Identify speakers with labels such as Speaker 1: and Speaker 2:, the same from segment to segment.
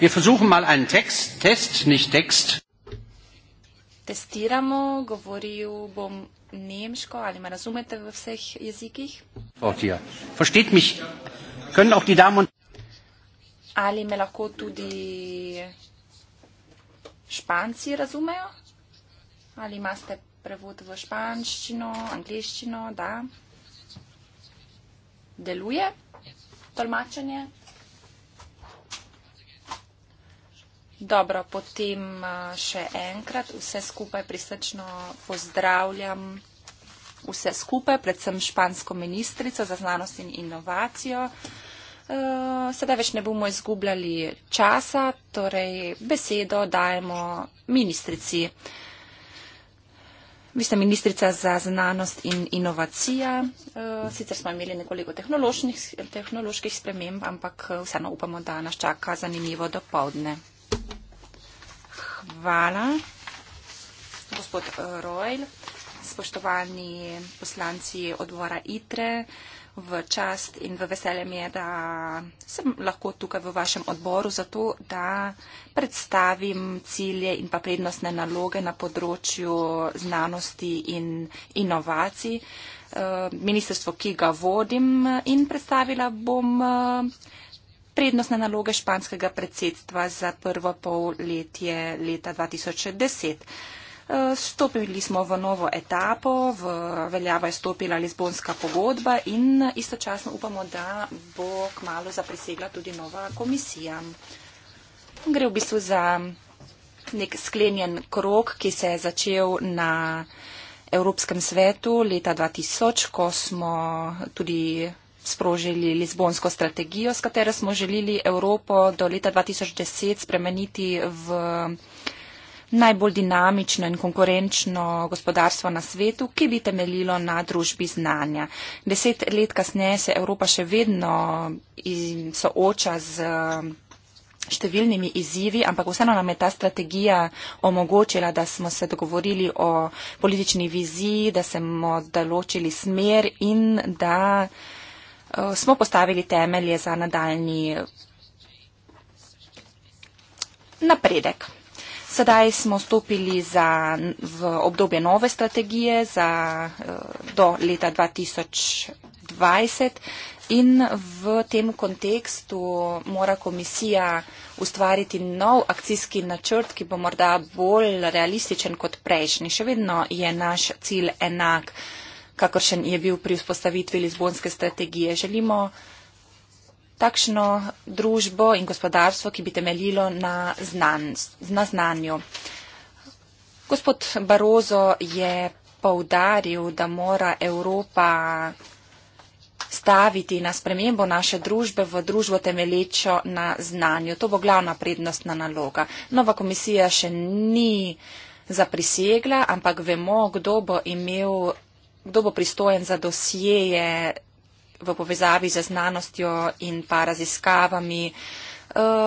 Speaker 1: Wir versuchen mal einen Text, Test, nicht Text.
Speaker 2: Testiramo, govoril bom nemško, ali me razumete v vseh jezikih?
Speaker 1: Versteht mich? Können auch die Damen und
Speaker 2: Ali me lahko tudi španci razumejo? Ali imate prevod v španščino, angliščino? Da. Deluje tolmačenje? Dobro, potem eh, še enkrat vse skupaj prisrčno pozdravljam vse skupaj, predvsem špansko ministrico za znanost in inovacijo. Eh, sedaj več ne bomo izgubljali časa, torej besedo dajemo ministrici. Vi ste ministrica za znanost in inovacija. Eh, sicer smo imeli nekoliko tehnoloških sprememb, ampak vseeno upamo, da nas čaka zanimivo dopovdne. Hvala, gospod Rojl. Spoštovani poslanci odbora ITRE, v čast in v veselje mi je, da sem lahko tukaj v vašem odboru zato, da predstavim cilje in pa prednostne naloge na področju znanosti in inovacij eh, ministrstvo, ki ga vodim in predstavila bom eh, prednostne naloge španskega predsedstva za prvo polletje leta 2010. Eh, stopili smo v novo etapo, v veljavo je stopila Lizbonska pogodba in istočasno upamo, da bo kmalo zaprisegla tudi nova komisija. Gre v bistvu za nek sklenjen krok, ki se je začel na Evropskem svetu leta 2000, ko smo tudi sprožili Lizbonsko strategijo, s katero smo želeli Evropo do leta 2010 spremeniti v najbolj dinamično in konkurenčno gospodarstvo na svetu, ki bi temeljilo na družbi znanja. Deset let kasneje se Evropa še vedno sooča z številnimi izzivi, ampak vseeno nam je ta strategija omogočila, da smo se dogovorili o politični viziji, da smo določili smer in da Eh, smo postavili temelje za nadaljni napredek. Sedaj smo stopili za, v obdobje nove strategije za, eh, do leta 2020 in v tem kontekstu mora komisija ustvariti nov akcijski načrt, ki bo morda bolj realističen kot prejšnji. Še vedno je naš cilj enak kakršen je bil pri vzpostavitvi Lizbonske strategije. Želimo takšno družbo in gospodarstvo, ki bi temeljilo na, znan, na znanju. Gospod Barozo je poudaril, da mora Evropa staviti na spremembo naše družbe v družbo temelječo na znanju. To bo glavna prednostna naloga. Nova komisija še ni zaprisegla, ampak vemo, kdo bo imel kdo bo pristojen za dosjeje v povezavi z znanostjo in pa raziskavami eh,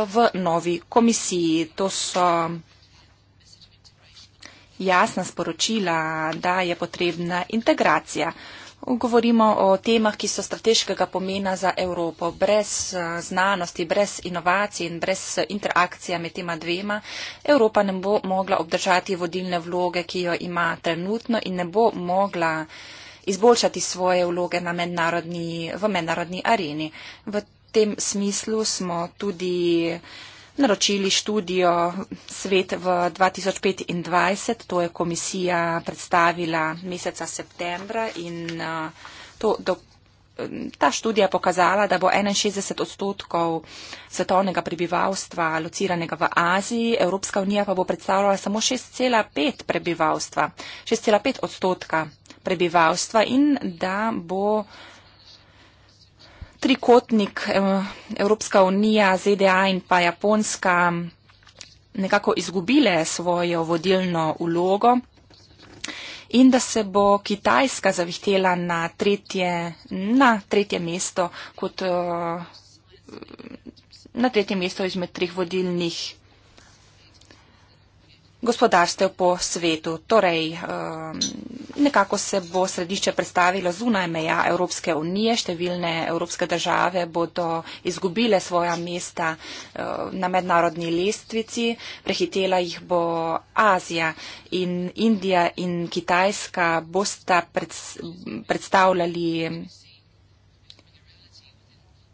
Speaker 2: v novi komisiji. To so jasna sporočila, da je potrebna integracija govorimo o temah, ki so strateškega pomena za Evropo. Brez eh, znanosti, brez inovacij in brez interakcija med tema dvema Evropa ne bo mogla obdržati vodilne vloge, ki jo ima trenutno in ne bo mogla izboljšati svoje vloge na mednarodni, v mednarodni areni. V tem smislu smo tudi uh, naročili študijo Svet v 2025, to je komisija predstavila meseca septembra in eh, to, do, ta študija je pokazala, da bo 61 odstotkov svetovnega prebivalstva lociranega v Aziji, Evropska unija pa bo predstavljala samo 6,5 prebivalstva, 6,5 odstotka prebivalstva in da bo trikotnik eh, Evropska unija, ZDA in pa Japonska nekako izgubile svojo vodilno ulogo in da se bo Kitajska zavihtela na tretje, na tretje mesto kot eh, na tretje mesto izmed treh vodilnih gospodarstev po svetu. Torej, um, nekako se bo središče predstavilo zunaj meja Evropske unije. Številne evropske države bodo izgubile svoja mesta uh, na mednarodni lestvici. Prehitela jih bo Azija in Indija in Kitajska bosta predstavljali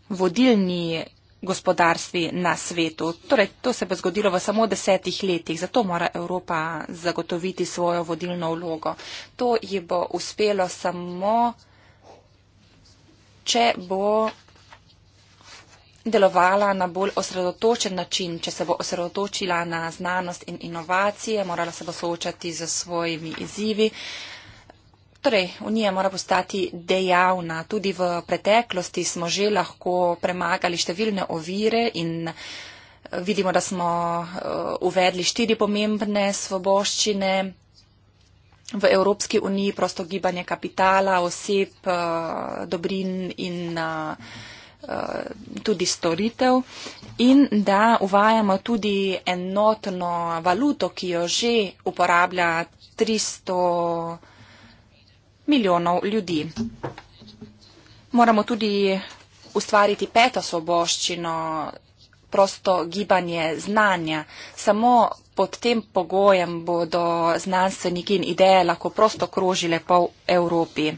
Speaker 2: vodilni gospodarstvi na svetu. Torej, to se bo zgodilo v samo desetih letih, zato mora Evropa zagotoviti svojo vodilno vlogo. To ji bo uspelo samo, če bo delovala na bolj osredotočen način, če se bo osredotočila na znanost in inovacije, morala se bo soočati z svojimi izzivi. Uh, Torej, Unija mora postati dejavna. Tudi v preteklosti smo že lahko premagali številne ovire in eh, vidimo, da smo eh, uvedli štiri pomembne svoboščine v Evropski uniji, prosto gibanje kapitala, oseb, eh, dobrin in tudi storitev in da uvajamo tudi enotno valuto, ki jo že uporablja 300 milijonov ljudi. Moramo tudi ustvariti peto svoboščino, prosto gibanje znanja. Samo pod tem pogojem bodo znanstveniki in ideje lahko prosto krožile po Evropi.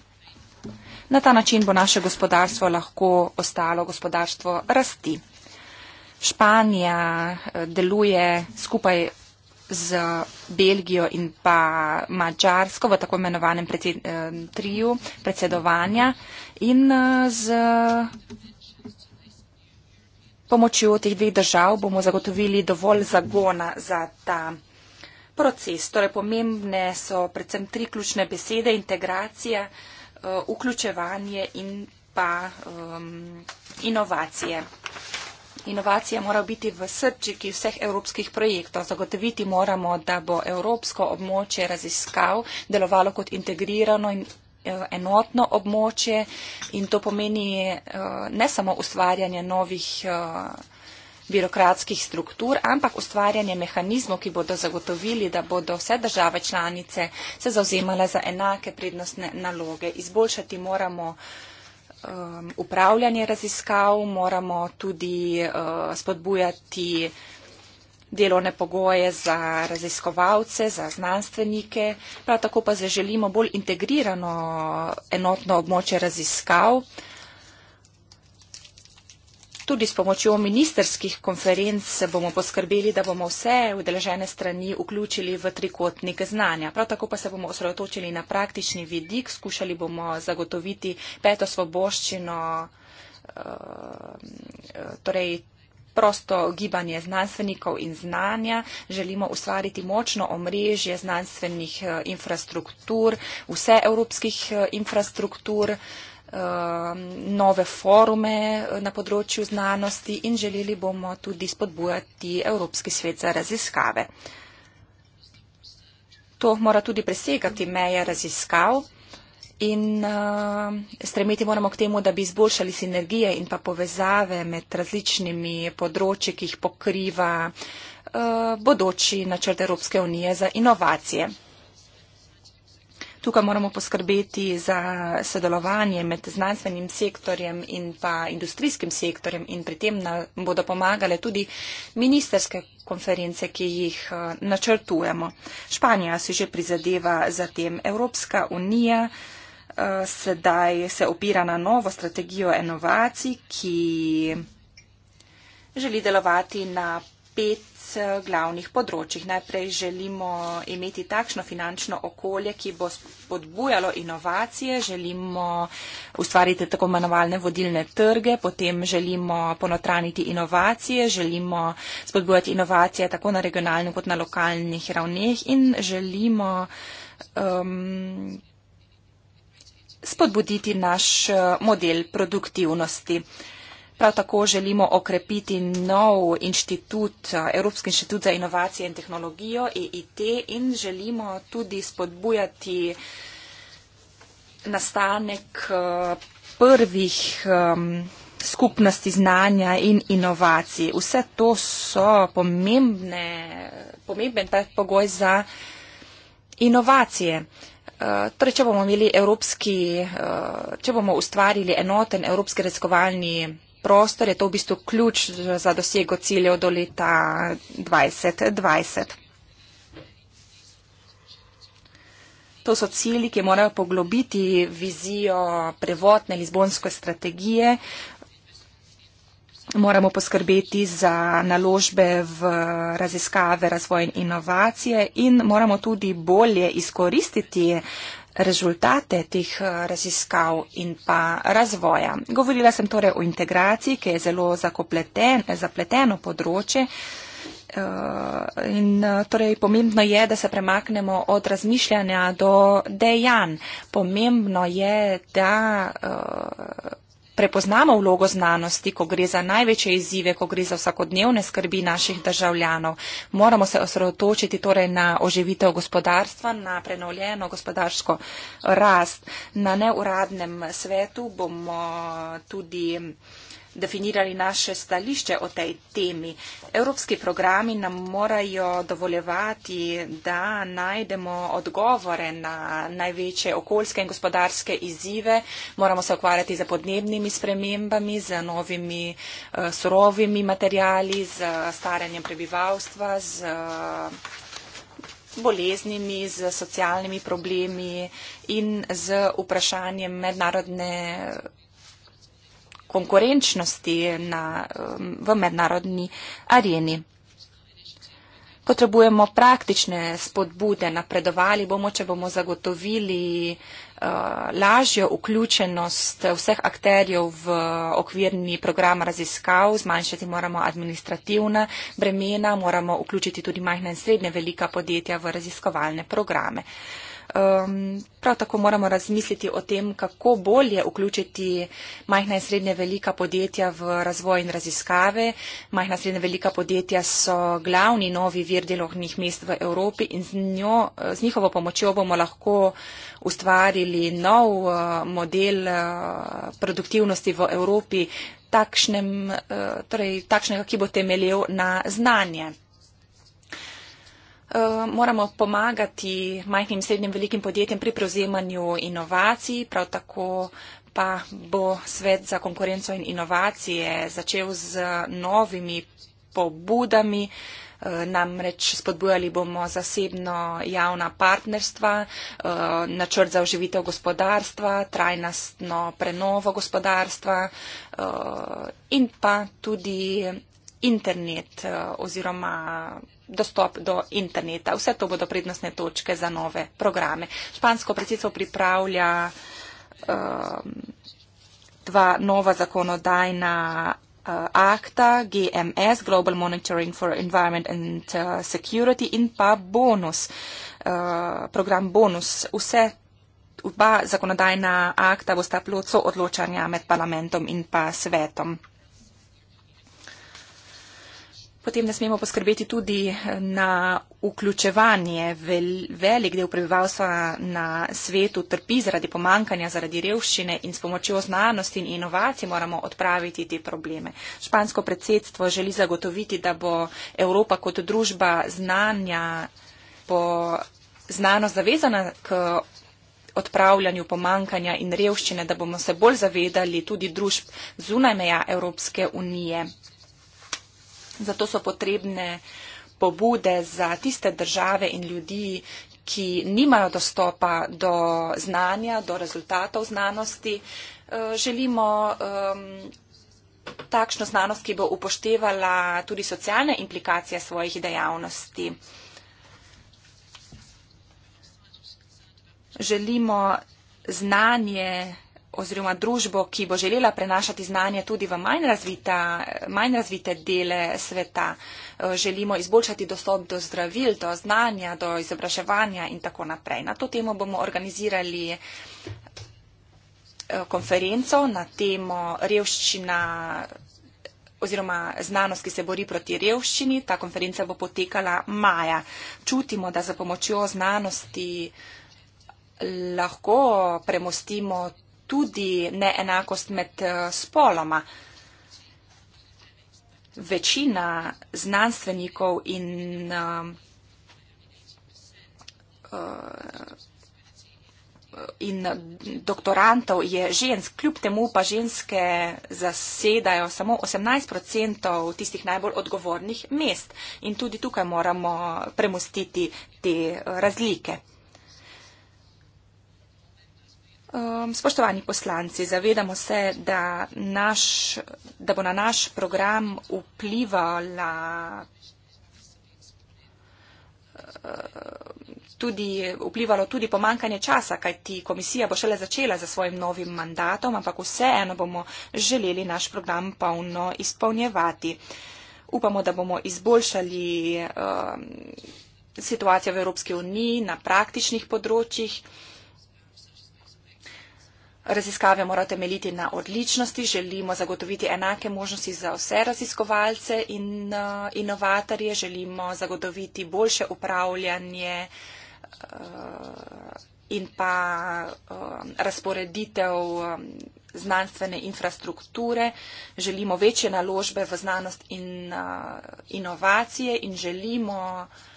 Speaker 2: Na ta način bo naše gospodarstvo lahko ostalo gospodarstvo rasti. Španija eh, deluje skupaj z Belgijo in pa Mačarsko v tako imenovanem predsed, eh, triju predsedovanja in eh, z pomočjo teh dveh držav bomo zagotovili dovolj zagona za ta proces. Torej, pomembne so predvsem tri ključne besede, integracija, eh, vključevanje in pa eh, inovacije. Inovacija mora biti v srčiki vseh evropskih projektov. Zagotoviti moramo, da bo evropsko območje raziskav delovalo kot integrirano in eh, enotno območje in to pomeni eh, ne samo ustvarjanje novih eh, birokratskih struktur, ampak ustvarjanje mehanizmov, ki bodo zagotovili, da bodo vse države članice se zauzemale za enake prednostne naloge. Izboljšati moramo uh, um, upravljanje raziskav, moramo tudi uh, spodbujati delovne pogoje za raziskovalce, za znanstvenike, prav tako pa zaželimo bolj integrirano enotno območje raziskav tudi s pomočjo ministerskih konferenc bomo poskrbeli, da bomo vse udeležene strani vključili v trikotnik znanja. Prav tako pa se bomo osredotočili na praktični vidik, skušali bomo zagotoviti peto svoboščino, eh, torej prosto gibanje znanstvenikov in znanja. Želimo ustvariti močno omrežje znanstvenih eh, infrastruktur, vse evropskih eh, infrastruktur. Um, nove forume eh, na področju znanosti in želeli bomo tudi spodbujati Evropski svet za raziskave. To mora tudi presegati meje raziskav in eh, stremeti moramo k temu, da bi izboljšali sinergije in pa povezave med različnimi področji, ki jih pokriva eh, bodoči načrt Evropske unije za inovacije. Tukaj moramo poskrbeti za sodelovanje med znanstvenim sektorjem in pa industrijskim sektorjem in pri tem nam bodo pomagale tudi ministerske konference, ki jih eh, načrtujemo. Španija si že prizadeva za tem. Evropska unija eh, sedaj se opira na novo strategijo inovacij, ki želi delovati na pet glavnih področjih. Najprej želimo imeti takšno finančno okolje, ki bo spodbujalo inovacije, želimo ustvariti tako manovalne vodilne trge, potem želimo ponotraniti inovacije, želimo spodbujati inovacije tako na regionalnem kot na lokalnih ravneh in želimo. Um, spodbuditi naš eh, model produktivnosti. Uh, Prav tako želimo okrepiti nov inštitut, Evropski inštitut za inovacije in tehnologijo EIT in želimo tudi spodbujati nastanek eh, prvih skupnosti znanja in inovacij. Vse to so pomembne, pomemben predpogoj za inovacije. Eh, torej, če bomo, evropski, eh, če bomo ustvarili enoten evropski raziskovalni prostor, je to v bistvu ključ za dosego ciljev do leta 2020. To so cilji, ki morajo poglobiti vizijo prevotne Lizbonske strategije. Moramo poskrbeti za naložbe v raziskave, razvoj in inovacije in moramo tudi bolje izkoristiti uh, rezultate teh eh, raziskav in pa razvoja. Govorila sem torej o integraciji, ki je zelo zapleteno področje. Eh, in eh, torej pomembno je, da se premaknemo od razmišljanja do dejanj. Pomembno je, da prepoznamo vlogo znanosti, ko gre za največje izzive, ko gre za vsakodnevne skrbi naših državljanov. Moramo se osredotočiti torej na oživitev gospodarstva, na prenovljeno gospodarsko rast. Na neuradnem svetu bomo tudi definirali naše stališče o tej temi. Evropski programi nam morajo dovoljevati, da najdemo odgovore na največje okoljske in gospodarske izzive. Moramo se ukvarjati za podnebnimi spremembami, za novimi eh, surovimi materijali, z staranjem prebivalstva, z eh, boleznimi, z socialnimi problemi in z vprašanjem mednarodne konkurenčnosti na, v mednarodni areni. Potrebujemo praktične spodbude, napredovali bomo, če bomo zagotovili uh, lažjo vključenost vseh akterjev v okvirni program raziskav, zmanjšati moramo administrativna bremena, moramo vključiti tudi majhne in srednje velika podjetja v raziskovalne programe. Uh, Um, prav tako moramo razmisliti o tem, kako bolje vključiti majhna in srednje velika podjetja v razvoj in raziskave. Majhna in srednje velika podjetja so glavni novi vir delovnih mest v Evropi in z, njo, eh, z njihovo pomočjo bomo lahko ustvarili nov uh, model uh, produktivnosti v Evropi, takšnem, uh, torej, takšnega, ki bo temeljil na znanje. Eh, moramo pomagati majhnim in srednjim velikim podjetjem pri prevzemanju inovacij, prav tako pa bo svet za konkurenco in inovacije začel z novimi pobudami. Eh, namreč spodbujali bomo zasebno javna partnerstva, eh, načrt za oživitev gospodarstva, trajnostno prenovo gospodarstva in pa tudi internet oziroma dostop do interneta. Vse to bodo prednostne točke za nove programe. Špansko predsedstvo pripravlja um, dva nova zakonodajna uh, akta, GMS, Global Monitoring for Environment and uh, Security in pa bonus, uh, program bonus. Vse, oba zakonodajna akta bo sta plod so odločanja med parlamentom in pa svetom. Potem ne smemo poskrbeti tudi eh, na vključevanje. Vel, velik del prebivalstva na svetu trpi zaradi pomankanja, zaradi revščine in s pomočjo znanosti in inovacij moramo odpraviti te probleme. Špansko predsedstvo želi zagotoviti, da bo Evropa kot družba znanja po znanost zavezana k odpravljanju pomankanja in revščine, da bomo se bolj zavedali tudi družb zunaj meja Evropske unije. Zato so potrebne pobude za tiste države in ljudi, ki nimajo dostopa do znanja, do rezultatov znanosti. Eh, želimo um, takšno znanost, ki bo upoštevala tudi socialne implikacije svojih dejavnosti. Želimo znanje, oziroma družbo, ki bo želela prenašati znanje tudi v manj, razvita, manj razvite dele sveta. Eh, želimo izboljšati dostop do zdravil, do znanja, do izobraževanja in tako naprej. Na to temo bomo organizirali eh, konferenco na temo revščina oziroma znanost, ki se bori proti revščini. Ta konferenca bo potekala maja. Čutimo, da za pomočjo znanosti lahko premostimo tudi neenakost med eh, spoloma. Večina znanstvenikov in eh, eh, in doktorantov je žensk, kljub temu pa ženske zasedajo samo 18% tistih najbolj odgovornih mest. In tudi tukaj moramo premustiti te razlike. Um, spoštovani poslanci, zavedamo se, da, naš, da bo na naš program vplivala ehm, tudi, vplivalo tudi pomankanje časa, kajti komisija bo šele začela za svojim novim mandatom, ampak vseeno bomo želeli naš program polno izpolnjevati. Upamo, da bomo izboljšali um, situacijo v Evropski uniji na praktičnih področjih. Raziskave morajo temeljiti na odličnosti, želimo zagotoviti enake možnosti za vse raziskovalce in uh, inovatorje, želimo zagotoviti boljše upravljanje uh, in pa uh, razporeditev um, znanstvene infrastrukture, želimo večje naložbe v znanost in uh, inovacije in želimo uh,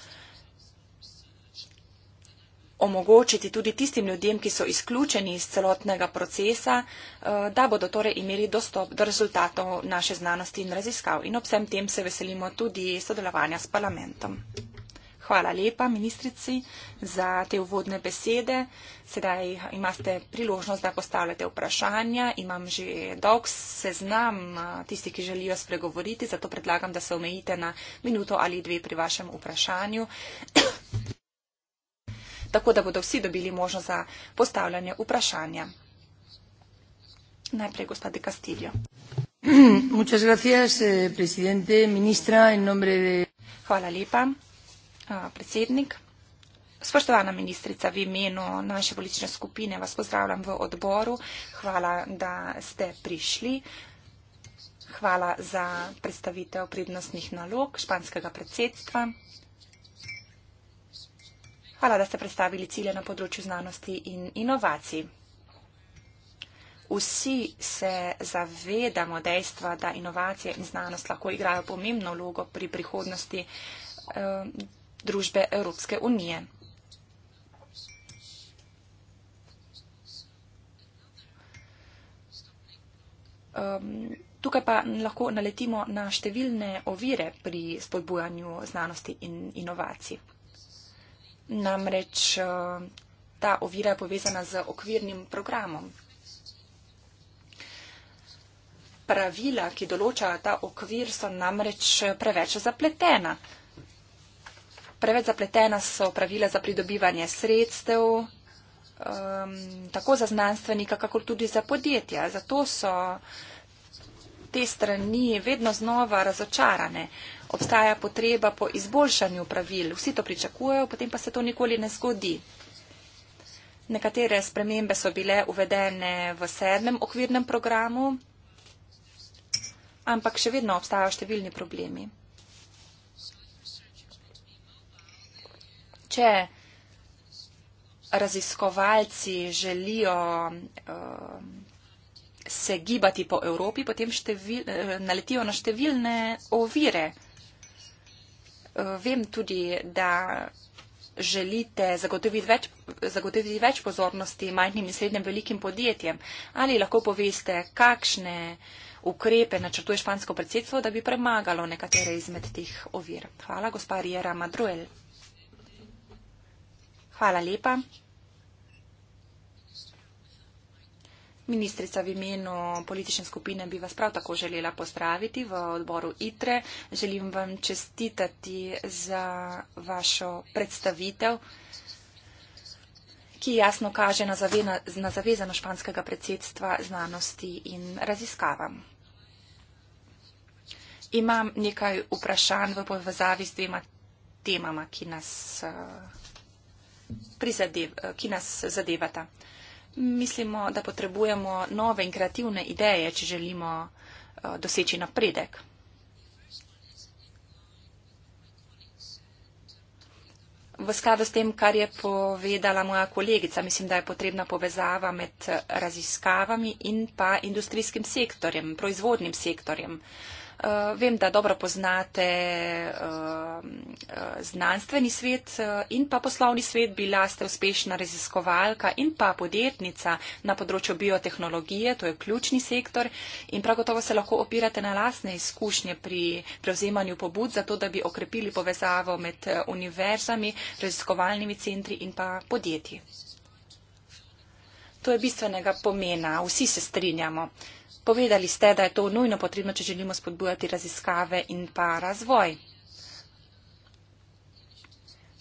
Speaker 2: omogočiti tudi tistim ljudem, ki so izključeni iz celotnega procesa, eh, da bodo torej imeli dostop do rezultatov naše znanosti in raziskav. In ob vsem tem se veselimo tudi sodelovanja s parlamentom. Hvala lepa, ministrici, za te uvodne besede. Sedaj imate priložnost, da postavljate vprašanja. Imam že dolg seznam eh, tisti, ki želijo spregovoriti, zato predlagam, da se omejite na minuto ali dve pri vašem vprašanju tako da bodo vsi dobili možnost za postavljanje vprašanja. Najprej gospod Kastiljo. Eh, Hvala lepa, predsednik. Spoštovana ministrica, v imenu naše politične skupine vas pozdravljam v odboru. Hvala, da ste prišli. Hvala za predstavitev prednostnih nalog španskega predsedstva. Hvala, da ste predstavili cilje na področju znanosti in inovacij. Vsi se zavedamo dejstva, da inovacije in znanost lahko igrajo pomembno vlogo pri prihodnosti eh, družbe Evropske unije. Um, tukaj pa lahko naletimo na številne ovire pri spodbujanju znanosti in inovacij namreč eh, ta ovira je povezana z okvirnim programom. Pravila, ki določajo ta okvir, so namreč eh, preveč zapletena. Preveč zapletena so pravila za pridobivanje sredstev, um, tako za znanstvenika, kakor tudi za podjetja. Zato so te strani vedno znova razočarane obstaja potreba po izboljšanju pravil. Vsi to pričakujejo, potem pa se to nikoli ne zgodi. Nekatere spremembe so bile uvedene v sedmem okvirnem programu, ampak še vedno obstajajo številni problemi. Če raziskovalci želijo uh, se gibati po Evropi, potem števil, uh, naletijo na številne ovire. Vem tudi, da želite zagotoviti več, zagotoviti več pozornosti majhnim in srednjim velikim podjetjem. Ali lahko poveste, kakšne ukrepe načrtuje špansko predsedstvo, da bi premagalo nekatere izmed teh ovir. Hvala, gospa Riera Madruel. Hvala lepa. Ministrica v imenu politične skupine bi vas prav tako želela pozdraviti v odboru ITRE. Želim vam čestitati za vašo predstavitev, ki jasno kaže na, zavena, na zavezano španskega predsedstva znanosti in raziskavam. Imam nekaj vprašanj v povezavi s dvema temama, ki nas, eh, prizadev, ki nas zadevata mislimo, da potrebujemo nove in kreativne ideje, če želimo eh, doseči napredek. V skladu s tem, kar je povedala moja kolegica, mislim, da je potrebna povezava med eh, raziskavami in pa industrijskim sektorjem, proizvodnim sektorjem. Uh, Uh, vem, da dobro poznate uh, uh, znanstveni svet uh, in pa poslovni svet. Bila ste uspešna raziskovalka in pa podjetnica na področju biotehnologije, to je ključni sektor. In prav gotovo se lahko opirate na lasne izkušnje pri prevzemanju pobud za to, da bi okrepili povezavo med univerzami, raziskovalnimi centri in pa podjetji. To je bistvenega pomena, vsi se strinjamo. Uh, Povedali ste, da je to nujno potrebno, če želimo spodbujati raziskave in pa razvoj.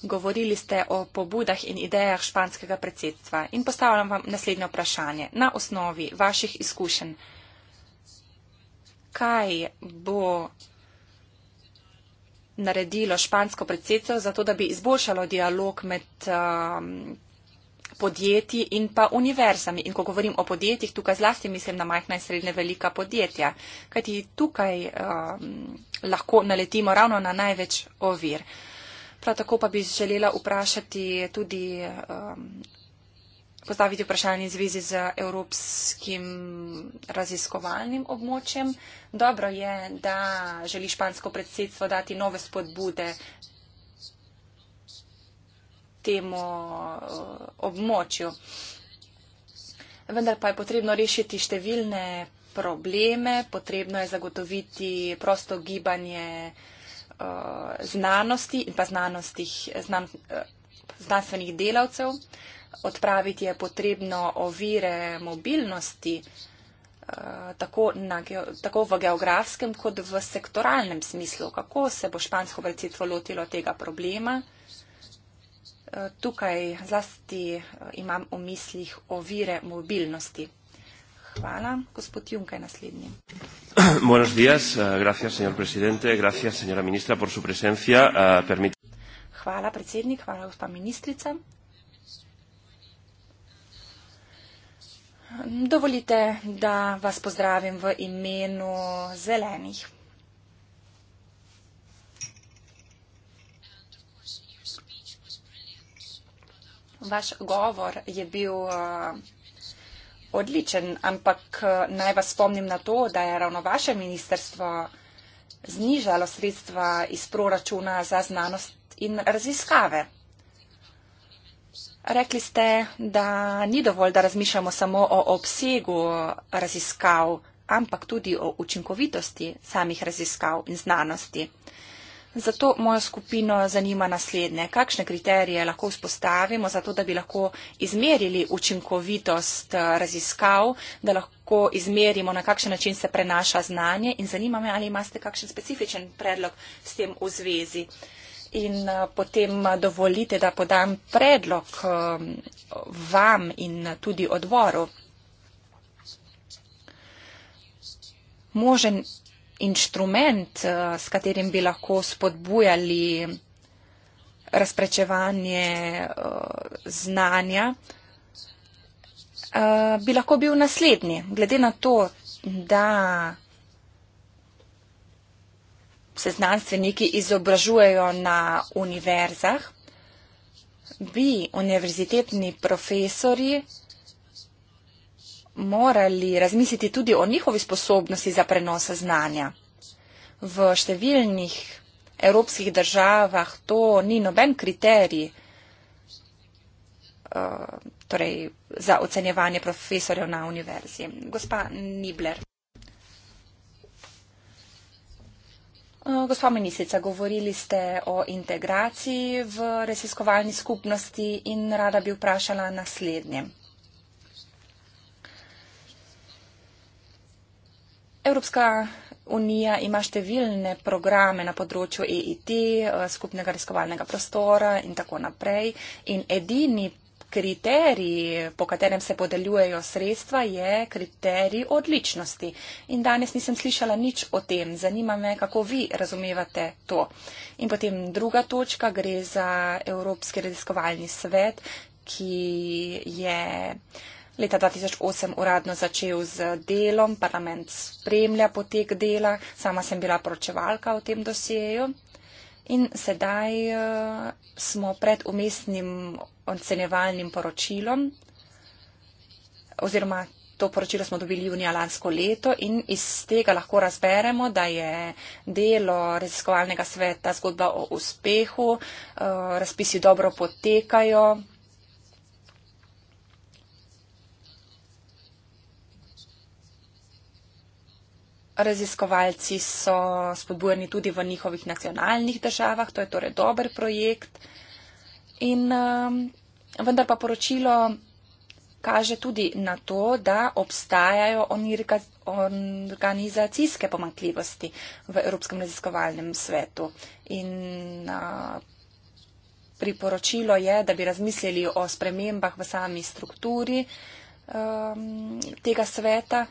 Speaker 2: Govorili ste o pobudah in idejah španskega predsedstva in postavljam vam naslednje vprašanje. Na osnovi vaših izkušenj, kaj bo naredilo špansko predsedstvo za to, da bi izboljšalo dialog med uh, podjetji in pa univerzami. In ko govorim o podjetjih, tukaj zlasti mislim na majhna in srednje velika podjetja, kajti tukaj um, lahko naletimo ravno na največ ovir. Prav tako pa bi želela vprašati tudi. Um, Postaviti vprašanje v zvezi z evropskim raziskovalnim območjem. Dobro je, da želi špansko predsedstvo dati nove spodbude temu eh, območju. Vendar pa je potrebno rešiti številne probleme, potrebno je zagotoviti prosto gibanje eh, znanosti in pa znanostih, znan, eh, znanstvenih delavcev, odpraviti je potrebno ovire mobilnosti tako, na, tako v geografskem kot v sektoralnem smislu. Kako se bo špansko predsedstvo lotilo tega problema? Tukaj zlasti eh, imam v mislih ovire mobilnosti. Hvala. Gospod Junkaj, naslednji.
Speaker 1: Buenos días, eh, gracias, señor presidente, gracias, señora ministra, por su presencia. Eh, permit
Speaker 2: hvala, predsednik, hvala, gospa ministrica. Dovolite, da vas pozdravim v imenu zelenih. Vaš govor je bil uh, odličen, ampak eh, naj vas spomnim na to, da je ravno vaše ministerstvo znižalo sredstva iz proračuna za znanost in raziskave. Rekli ste, da ni dovolj, da razmišljamo samo o obsegu raziskav, ampak tudi o učinkovitosti samih raziskav in znanosti. Zato mojo skupino zanima naslednje. Kakšne kriterije lahko vzpostavimo, zato da bi lahko izmerili učinkovitost eh, raziskav, da lahko izmerimo, na kakšen način se prenaša znanje in zanima me, ali imate kakšen specifičen predlog s tem v zvezi. In eh, potem eh, dovolite, da podam predlog vam in tudi odvoru. Možen inštrument, eh, s katerim bi lahko spodbujali razprečevanje eh, znanja, eh, bi lahko bil naslednji. Glede na to, da se znanstveniki izobražujejo na univerzah, bi univerzitetni profesori morali razmisliti tudi o njihovi sposobnosti za prenos znanja. V številnih evropskih državah to ni noben kriterij eh, torej, za ocenjevanje profesorjev na univerzi. Gospa Nibler. Eh, gospa ministrica, govorili ste o integraciji v raziskovalni skupnosti in rada bi vprašala naslednje. Evropska unija ima številne programe na področju EIT, eh, skupnega raziskovalnega prostora in tako naprej. In edini kriterij, po katerem se podeljujejo sredstva, je kriterij odličnosti. In danes nisem slišala nič o tem. Zanima me, kako vi razumevate to. In potem druga točka gre za Evropski raziskovalni svet, ki je leta 2008 uradno začel z delom, parlament spremlja potek dela, sama sem bila poročevalka v tem dosjeju. In sedaj eh, smo pred umestnim ocenevalnim poročilom, oziroma to poročilo smo dobili junija lansko leto in iz tega lahko razberemo, da je delo raziskovalnega sveta zgodba o uspehu, eh, razpisi dobro potekajo, raziskovalci so spodbujeni tudi v njihovih nacionalnih državah, to je torej dober projekt. In, um, vendar pa poročilo kaže tudi na to, da obstajajo onirga, organizacijske pomankljivosti v Evropskem raziskovalnem svetu. In uh, priporočilo je, da bi razmislili o spremembah v sami strukturi um, tega sveta. Uh,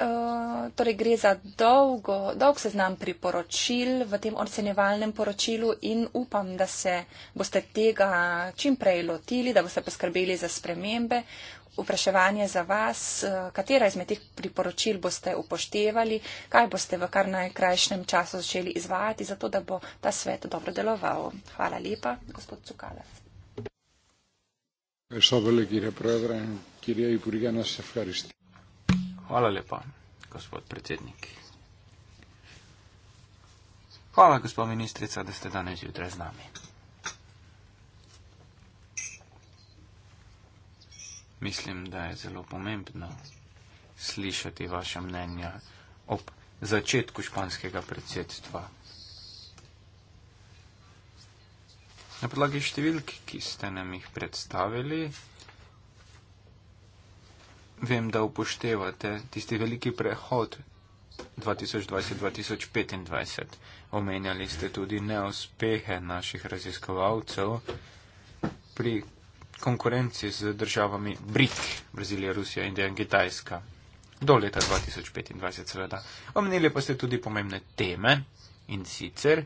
Speaker 2: Eh, torej gre za dolgo, dolg seznam priporočil v tem ocenjevalnem poročilu in upam, da se boste tega čim prej lotili, da boste poskrbeli za spremembe. Vpraševanje za vas, eh, katera izmed teh priporočil boste upoštevali, kaj boste v kar najkrajšnem času začeli izvajati, zato da bo ta svet dobro deloval. Hvala lepa, gospod Cukala.
Speaker 3: Hvala lepa, gospod Cukala.
Speaker 1: Hvala lepa, gospod predsednik. Hvala, gospod ministrica, da ste danes jutraj z nami. Mislim, da je zelo pomembno slišati vaše mnenja ob začetku španskega predsedstva. Na podlagi številk, ki ste nam jih predstavili, vem, da upoštevate tisti veliki prehod 2020-2025. Omenjali ste tudi neuspehe naših raziskovalcev pri konkurenci z državami BRIC, Brazilija, Rusija, Indija in Kitajska. Do leta 2025, seveda. Omenili pa ste tudi pomembne teme in sicer,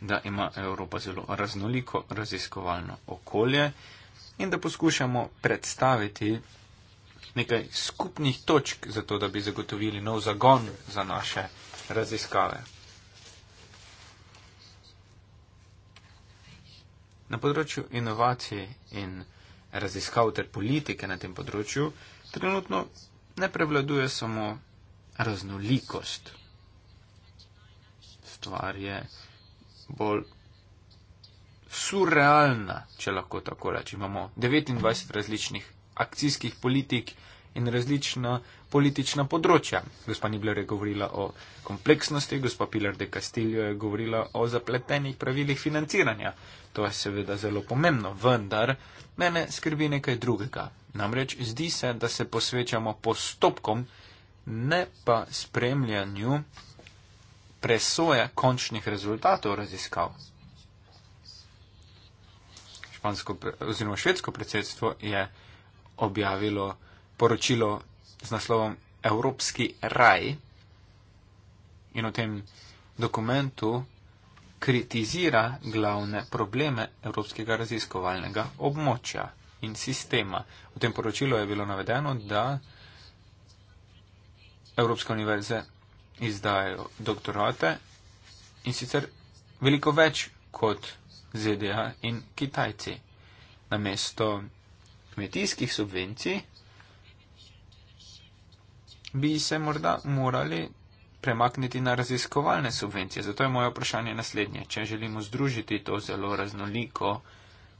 Speaker 1: da ima Evropa zelo raznoliko raziskovalno okolje in da poskušamo predstaviti nekaj skupnih točk za to, da bi zagotovili nov zagon za naše raziskave. Na področju inovacij in raziskav ter politike na tem področju trenutno ne prevladuje samo raznolikost. Stvar je bolj surrealna, če lahko tako rečem. Imamo 29 različnih akcijskih politik in različna politična področja. Gospa Nibler je govorila o kompleksnosti, gospa Pilar de Castillo je govorila o zapletenih pravilih financiranja. To je seveda zelo pomembno, vendar mene skrbi nekaj drugega. Namreč zdi se, da se posvečamo postopkom, ne pa spremljanju presoje končnih rezultatov raziskav špansko oziroma švedsko predsedstvo je objavilo poročilo z naslovom Evropski raj in v tem dokumentu kritizira glavne probleme evropskega raziskovalnega območja in sistema. V tem poročilu je bilo navedeno, da Evropske univerze izdajajo doktorate in sicer veliko več kot ZDA in Kitajci. Namesto kmetijskih subvencij bi se morda morali premakniti na raziskovalne subvencije. Zato je moje vprašanje naslednje. Če želimo združiti to zelo raznoliko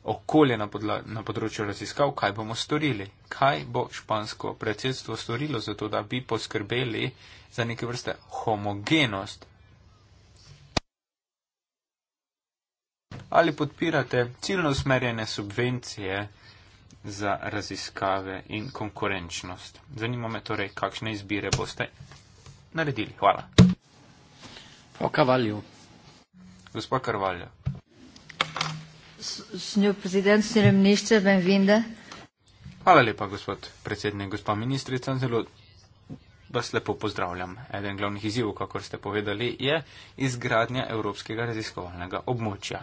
Speaker 1: okolje na, podla, na področju raziskav, kaj bomo storili? Kaj bo špansko predsedstvo storilo za to, da bi poskrbeli za neke vrste homogenost Ali podpirate ciljno usmerjene subvencije za raziskave in konkurenčnost? Zanima me torej, kakšne izbire boste naredili. Hvala. O Kavalju. Gospod Karvalja. Hvala lepa, gospod predsednik, gospa ministrica. Zelo vas lepo pozdravljam. Eden glavnih izzivov, kakor ste povedali, je izgradnja Evropskega raziskovalnega območja.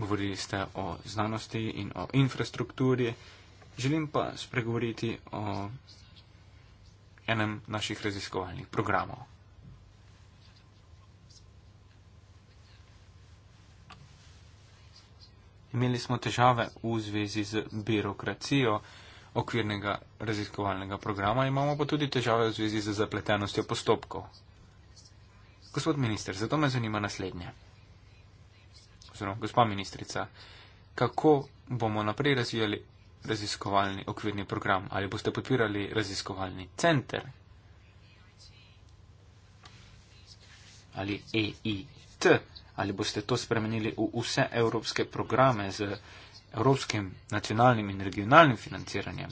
Speaker 1: Govorili ste o znanosti in o infrastrukturi. Želim pa spregovoriti o enem naših raziskovalnih programov. Imeli smo težave v zvezi z birokracijo okvirnega raziskovalnega programa, imamo pa tudi težave v zvezi z zapletenostjo postopkov. Gospod minister, zato me zanima naslednje ministru, gospa ministrica, kako bomo naprej razvijali raziskovalni okvirni program? Ali boste podpirali raziskovalni center? Ali EIT? Ali boste to spremenili v vse evropske programe z evropskim nacionalnim in regionalnim financiranjem?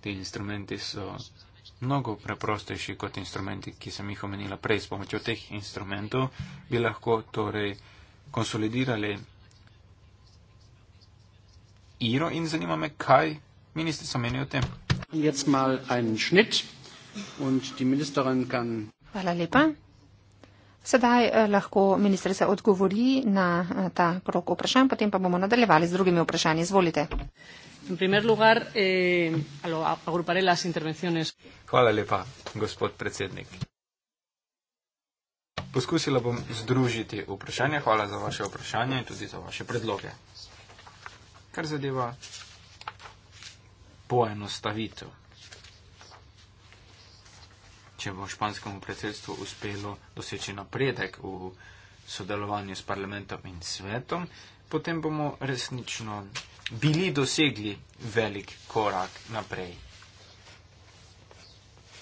Speaker 1: Ti instrumenti so mnogo preprostejši kot instrumenti, ki sem jih omenila prej. S pomočjo teh instrumentov bi lahko torej konsolidirali Iro in zanima me, kaj ministrica meni o tem.
Speaker 4: Hvala lepa. Sedaj eh, lahko ministrica odgovori na eh, ta krok vprašanj, potem pa bomo nadaljevali z drugimi vprašanji. Izvolite.
Speaker 1: Lugar, eh, alo, las Hvala lepa, gospod predsednik. Poskusila bom združiti vprašanje. Hvala za vaše vprašanje in tudi za vaše predloge. Kar zadeva poenostavitev če bo španskemu predsedstvu uspelo doseči napredek v sodelovanju s parlamentom in svetom, potem bomo resnično bili dosegli velik korak naprej.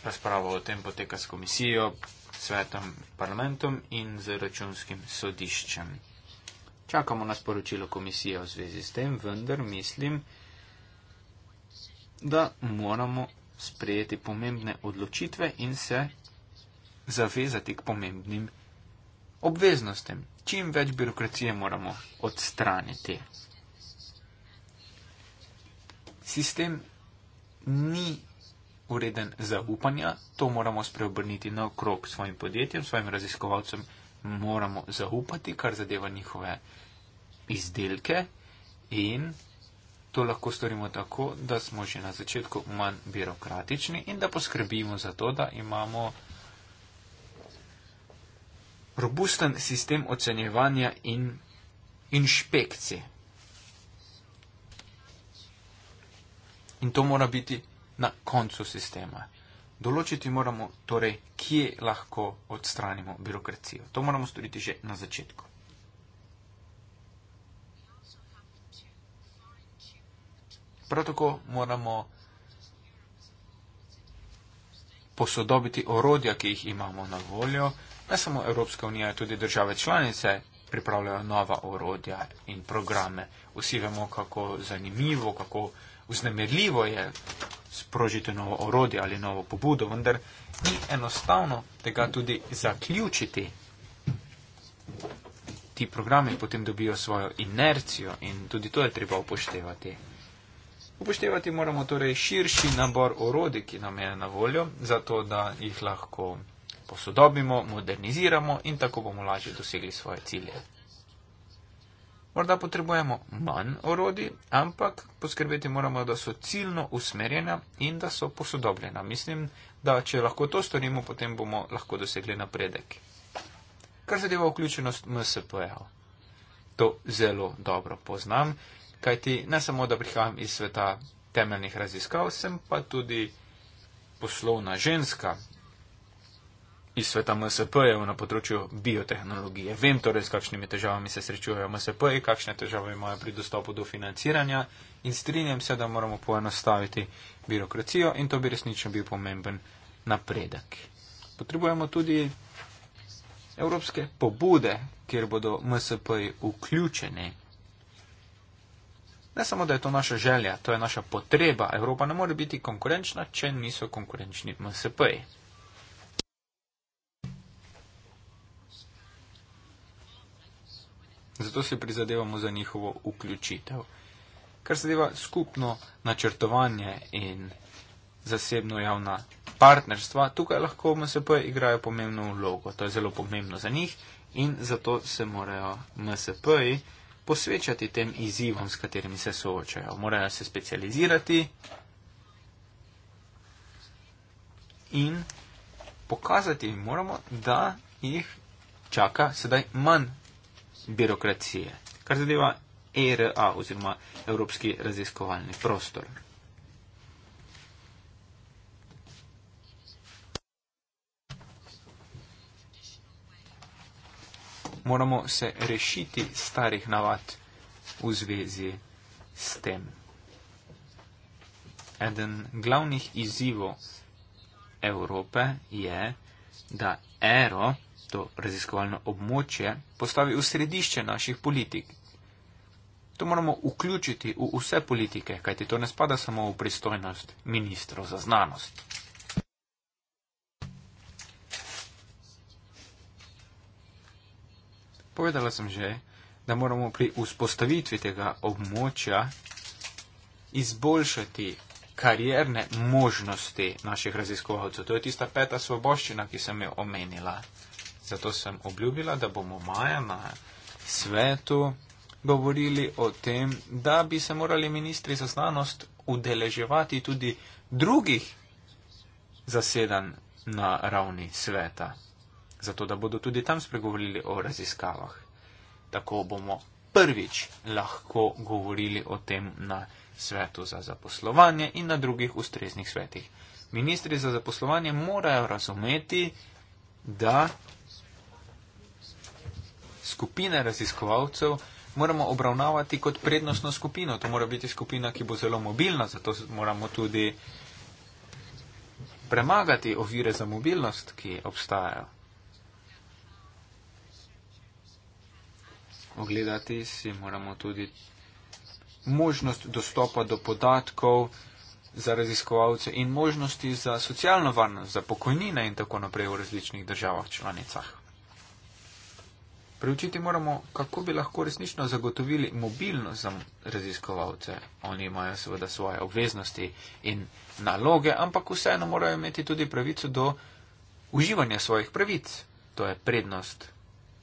Speaker 1: Razprava o tem poteka s komisijo, svetom, parlamentom in z računskim sodiščem. Čakamo na sporočilo komisije v zvezi s tem, vendar mislim, da moramo sprejeti pomembne odločitve in se zavezati k pomembnim obveznostem. Čim več birokracije moramo odstraniti. Sistem ni ureden zaupanja, to moramo spreobrniti na okrog svojim podjetjem, svojim raziskovalcem moramo zaupati, kar zadeva njihove izdelke in To lahko storimo tako, da smo že na začetku manj birokratični in da poskrbimo za to, da imamo robusten sistem ocenjevanja in inšpekcije. In to mora biti na koncu sistema. Določiti moramo torej, kje lahko odstranimo birokracijo. To moramo storiti že na začetku. Prav tako moramo posodobiti orodja, ki jih imamo na voljo. Ne samo Evropska unija, tudi države članice pripravljajo nova orodja in programe. Vsi vemo, kako zanimivo, kako vznemirljivo je sprožiti novo orodje ali novo pobudo, vendar ni enostavno tega tudi zaključiti. Ti programi potem dobijo svojo inercijo in tudi to je treba upoštevati. Upoštevati moramo torej širši nabor orodij, ki nam je na voljo, zato da jih lahko posodobimo, moderniziramo in tako bomo lažje dosegli svoje cilje. Morda potrebujemo manj orodij, ampak poskrbeti moramo, da so ciljno usmerjena in da so posodobljena. Mislim, da če lahko to storimo, potem bomo lahko dosegli napredek. Kar zadeva vključenost MSP-ja, to zelo dobro poznam kajti ne samo, da prihajam iz sveta temeljnih raziskav, sem pa tudi poslovna ženska iz sveta MSP-jev na področju biotehnologije. Vem torej, s kakšnimi težavami se srečujejo MSP-ji, kakšne težave imajo pri dostopu do financiranja in strinjam se, da moramo poenostaviti birokracijo in to bi resnično bil pomemben napredek. Potrebujemo tudi evropske pobude, kjer bodo MSP-ji vključeni Ne samo, da je to naša želja, to je naša potreba. Evropa ne more biti konkurenčna, če niso konkurenčni MSP-ji. Zato si prizadevamo za njihovo vključitev. Kar se deva skupno načrtovanje in zasebno javna partnerstva, tukaj lahko MSP-ji igrajo pomembno vlogo. To je zelo pomembno za njih in zato se morajo MSP-ji posvečati tem izzivom, s katerimi se soočajo. Morajo se specializirati in pokazati moramo, da jih čaka sedaj manj birokracije, kar zadeva ERA oziroma Evropski raziskovalni prostor. moramo se rešiti starih navad v zvezi s tem. Eden glavnih izzivov Evrope je, da ERO, to raziskovalno območje, postavi v središče naših politik. To moramo vključiti v vse politike, kajti to ne spada samo v pristojnost ministrov za znanost. povedala sem že, da moramo pri vzpostavitvi tega območja izboljšati karierne možnosti naših raziskovalcev. To je tista peta svoboščina, ki sem jo omenila. Zato sem obljubila, da bomo maja na svetu govorili o tem, da bi se morali ministri za znanost udeleževati tudi drugih zasedanj na ravni sveta zato da bodo tudi tam spregovorili o raziskavah. Tako bomo prvič lahko govorili o tem na svetu za zaposlovanje in na drugih ustreznih svetih. Ministri za zaposlovanje morajo razumeti, da skupine raziskovalcev moramo obravnavati kot prednostno skupino. To mora biti skupina, ki bo zelo mobilna, zato moramo tudi premagati ovire za mobilnost, ki obstajajo. ogledati, si moramo tudi možnost dostopa do podatkov za raziskovalce in možnosti za socialno varnost, za pokojnine in tako naprej v različnih državah članicah. Preučiti moramo, kako bi lahko resnično zagotovili mobilnost za raziskovalce. Oni imajo seveda svoje obveznosti in naloge, ampak vseeno morajo imeti tudi pravico do uživanja svojih pravic. To je prednost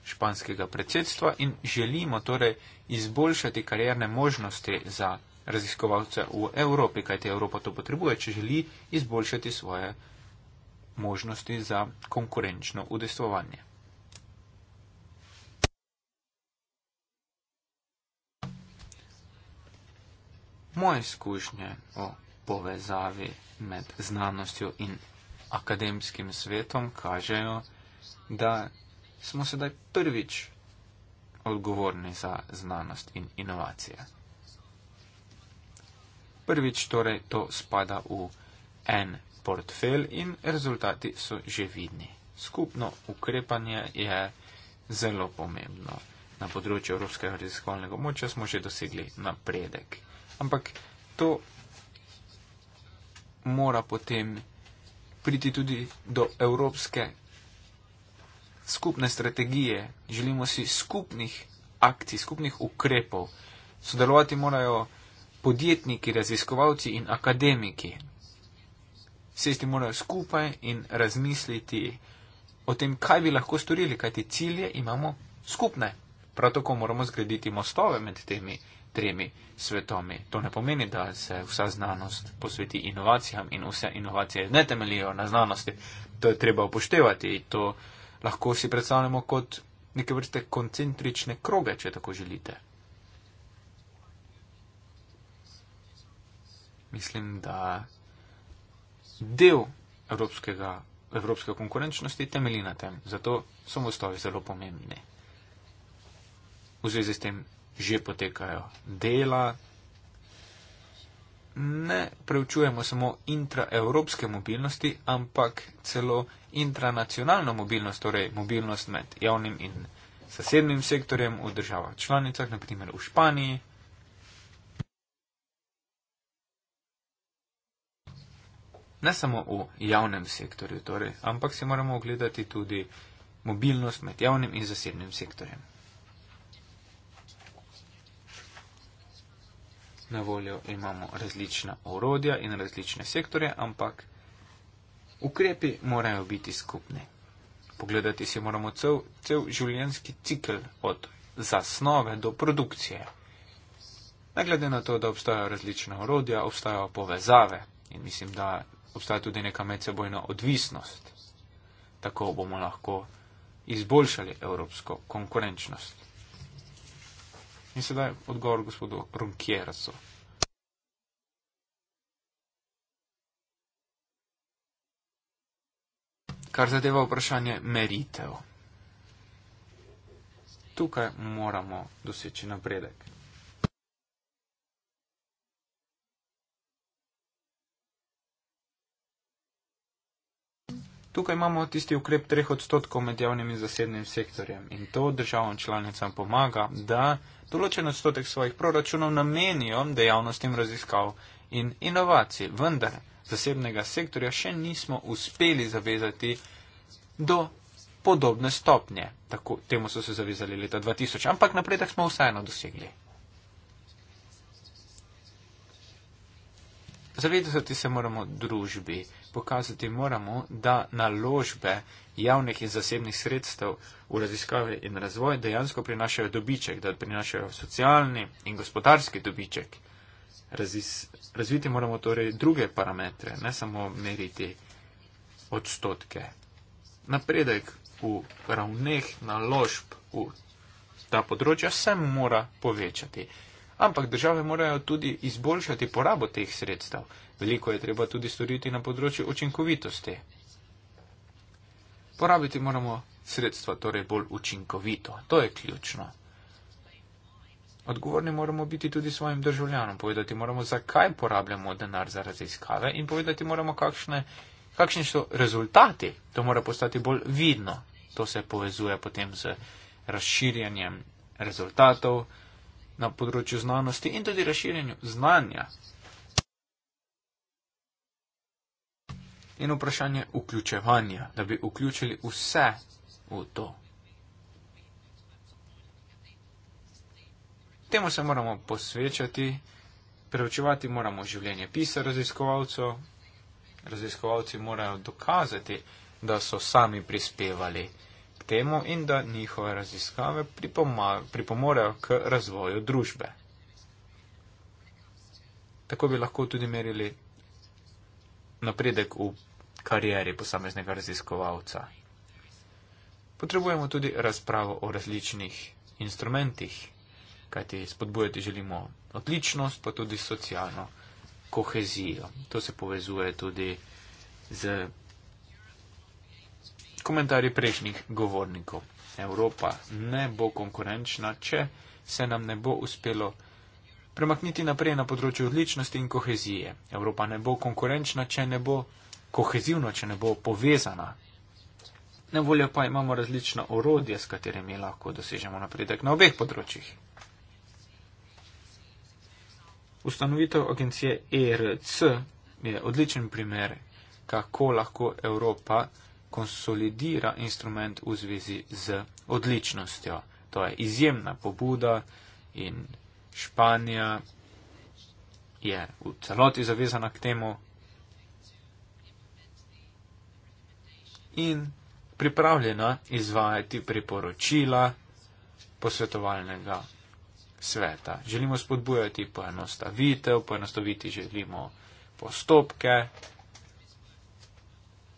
Speaker 1: španskega predsedstva in želimo torej izboljšati karjerne možnosti za raziskovalce v Evropi, kajte Evropa to potrebuje, če želi izboljšati svoje možnosti za konkurenčno udestovanje. Moje izkušnje o povezavi med znanostjo in akademskim svetom kažejo, da smo sedaj prvič odgovorni za znanost in inovacije. Prvič torej to spada v en portfelj in rezultati so že vidni. Skupno ukrepanje je zelo pomembno. Na področju Evropskega raziskovalnega območja smo že dosegli napredek. Ampak to mora potem priti tudi do Evropske skupne strategije, želimo si skupnih akcij, skupnih ukrepov. Sodelovati morajo podjetniki, raziskovalci in akademiki. Sesti morajo skupaj in razmisliti o tem, kaj bi lahko storili, kajti cilje imamo skupne. Prav tako moramo zgraditi mostove med temi tremi svetomi. To ne pomeni, da se vsa znanost posveti inovacijam in vse inovacije ne temelijo na znanosti. To je treba upoštevati. To je lahko si predstavljamo kot neke vrste koncentrične kroge, če tako želite. Mislim, da del evropskega, evropske konkurenčnosti temelji na tem, zato so mostovi zelo pomembni. V zvezi s tem že potekajo dela, ne preučujemo samo intraevropske mobilnosti, ampak celo intranacionalno mobilnost, torej mobilnost med javnim in sosednim sektorjem v državah članicah, naprimer v Španiji. Ne samo v javnem sektorju, torej, ampak si moramo ogledati tudi mobilnost med javnim in zasebnim sektorjem. na voljo imamo različna orodja in različne sektorje, ampak ukrepi morajo biti skupni. Pogledati si moramo cel, cel življenjski cikl od zasnove do produkcije. Ne glede na to, da obstajajo različna orodja, obstajajo povezave in mislim, da obstaja tudi neka medsebojna odvisnost. Tako bomo lahko izboljšali evropsko konkurenčnost. In sedaj odgovor gospodu Ronkjerasu. Kar zadeva vprašanje meritev. Tukaj moramo doseči napredek. Tukaj imamo tisti ukrep 3 odstotkov med javnim in zasebnim sektorjem in to državam članicam pomaga, da določen odstotek svojih proračunov namenijo dejavnostim raziskav in inovacij, vendar zasebnega sektorja še nismo uspeli zavezati do podobne stopnje. Tako, temu so se zavezali leta 2000, ampak napredek smo vseeno dosegli. Zavedati se moramo družbi, pokazati moramo, da naložbe javnih in zasebnih sredstev v raziskave in razvoj dejansko prinašajo dobiček, da prinašajo socialni in gospodarski dobiček. Razis, razviti moramo torej druge parametre, ne samo meriti odstotke. Napredek v ravneh naložb v ta področja se mora povečati ampak države morajo tudi izboljšati porabo teh sredstev. Veliko je treba tudi storiti na področju učinkovitosti. Porabiti moramo sredstva torej bolj učinkovito. To je ključno. Odgovorni moramo biti tudi svojim državljanom, povedati moramo, zakaj porabljamo denar za raziskave in povedati moramo, kakšne, kakšni so rezultati. To mora postati bolj vidno. To se povezuje potem z razširjanjem rezultatov, na področju znanosti in tudi razširjenju znanja. In vprašanje vključevanja, da bi vključili vse v to. Temu se moramo posvečati, preučevati moramo življenje pisa raziskovalcev. Raziskovalci morajo dokazati, da so sami prispevali k temu in da njihove raziskave pripomorejo k razvoju družbe. Tako bi lahko tudi merili napredek v karieri posameznega raziskovalca. Potrebujemo tudi razpravo o različnih instrumentih, kajti spodbujati želimo odličnost, pa tudi socialno kohezijo. To se povezuje tudi z komentarji prejšnjih govornikov. Evropa ne bo konkurenčna, če se nam ne bo uspelo premakniti naprej na področju odličnosti in kohezije. Evropa ne bo konkurenčna, če ne bo kohezivna, če ne bo povezana. Na voljo pa imamo različna orodja, s katerimi lahko dosežemo napredek na obeh področjih. Ustanovitev agencije ERC je odličen primer, kako lahko Evropa konsolidira instrument v zvezi z odličnostjo. To je izjemna pobuda in Španija je v celoti zavezana k temu in pripravljena izvajati priporočila posvetovalnega sveta. Želimo spodbujati poenostavitev, poenostaviti želimo postopke,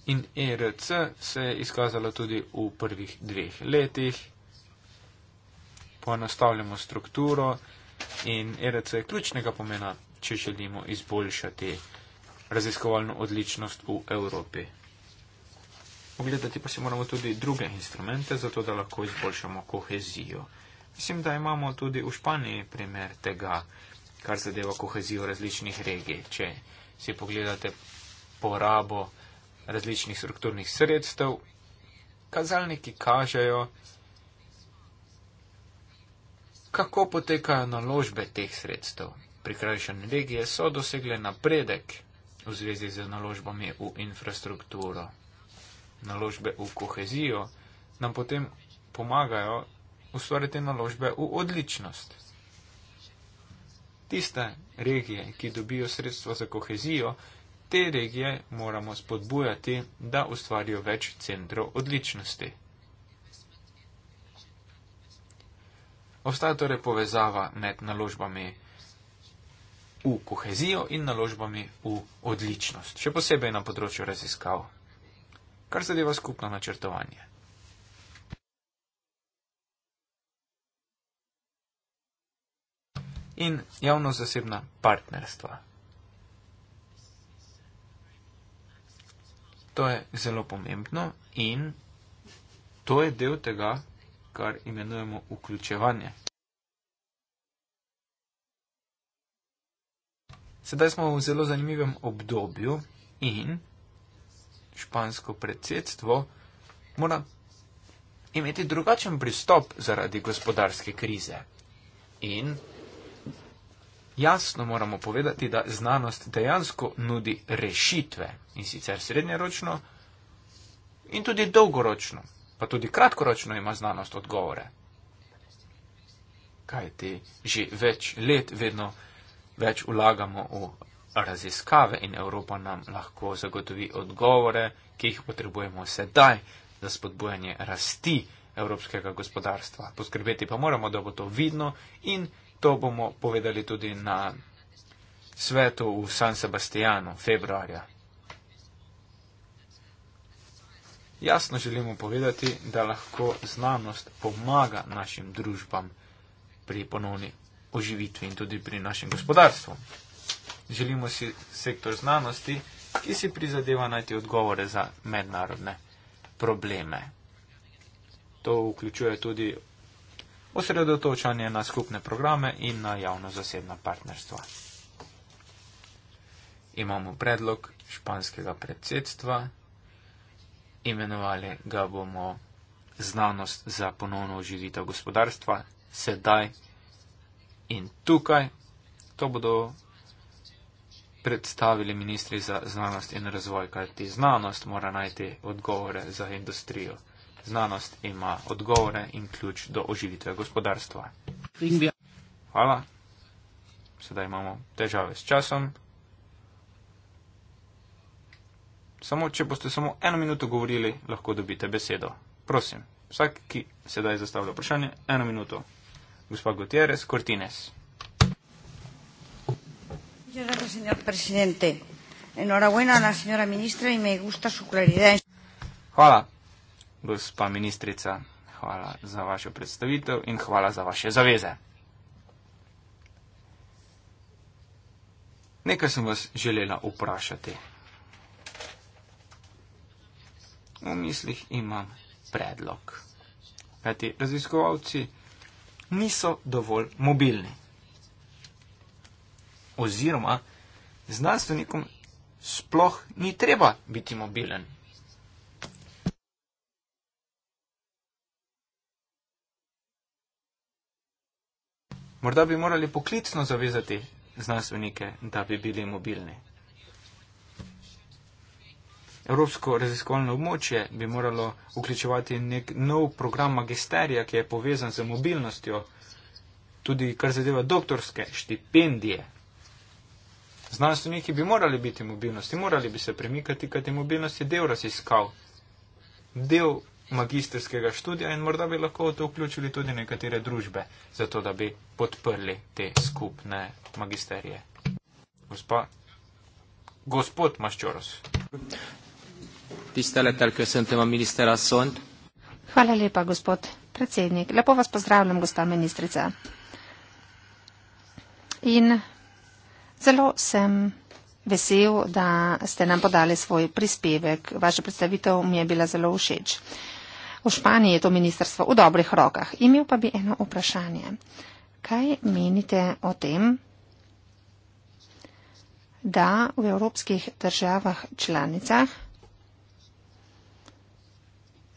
Speaker 1: In ERC se je izkazala tudi v prvih dveh letih. Poenostavljamo strukturo in ERC je ključnega pomena, če želimo izboljšati raziskovalno odličnost v Evropi. Pogledati pa si moramo tudi druge instrumente, zato da lahko izboljšamo kohezijo. Mislim, da imamo tudi v Španiji primer tega, kar zadeva kohezijo različnih regij. Če si pogledate porabo, različnih strukturnih sredstev, kazalniki kažejo, kako potekajo naložbe teh sredstev. Prikrajšane regije so dosegle napredek v zvezi z naložbami v infrastrukturo. Naložbe v kohezijo nam potem pomagajo ustvariti naložbe v odličnost. Tiste regije, ki dobijo sredstva za kohezijo, te regije moramo spodbujati, da ustvarijo več centrov odličnosti. Obstaja torej povezava med naložbami v kohezijo in naložbami v odličnost, še posebej na področju raziskav, kar zadeva skupno načrtovanje. In javno-zasebna partnerstva. To je zelo pomembno in to je del tega, kar imenujemo vključevanje. Sedaj smo v zelo zanimivem obdobju in špansko predsedstvo mora imeti drugačen pristop zaradi gospodarske krize. In jasno moramo povedati, da znanost dejansko nudi rešitve in sicer srednjeročno in tudi dolgoročno, pa tudi kratkoročno ima znanost odgovore. Kaj ti že več let vedno več vlagamo v raziskave in Evropa nam lahko zagotovi odgovore, ki jih potrebujemo sedaj za spodbujanje rasti evropskega gospodarstva. Poskrbeti pa moramo, da bo to vidno in To bomo povedali tudi na svetu v San Sebastianu februarja. Jasno želimo povedati, da lahko znanost pomaga našim družbam pri ponovni oživitvi in tudi pri našem gospodarstvu. Želimo si sektor znanosti, ki si prizadeva najti odgovore za mednarodne probleme. To vključuje tudi osredotočanje na skupne programe in na javno-zasebna partnerstva. Imamo predlog španskega predsedstva, imenovali ga bomo znanost za ponovno oživitev gospodarstva, sedaj in tukaj. To bodo predstavili ministri za znanost in razvoj, kajti znanost mora najti odgovore za industrijo znanost ima odgovore in ključ do oživitve gospodarstva. Hvala. Sedaj imamo težave s časom. Samo, če boste samo eno minuto govorili, lahko dobite besedo. Prosim, vsak, ki sedaj zastavlja vprašanje, eno minuto. Gospa Gutierrez, Cortines. Hvala gospa ministrica, hvala za vašo predstavitev in hvala za vaše zaveze. Nekaj sem vas želela vprašati. V mislih imam predlog. Kajti raziskovalci niso dovolj mobilni. Oziroma, znanstvenikom sploh ni treba biti mobilen, Morda bi morali poklicno zavezati znanstvenike, da bi bili mobilni. Evropsko raziskovalno območje bi moralo vključevati nek nov program magisterija, ki je povezan z mobilnostjo, tudi kar zadeva doktorske štipendije. Znanstveniki bi morali biti mobilnosti, morali bi se premikati, kajti mobilnost je del raziskav, del magisterskega študija in morda bi lahko v to vključili tudi nekatere družbe, zato da bi podprli te skupne magisterije. Gospa, gospod Maščoros. Tisteletel, ki sem tema ministera Sond.
Speaker 4: Hvala lepa, gospod predsednik. Lepo vas pozdravljam, gospa ministrica. In zelo sem vesel, da ste nam podali svoj prispevek. Vaša predstavitev mi je bila zelo všeč. V Španiji je to ministrstvo v dobrih rokah. Imel pa bi eno vprašanje. Kaj menite o tem, da v evropskih državah članicah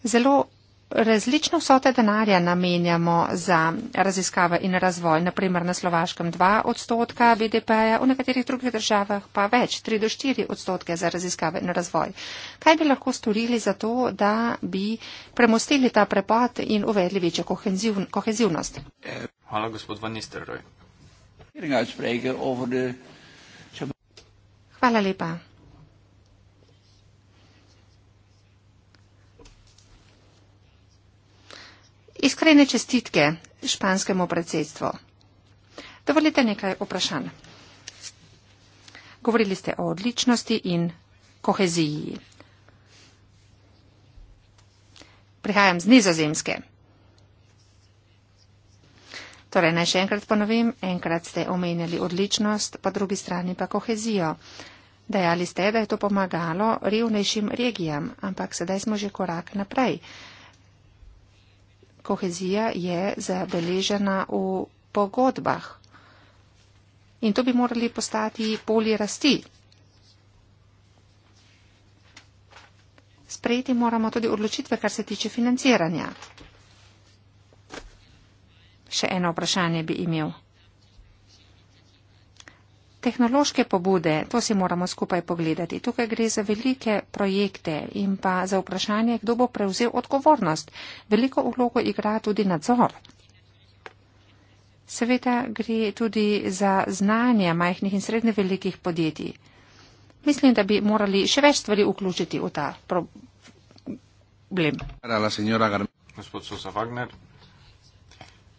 Speaker 4: zelo Različno vsote denarja namenjamo za raziskave in razvoj, naprimer na Slovaškem 2 odstotka BDP-ja, v nekaterih drugih državah pa več, 3 do 4 odstotke za raziskave in razvoj. Kaj bi lahko storili za to, da bi premostili ta prepad in uvedli večjo kohezivnost?
Speaker 1: Hvala, gospod Vanisteroj.
Speaker 4: Hvala lepa. Iskrene čestitke španskemu predsedstvu. Dovolite nekaj vprašanj. Govorili ste o odličnosti in koheziji. Prihajam z nizozemske. Torej, naj še enkrat ponovim, enkrat ste omenjali odličnost, pa drugi strani pa kohezijo. Dejali ste, da je to pomagalo revnejšim regijam, ampak sedaj smo že korak naprej kohezija je zabeležena v pogodbah. In to bi morali postati polje rasti. Sprejeti moramo tudi odločitve, kar se tiče financiranja. Še eno vprašanje bi imel tehnološke pobude, to si moramo skupaj pogledati. Tukaj gre za velike projekte in pa za vprašanje, kdo bo prevzel odgovornost. Veliko vlogo igra tudi nadzor. Seveda gre tudi za znanje majhnih in srednje velikih podjetij. Mislim, da bi morali še več stvari vključiti v ta
Speaker 1: problem.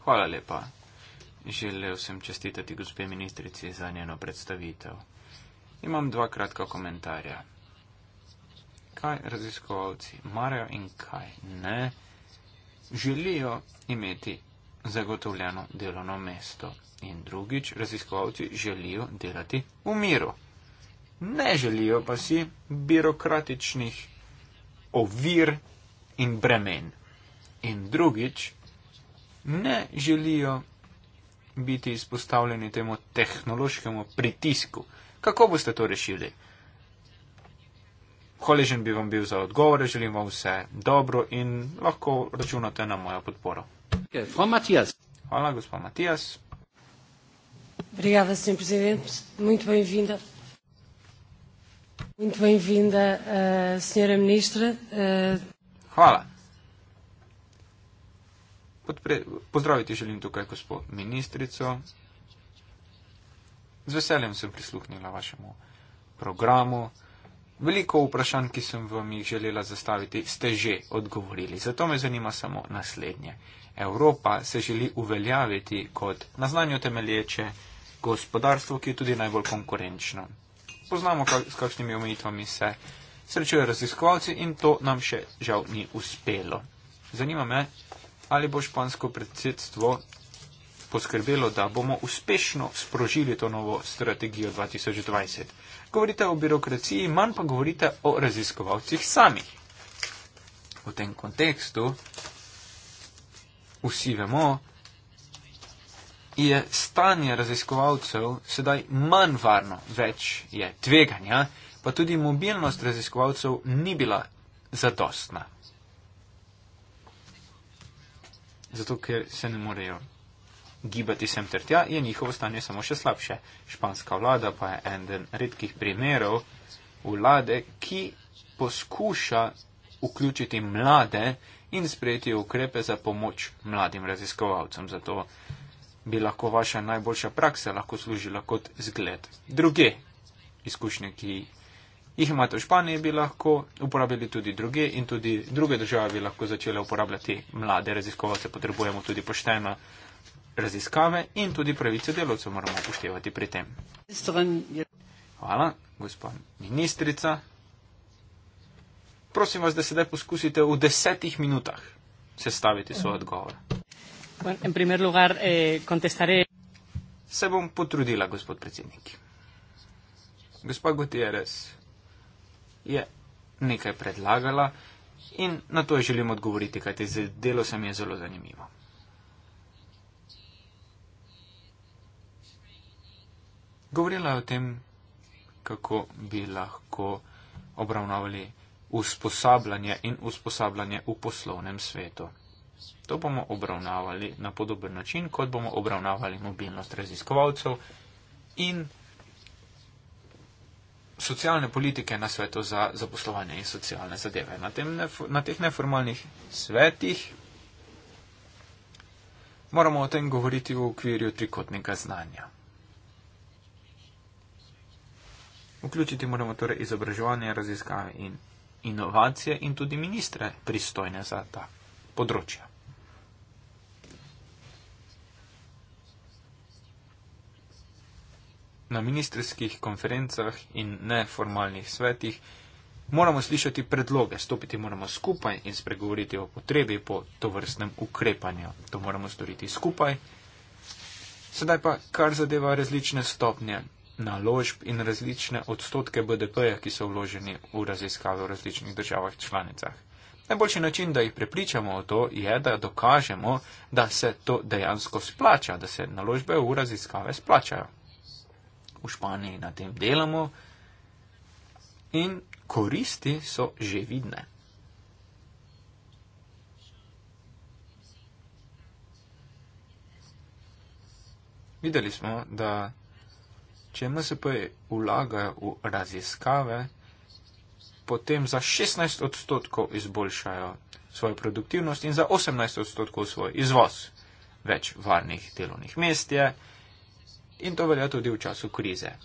Speaker 1: Hvala lepa. Želel sem čestitati gospe ministrici za njeno predstavitev. Imam dva kratka komentarja. Kaj raziskovalci marajo in kaj ne, želijo imeti zagotovljeno delovno mesto. In drugič, raziskovalci želijo delati v miru. Ne želijo pa si birokratičnih ovir in bremen. In drugič, ne želijo biti izpostavljeni temu tehnološkemu pritisku. Kako boste to rešili? Hvaležen bi vam bil za odgovore, želim vam vse dobro in lahko računate na mojo podporo. Hvala, gospod Matijas.
Speaker 3: Obrigada, senhor presidente. Muito bem-vinda. Muito bem-vinda, uh, senhora ministra. Uh...
Speaker 1: Hvala podpre, pozdraviti želim tukaj gospod ministrico. Z veseljem sem prisluhnila vašemu programu. Veliko vprašanj, ki sem vam jih želela zastaviti, ste že odgovorili. Zato me zanima samo naslednje. Evropa se želi uveljaviti kot na znanju temelječe gospodarstvo, ki je tudi najbolj konkurenčno. Poznamo, kak, s kakšnimi omejitvami se srečujejo raziskovalci in to nam še žal ni uspelo. Zanima me, ali bo špansko predsedstvo poskrbelo, da bomo uspešno sprožili to novo strategijo 2020. Govorite o birokraciji, manj pa govorite o raziskovalcih samih. V tem kontekstu vsi vemo, je stanje raziskovalcev sedaj manj varno, več je tveganja, pa tudi mobilnost raziskovalcev ni bila zadostna. zato ker se ne morejo gibati sem ter tja, je njihovo stanje samo še slabše. Španska vlada pa je eden redkih primerov vlade, ki poskuša vključiti mlade in sprejeti ukrepe za pomoč mladim raziskovalcem. Zato bi lahko vaša najboljša praksa lahko služila kot zgled. Druge izkušnje, ki jih imate v Španiji, bi lahko uporabili tudi druge in tudi druge države bi lahko začele uporabljati mlade raziskovalce. Potrebujemo tudi poštena raziskave in tudi pravice delovcev moramo upoštevati pri tem. Hvala, gospod ministrica. Prosim vas, da sedaj poskusite v desetih minutah sestaviti svoj odgovor.
Speaker 4: Eh,
Speaker 1: Se bom potrudila, gospod predsednik. Gospod Gutierrez je nekaj predlagala in na to je želim odgovoriti, kajti delo se mi je zelo zanimivo. Govorila je o tem, kako bi lahko obravnavali usposabljanje in usposabljanje v poslovnem svetu. To bomo obravnavali na podoben način, kot bomo obravnavali mobilnost raziskovalcev in socialne politike na svetu za zaposlovanje in socialne zadeve. Na, tem, na teh neformalnih svetih moramo o tem govoriti v okviru trikotnega znanja. Vključiti moramo torej izobraževanje, raziskave in inovacije in tudi ministre pristojne za ta področja. na ministerskih konferencah in neformalnih svetih, moramo slišati predloge, stopiti moramo skupaj in spregovoriti o potrebi po to vrstnem ukrepanju. To moramo storiti skupaj. Sedaj pa, kar zadeva različne stopnje naložb in različne odstotke BDP-ja, ki so vloženi v raziskave v različnih državah članicah. Najboljši način, da jih prepričamo o to, je, da dokažemo, da se to dejansko splača, da se naložbe v raziskave splačajo v Španiji na tem delamo in koristi so že vidne. Videli smo, da če MSP vlaga v raziskave, potem za 16 odstotkov izboljšajo svojo produktivnost in za 18 odstotkov svoj izvoz. Več varnih delovnih mest je, in to velja tudi v času krize.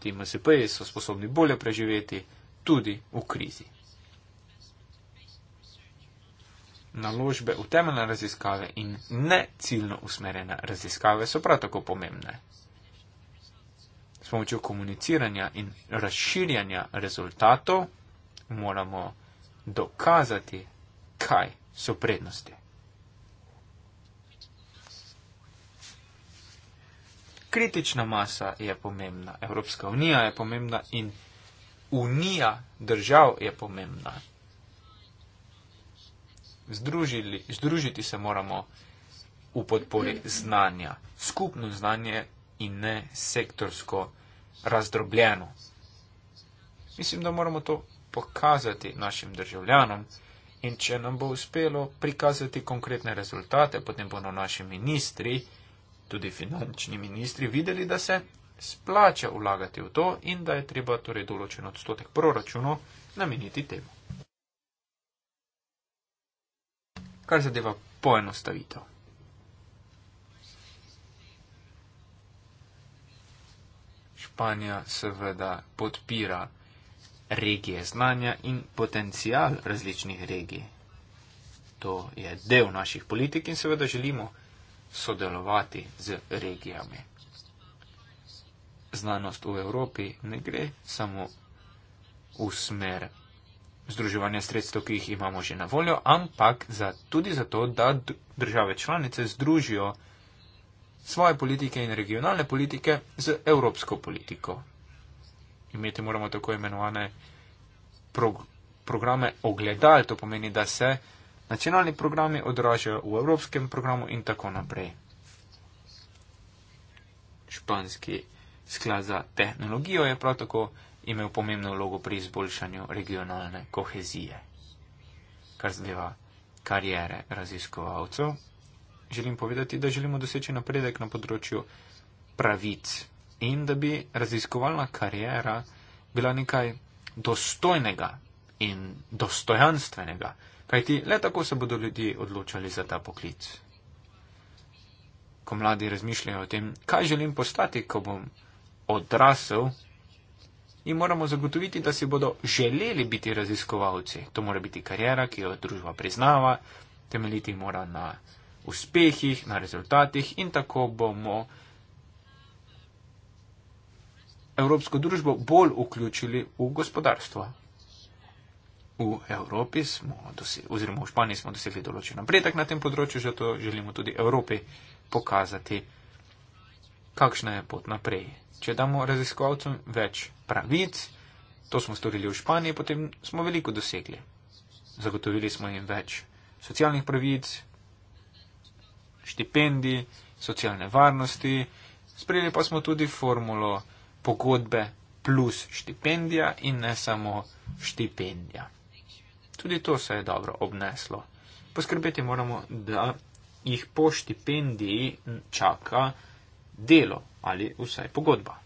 Speaker 1: Ti MSP-ji so sposobni bolje preživeti tudi v krizi. Naložbe v temeljne raziskave in ne ciljno usmerjene raziskave so prav tako pomembne. S pomočjo komuniciranja in razširjanja rezultatov moramo dokazati, kaj so prednosti. kritična masa je pomembna, Evropska unija je pomembna in unija držav je pomembna. Združili, združiti se moramo v podpori znanja, skupno znanje in ne sektorsko razdrobljeno. Mislim, da moramo to pokazati našim državljanom in če nam bo uspelo prikazati konkretne rezultate, potem bodo naši ministri. Tudi finančni ministri videli, da se splača vlagati v to in da je treba torej določen odstotek proračunov nameniti temu. Kar zadeva poenostavitev. Španija seveda podpira regije znanja in potencial različnih regij. To je del naših politik in seveda želimo sodelovati z regijami. Znanost v Evropi ne gre samo v smer združevanja sredstev, ki jih imamo že na voljo, ampak za, tudi zato, da države članice združijo svoje politike in regionalne politike z evropsko politiko. Imeti moramo tako imenovane prog programe ogledal, to pomeni, da se nacionalni programi odražajo v evropskem programu in tako naprej. Španski sklad za tehnologijo je prav tako imel pomembno vlogo pri izboljšanju regionalne kohezije. Kar zdeva karijere raziskovalcev, želim povedati, da želimo doseči napredek na področju pravic in da bi raziskovalna karijera bila nekaj dostojnega in dostojanstvenega. Kajti le tako se bodo ljudje odločali za ta poklic. Ko mladi razmišljajo o tem, kaj želim postati, ko bom odrasel, jim moramo zagotoviti, da si bodo želeli biti raziskovalci. To mora biti karjera, ki jo družba priznava, temeljiti mora na uspehih, na rezultatih in tako bomo evropsko družbo bolj vključili v gospodarstvo v Evropi smo dosegli, oziroma v Španiji smo dosegli določen napredek na tem področju, zato želimo tudi Evropi pokazati, kakšna je pot naprej. Če damo raziskovalcem več pravic, to smo storili v Španiji, potem smo veliko dosegli. Zagotovili smo jim več socialnih pravic, štipendij, socialne varnosti, sprejeli pa smo tudi formulo pogodbe plus štipendija in ne samo štipendija. Tudi to se je dobro obneslo. Poskrbeti moramo, da jih po štipendiji čaka delo ali vsaj pogodba.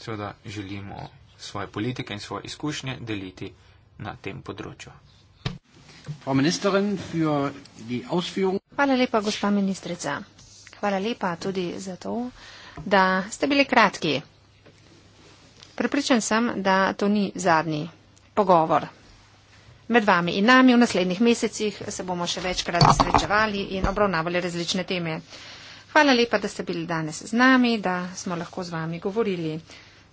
Speaker 1: Seveda želimo svoje politike in svoje izkušnje deliti na tem področju.
Speaker 4: Hvala lepa, gospa ministrica. Hvala lepa tudi za to da ste bili kratki. Prepričan sem, da to ni zadnji pogovor. Med vami in nami v naslednjih mesecih se bomo še večkrat srečevali in obravnavali različne teme. Hvala lepa, da ste bili danes z nami, da smo lahko z vami govorili.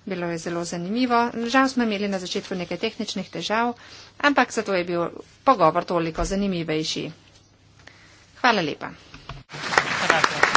Speaker 4: Bilo je zelo zanimivo. Žal smo imeli na začetku nekaj tehničnih težav, ampak zato je bil pogovor toliko zanimivejši. Hvala lepa. Hvala lepa.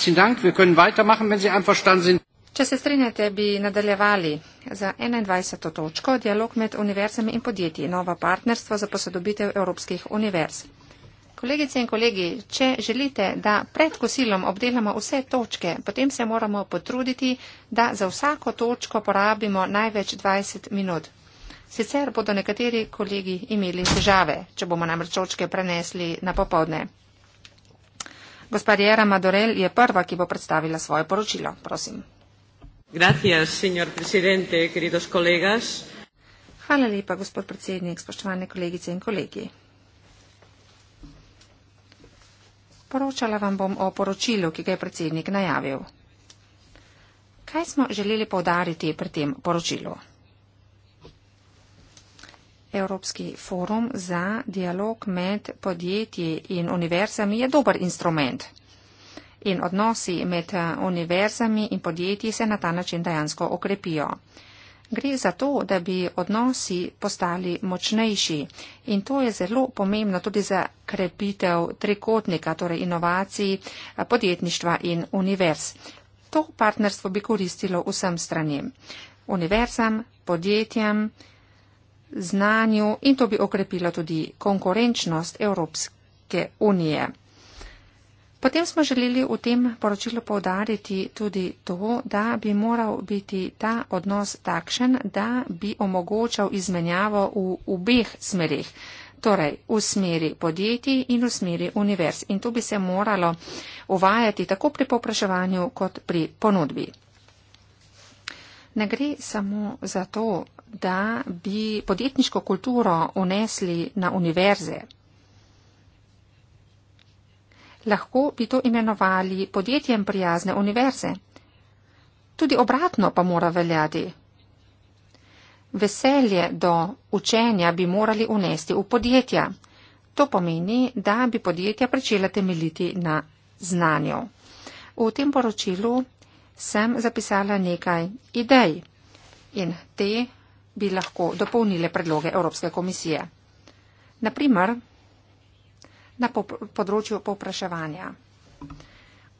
Speaker 1: Herzlichen Dank. Wir können weitermachen, wenn Sie einverstanden sind.
Speaker 4: Če se strinjate, bi nadaljevali za 21. točko dialog med univerzami in podjetji, novo partnerstvo za posodobitev evropskih univerz. Kolegice in kolegi, če želite, da pred kosilom obdelamo vse točke, potem se moramo potruditi, da za vsako točko porabimo največ 20 minut. Sicer bodo nekateri kolegi imeli težave, če bomo namreč točke prenesli na popovdne. Gospodjera Madorel je prva, ki bo predstavila svoje poročilo. Prosim.
Speaker 1: Gracias,
Speaker 3: señor presidente, queridos kolegas.
Speaker 4: Hvala lepa, gospod predsednik, spoštovane kolegice in kolegi. Poročala vam bom o poročilu, ki ga je predsednik najavil. Kaj smo želeli povdariti pri tem poročilu? Evropski forum za dialog med podjetji in univerzami je dober instrument. In odnosi med eh, univerzami in podjetji se na ta način dejansko okrepijo. Gre za to, da bi odnosi postali močnejši in to je zelo pomembno tudi za krepitev trikotnika, torej inovacij, eh, podjetništva in univerz. To partnerstvo bi koristilo vsem stranim, univerzam, podjetjem, znanju in to bi okrepilo tudi konkurenčnost Evropske unije. Potem smo želeli v tem poročilu povdariti tudi to, da bi moral biti ta odnos takšen, da bi omogočal izmenjavo v obeh smerih, torej v smeri podjetij in v smeri univerz. In to bi se moralo uvajati tako pri popraševanju kot pri ponudbi. Ne gre samo za to, da bi podjetniško kulturo unesli na univerze. Lahko bi to imenovali podjetjem prijazne univerze. Tudi obratno pa mora veljati. Veselje do učenja bi morali unesti v podjetja. To pomeni, da bi podjetja pričela temeljiti na znanju. V tem poročilu sem zapisala nekaj idej in te bi lahko dopolnile predloge Evropske komisije. Naprimer, na področju povpraševanja.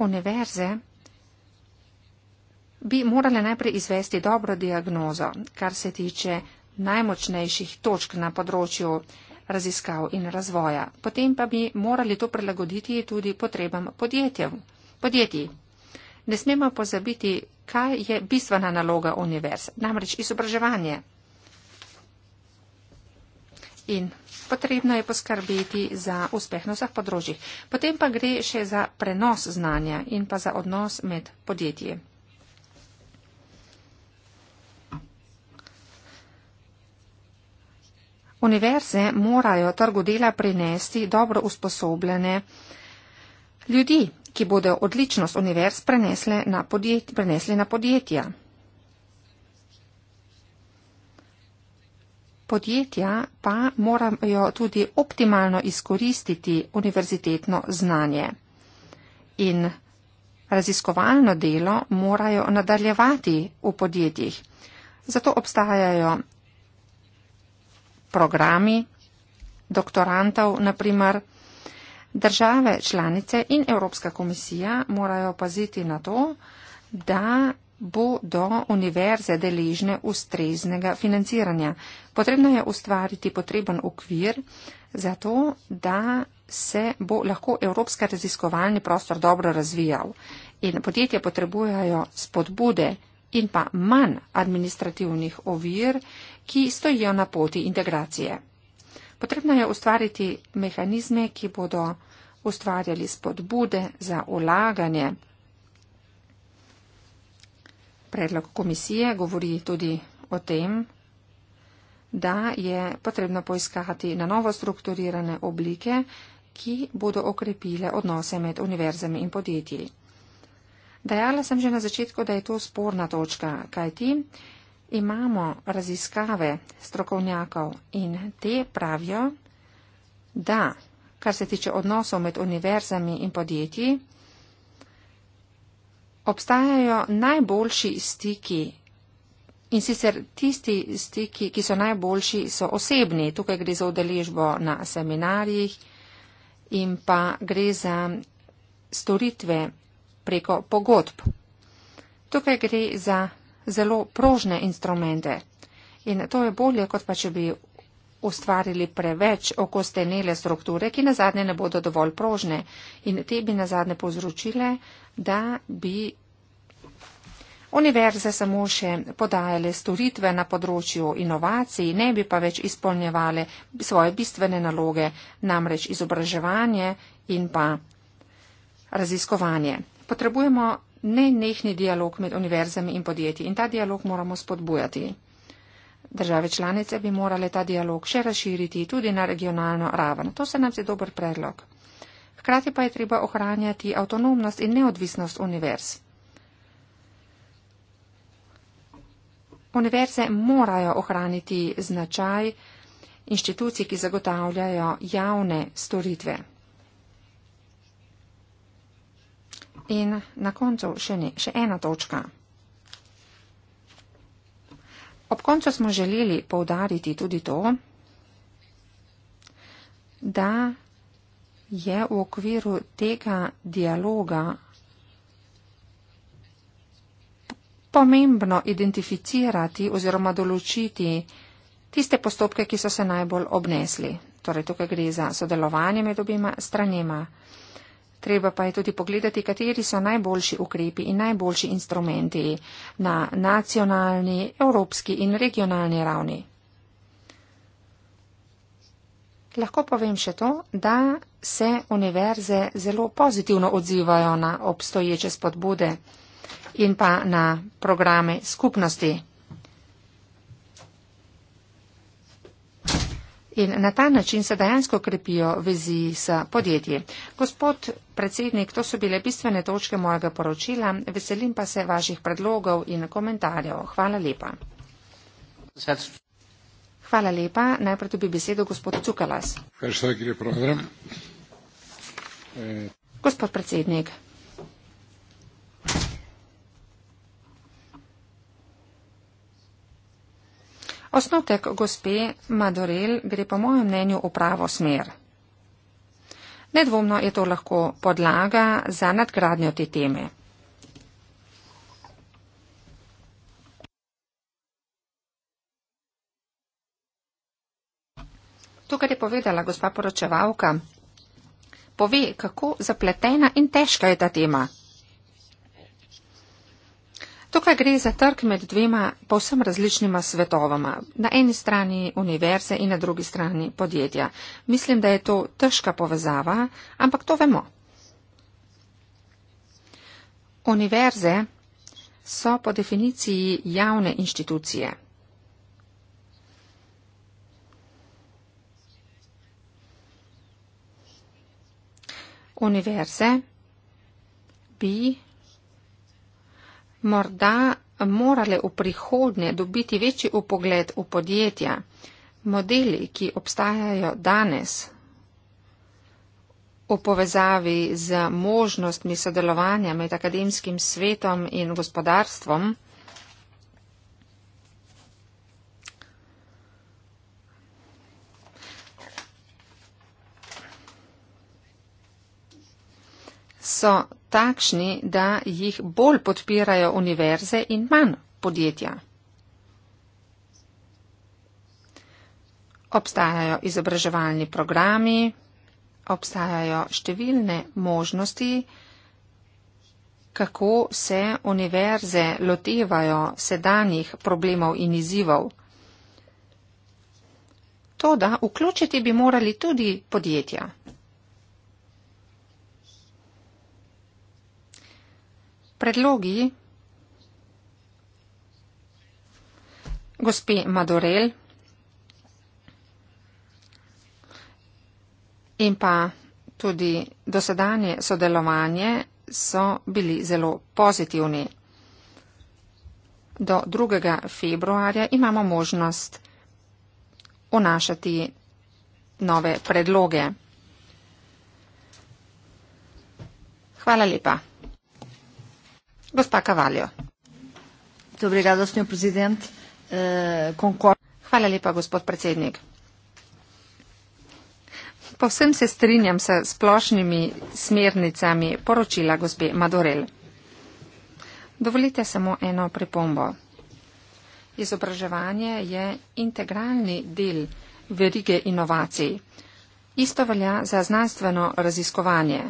Speaker 4: Univerze bi morale najprej izvesti dobro diagnozo, kar se tiče najmočnejših točk na področju raziskav in razvoja. Potem pa bi morali to prilagoditi tudi potrebam podjetjev. podjetij. Ne smemo pozabiti, kaj je bistvena naloga univerz, namreč izobraževanje in potrebno je poskrbeti za uspeh na vseh področjih. Potem pa gre še za prenos znanja in pa za odnos med podjetji. Univerze morajo trgu dela prinesti dobro usposobljene ljudi, ki bodo odličnost univerz prenesli na podjetja. Podjetja pa morajo tudi optimalno izkoristiti univerzitetno znanje in raziskovalno delo morajo nadaljevati v podjetjih. Zato obstajajo programi doktorantov, naprimer države članice in Evropska komisija morajo paziti na to, da bodo univerze deležne ustreznega financiranja. Potrebno je ustvariti potreben okvir za to, da se bo lahko evropski raziskovalni prostor dobro razvijal. In podjetja potrebujajo spodbude in pa manj administrativnih ovir, ki stojijo na poti integracije. Potrebno je ustvariti mehanizme, ki bodo ustvarjali spodbude za ulaganje predlog komisije govori tudi o tem, da je potrebno poiskati na novo strukturirane oblike, ki bodo okrepile odnose med univerzami in podjetji. Dajala sem že na začetku, da je to sporna točka, kajti imamo raziskave strokovnjakov in te pravijo, da, kar se tiče odnosov med univerzami in podjetji, obstajajo najboljši stiki. In sicer tisti stiki, ki so najboljši, so osebni. Tukaj gre za udeležbo na seminarjih in pa gre za storitve preko pogodb. Tukaj gre za zelo prožne instrumente in to je bolje, kot pa če bi ustvarili preveč okostenele strukture, ki na zadnje ne bodo dovolj prožne in te bi na zadnje povzročile, da bi Univerze samo še podajale storitve na področju inovacij, ne bi pa več izpolnjevale svoje bistvene naloge, namreč izobraževanje in pa raziskovanje. Potrebujemo nenehni dialog med univerzami in podjetji in ta dialog moramo spodbujati. Države članice bi morale ta dialog še razširiti tudi na regionalno raven. To se nam zdi dober predlog. Hkrati pa je treba ohranjati avtonomnost in neodvisnost univerz. Univerze morajo ohraniti značaj inštitucij, ki zagotavljajo javne storitve. In na koncu še, ne, še ena točka. Ob koncu smo želeli povdariti tudi to, da je v okviru tega dialoga pomembno identificirati oziroma določiti tiste postopke, ki so se najbolj obnesli. Torej, tukaj gre za sodelovanje med obima stranima. Treba pa je tudi pogledati, kateri so najboljši ukrepi in najboljši instrumenti na nacionalni, evropski in regionalni ravni. Lahko povem še to, da se univerze zelo pozitivno odzivajo na obstoječe spodbude in pa na programe skupnosti. In na ta način se dejansko krepijo vezi s podjetji. Gospod predsednik, to so bile bistvene točke mojega poročila. Veselim pa se vaših predlogov in komentarjev. Hvala lepa. Hvala lepa. Najprej dobi besedo gospod Cukalas. Gospod predsednik, Osnotek gospe Madorel gre po mojem mnenju v pravo smer. Nedvomno je to lahko podlaga za nadgradnjo te teme. To, kar je povedala gospa poročevalka, pove, kako zapletena in težka je ta tema. Tukaj gre za trg med dvema povsem različnima svetovama, na eni strani univerze in na drugi strani podjetja. Mislim, da je to težka povezava, ampak to vemo. Univerze so po definiciji javne inštitucije. Univerze bi morda morale v prihodnje dobiti večji upogled v podjetja. Modeli, ki obstajajo danes v povezavi z možnostmi sodelovanja med akademskim svetom in gospodarstvom, so takšni, da jih bolj podpirajo univerze in manj podjetja. Obstajajo izobraževalni programi, obstajajo številne možnosti, kako se univerze lotevajo sedanjih problemov in izzivov. Toda vključiti bi morali tudi podjetja. predlogi gospe Madorel in pa tudi dosedanje sodelovanje so bili zelo pozitivni. Do 2. februarja imamo možnost vnašati nove predloge. Hvala lepa. Gospa Kavaljo. Eh, Hvala lepa, gospod predsednik. Povsem se strinjam s splošnimi smernicami poročila gospe Madorel. Dovolite samo eno pripombo. Izobraževanje je integralni del verige inovacij. Isto velja za znanstveno raziskovanje.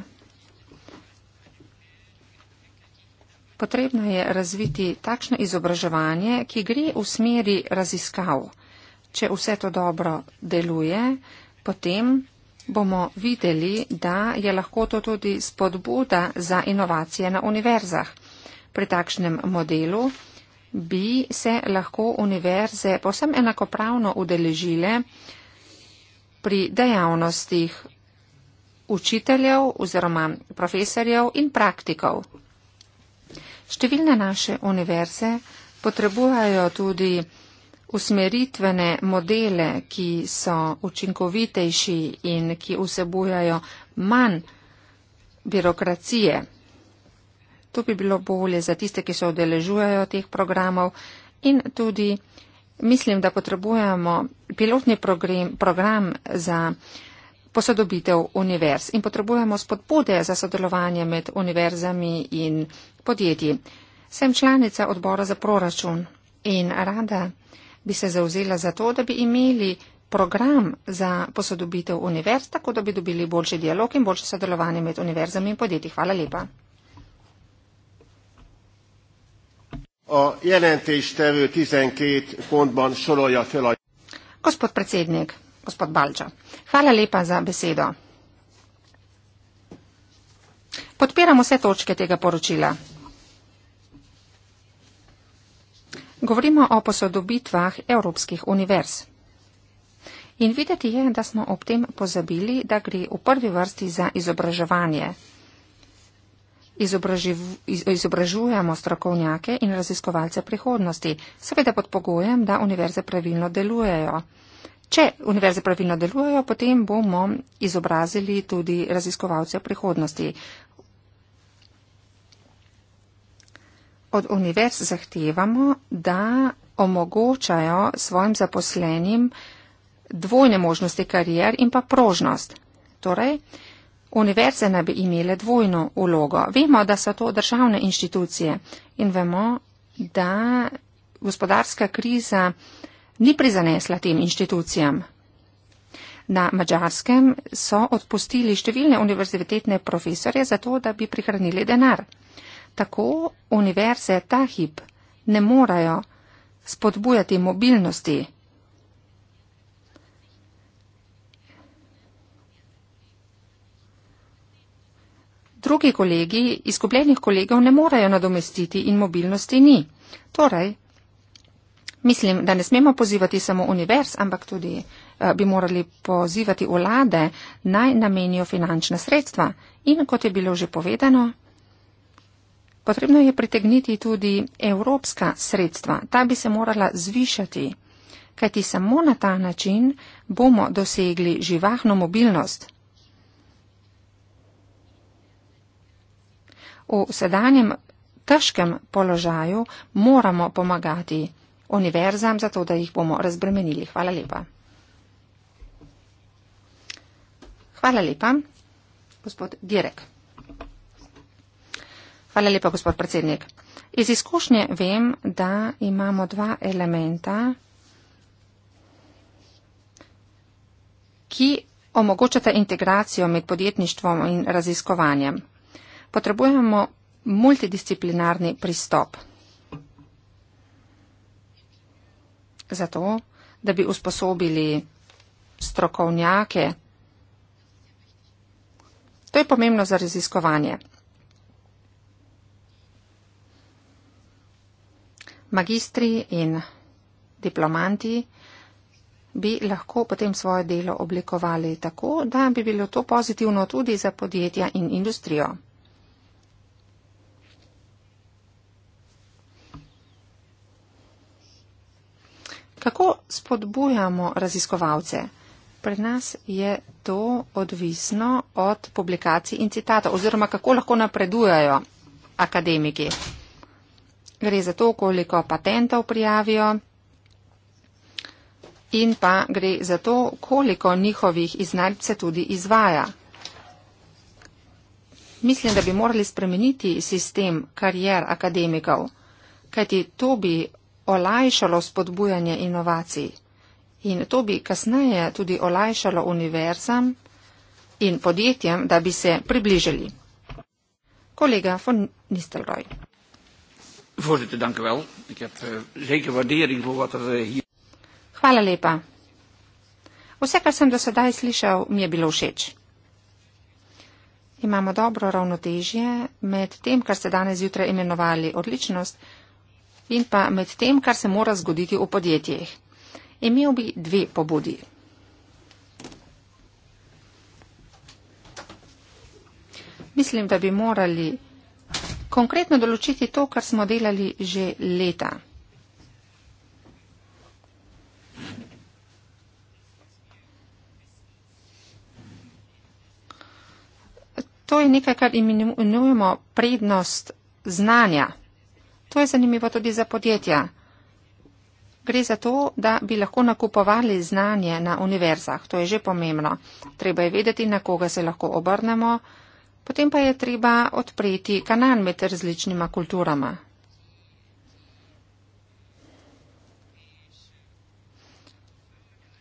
Speaker 4: Potrebno je razviti takšno izobraževanje, ki gre v smeri raziskav. Če vse to dobro deluje, potem bomo videli, da je lahko to tudi spodbuda za inovacije na univerzah. Pri takšnem modelu bi se lahko univerze posem enakopravno udeležile pri dejavnostih učiteljev oziroma profesorjev in praktikov. Številne naše univerze potrebujejo tudi usmeritvene modele, ki so učinkovitejši in ki vsebujajo manj birokracije. To bi bilo bolje za tiste, ki se odeležujejo teh programov in tudi mislim, da potrebujemo pilotni program, program za posodobitev univerz in potrebujemo spodbude za sodelovanje med univerzami in univerzami podjetij. Sem članica odbora za proračun in rada bi se zauzela za to, da bi imeli program za posodobitev univerz, tako da bi dobili boljši dialog in boljše sodelovanje med univerzami in podjetji. Hvala lepa. Gospod predsednik, gospod Balča, hvala lepa za besedo. Podpiram vse točke tega poročila. Govorimo o posodobitvah evropskih univerz. In videti je, da smo ob tem pozabili, da gre v prvi vrsti za izobraževanje. Izobraživ, izobražujemo strokovnjake in raziskovalce prihodnosti, seveda pod pogojem, da univerze pravilno delujejo. Če univerze pravilno delujejo, potem bomo izobrazili tudi raziskovalce prihodnosti. od univerz zahtevamo, da omogočajo svojim zaposlenim dvojne možnosti karier in pa prožnost. Torej, univerze naj bi imele dvojno ulogo. Vemo, da so to državne inštitucije in vemo, da gospodarska kriza ni prizanesla tem inštitucijam. Na mačarskem so odpustili številne univerzitetne profesorje zato, da bi prihranili denar. Tako univerze ta hip ne morajo spodbujati mobilnosti. Drugi kolegi izgubljenih kolegov ne morejo nadomestiti in mobilnosti ni. Torej, mislim, da ne smemo pozivati samo univerz, ampak tudi eh, bi morali pozivati vlade naj namenijo finančna sredstva. In kot je bilo že povedano, Potrebno je pritegniti tudi evropska sredstva, ta bi se morala zvišati, kajti samo na ta način bomo dosegli živahno mobilnost. V sedanjem težkem položaju moramo pomagati univerzam, zato da jih bomo razbremenili. Hvala lepa. Hvala lepa, gospod Direk. Hvala lepa, gospod predsednik. Iz izkušnje vem, da imamo dva elementa, ki omogočata integracijo med podjetništvom in raziskovanjem. Potrebujemo multidisciplinarni pristop. Zato, da bi usposobili strokovnjake. To je pomembno za raziskovanje. magistri in diplomanti bi lahko potem svoje delo oblikovali tako, da bi bilo to pozitivno tudi za podjetja in industrijo. Kako spodbujamo raziskovalce? Pri nas je to odvisno od publikacij in citata oziroma kako lahko napredujajo akademiki gre za to, koliko patentov prijavijo in pa gre za to, koliko njihovih iznajdb se tudi izvaja. Mislim, da bi morali spremeniti sistem karjer akademikov, kajti to bi olajšalo spodbujanje inovacij in to bi kasneje tudi olajšalo univerzam in podjetjem, da bi se približali. Kolega von Nistelrooy.
Speaker 1: Voorzitter, dank u wel. Ik heb uh, zeker waardering voor wat er uh, hier.
Speaker 4: Hvala lepa. Vse, kar sem do sedaj slišal, mi je bilo všeč. Imamo dobro ravnotežje med tem, kar ste danes zjutraj imenovali odličnost in pa med tem, kar se mora zgoditi v podjetjih. Imel bi dve pobudi. Mislim, da bi morali konkretno določiti to, kar smo delali že leta. To je nekaj, kar imenujemo prednost znanja. To je zanimivo tudi za podjetja. Gre za to, da bi lahko nakupovali znanje na univerzah. To je že pomembno. Treba je vedeti, na koga se lahko obrnemo, Potem pa je treba odpreti kanal med različnima kulturama.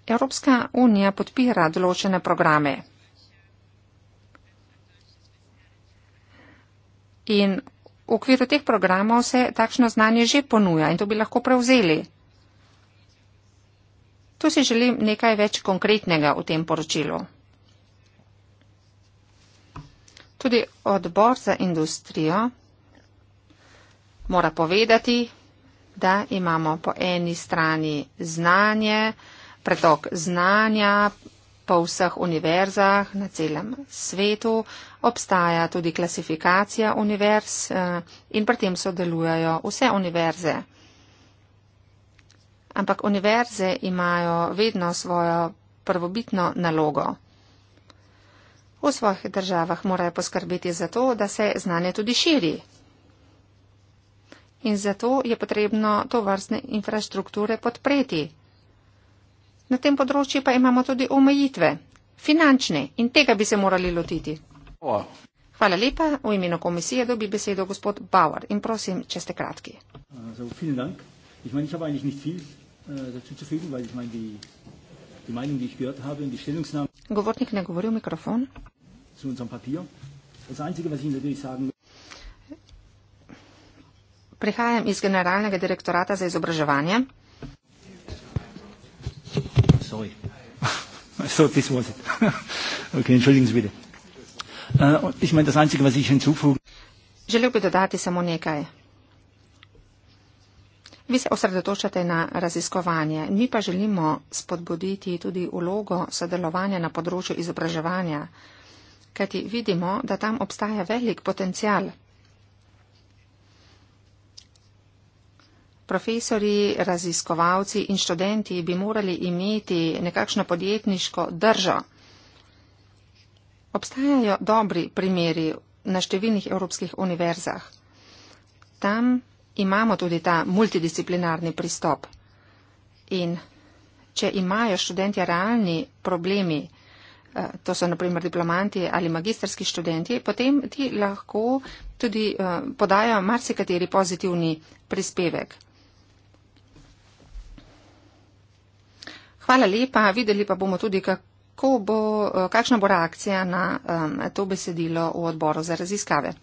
Speaker 4: Evropska unija podpira določene programe. In v okviru teh programov se takšno znanje že ponuja in to bi lahko prevzeli. Tu si želim nekaj več konkretnega v tem poročilu. Tudi odbor za industrijo mora povedati, da imamo po eni strani znanje, pretok znanja po vseh univerzah na celem svetu, obstaja tudi klasifikacija univerz eh, in pri tem sodelujajo vse univerze. Ampak univerze imajo vedno svojo prvobitno nalogo. V svojih državah morajo poskrbeti za to, da se znanje tudi širi. In zato je potrebno to vrstne infrastrukture podpreti. Na tem področju pa imamo tudi omejitve, finančne, in tega bi se morali lotiti. Hvala lepa. V imenu komisije dobi besedo gospod Bauer in prosim, če ste kratki.
Speaker 1: Uh, so, die Meinung, die ich gehört habe und die Stellungnahme.
Speaker 4: Govornik ne govori v mikrofon.
Speaker 2: Zu unserem Papier. Das Einzige, was ich natürlich sagen möchte,
Speaker 4: Prihajam iz Generalnega direktorata za izobraževanje.
Speaker 1: So,
Speaker 2: okay, uh, ich mein, einzige,
Speaker 4: Želel bi dodati samo nekaj. Vi se osredotočate na raziskovanje. Mi pa želimo spodbuditi tudi ulogo sodelovanja na področju izobraževanja, kajti vidimo, da tam obstaja velik potencial. Profesori, raziskovalci in študenti bi morali imeti nekakšno podjetniško držo. Obstajajo dobri primeri na številnih evropskih univerzah. Tam imamo tudi ta multidisciplinarni pristop. In če imajo študenti realni problemi, eh, to so naprimer diplomanti ali magistrski študenti, potem ti lahko tudi eh, podajo marsikateri pozitivni prispevek. Hvala lepa, videli pa bomo tudi, kako bo, eh, kakšna bo reakcija na to besedilo v odboru za raziskave.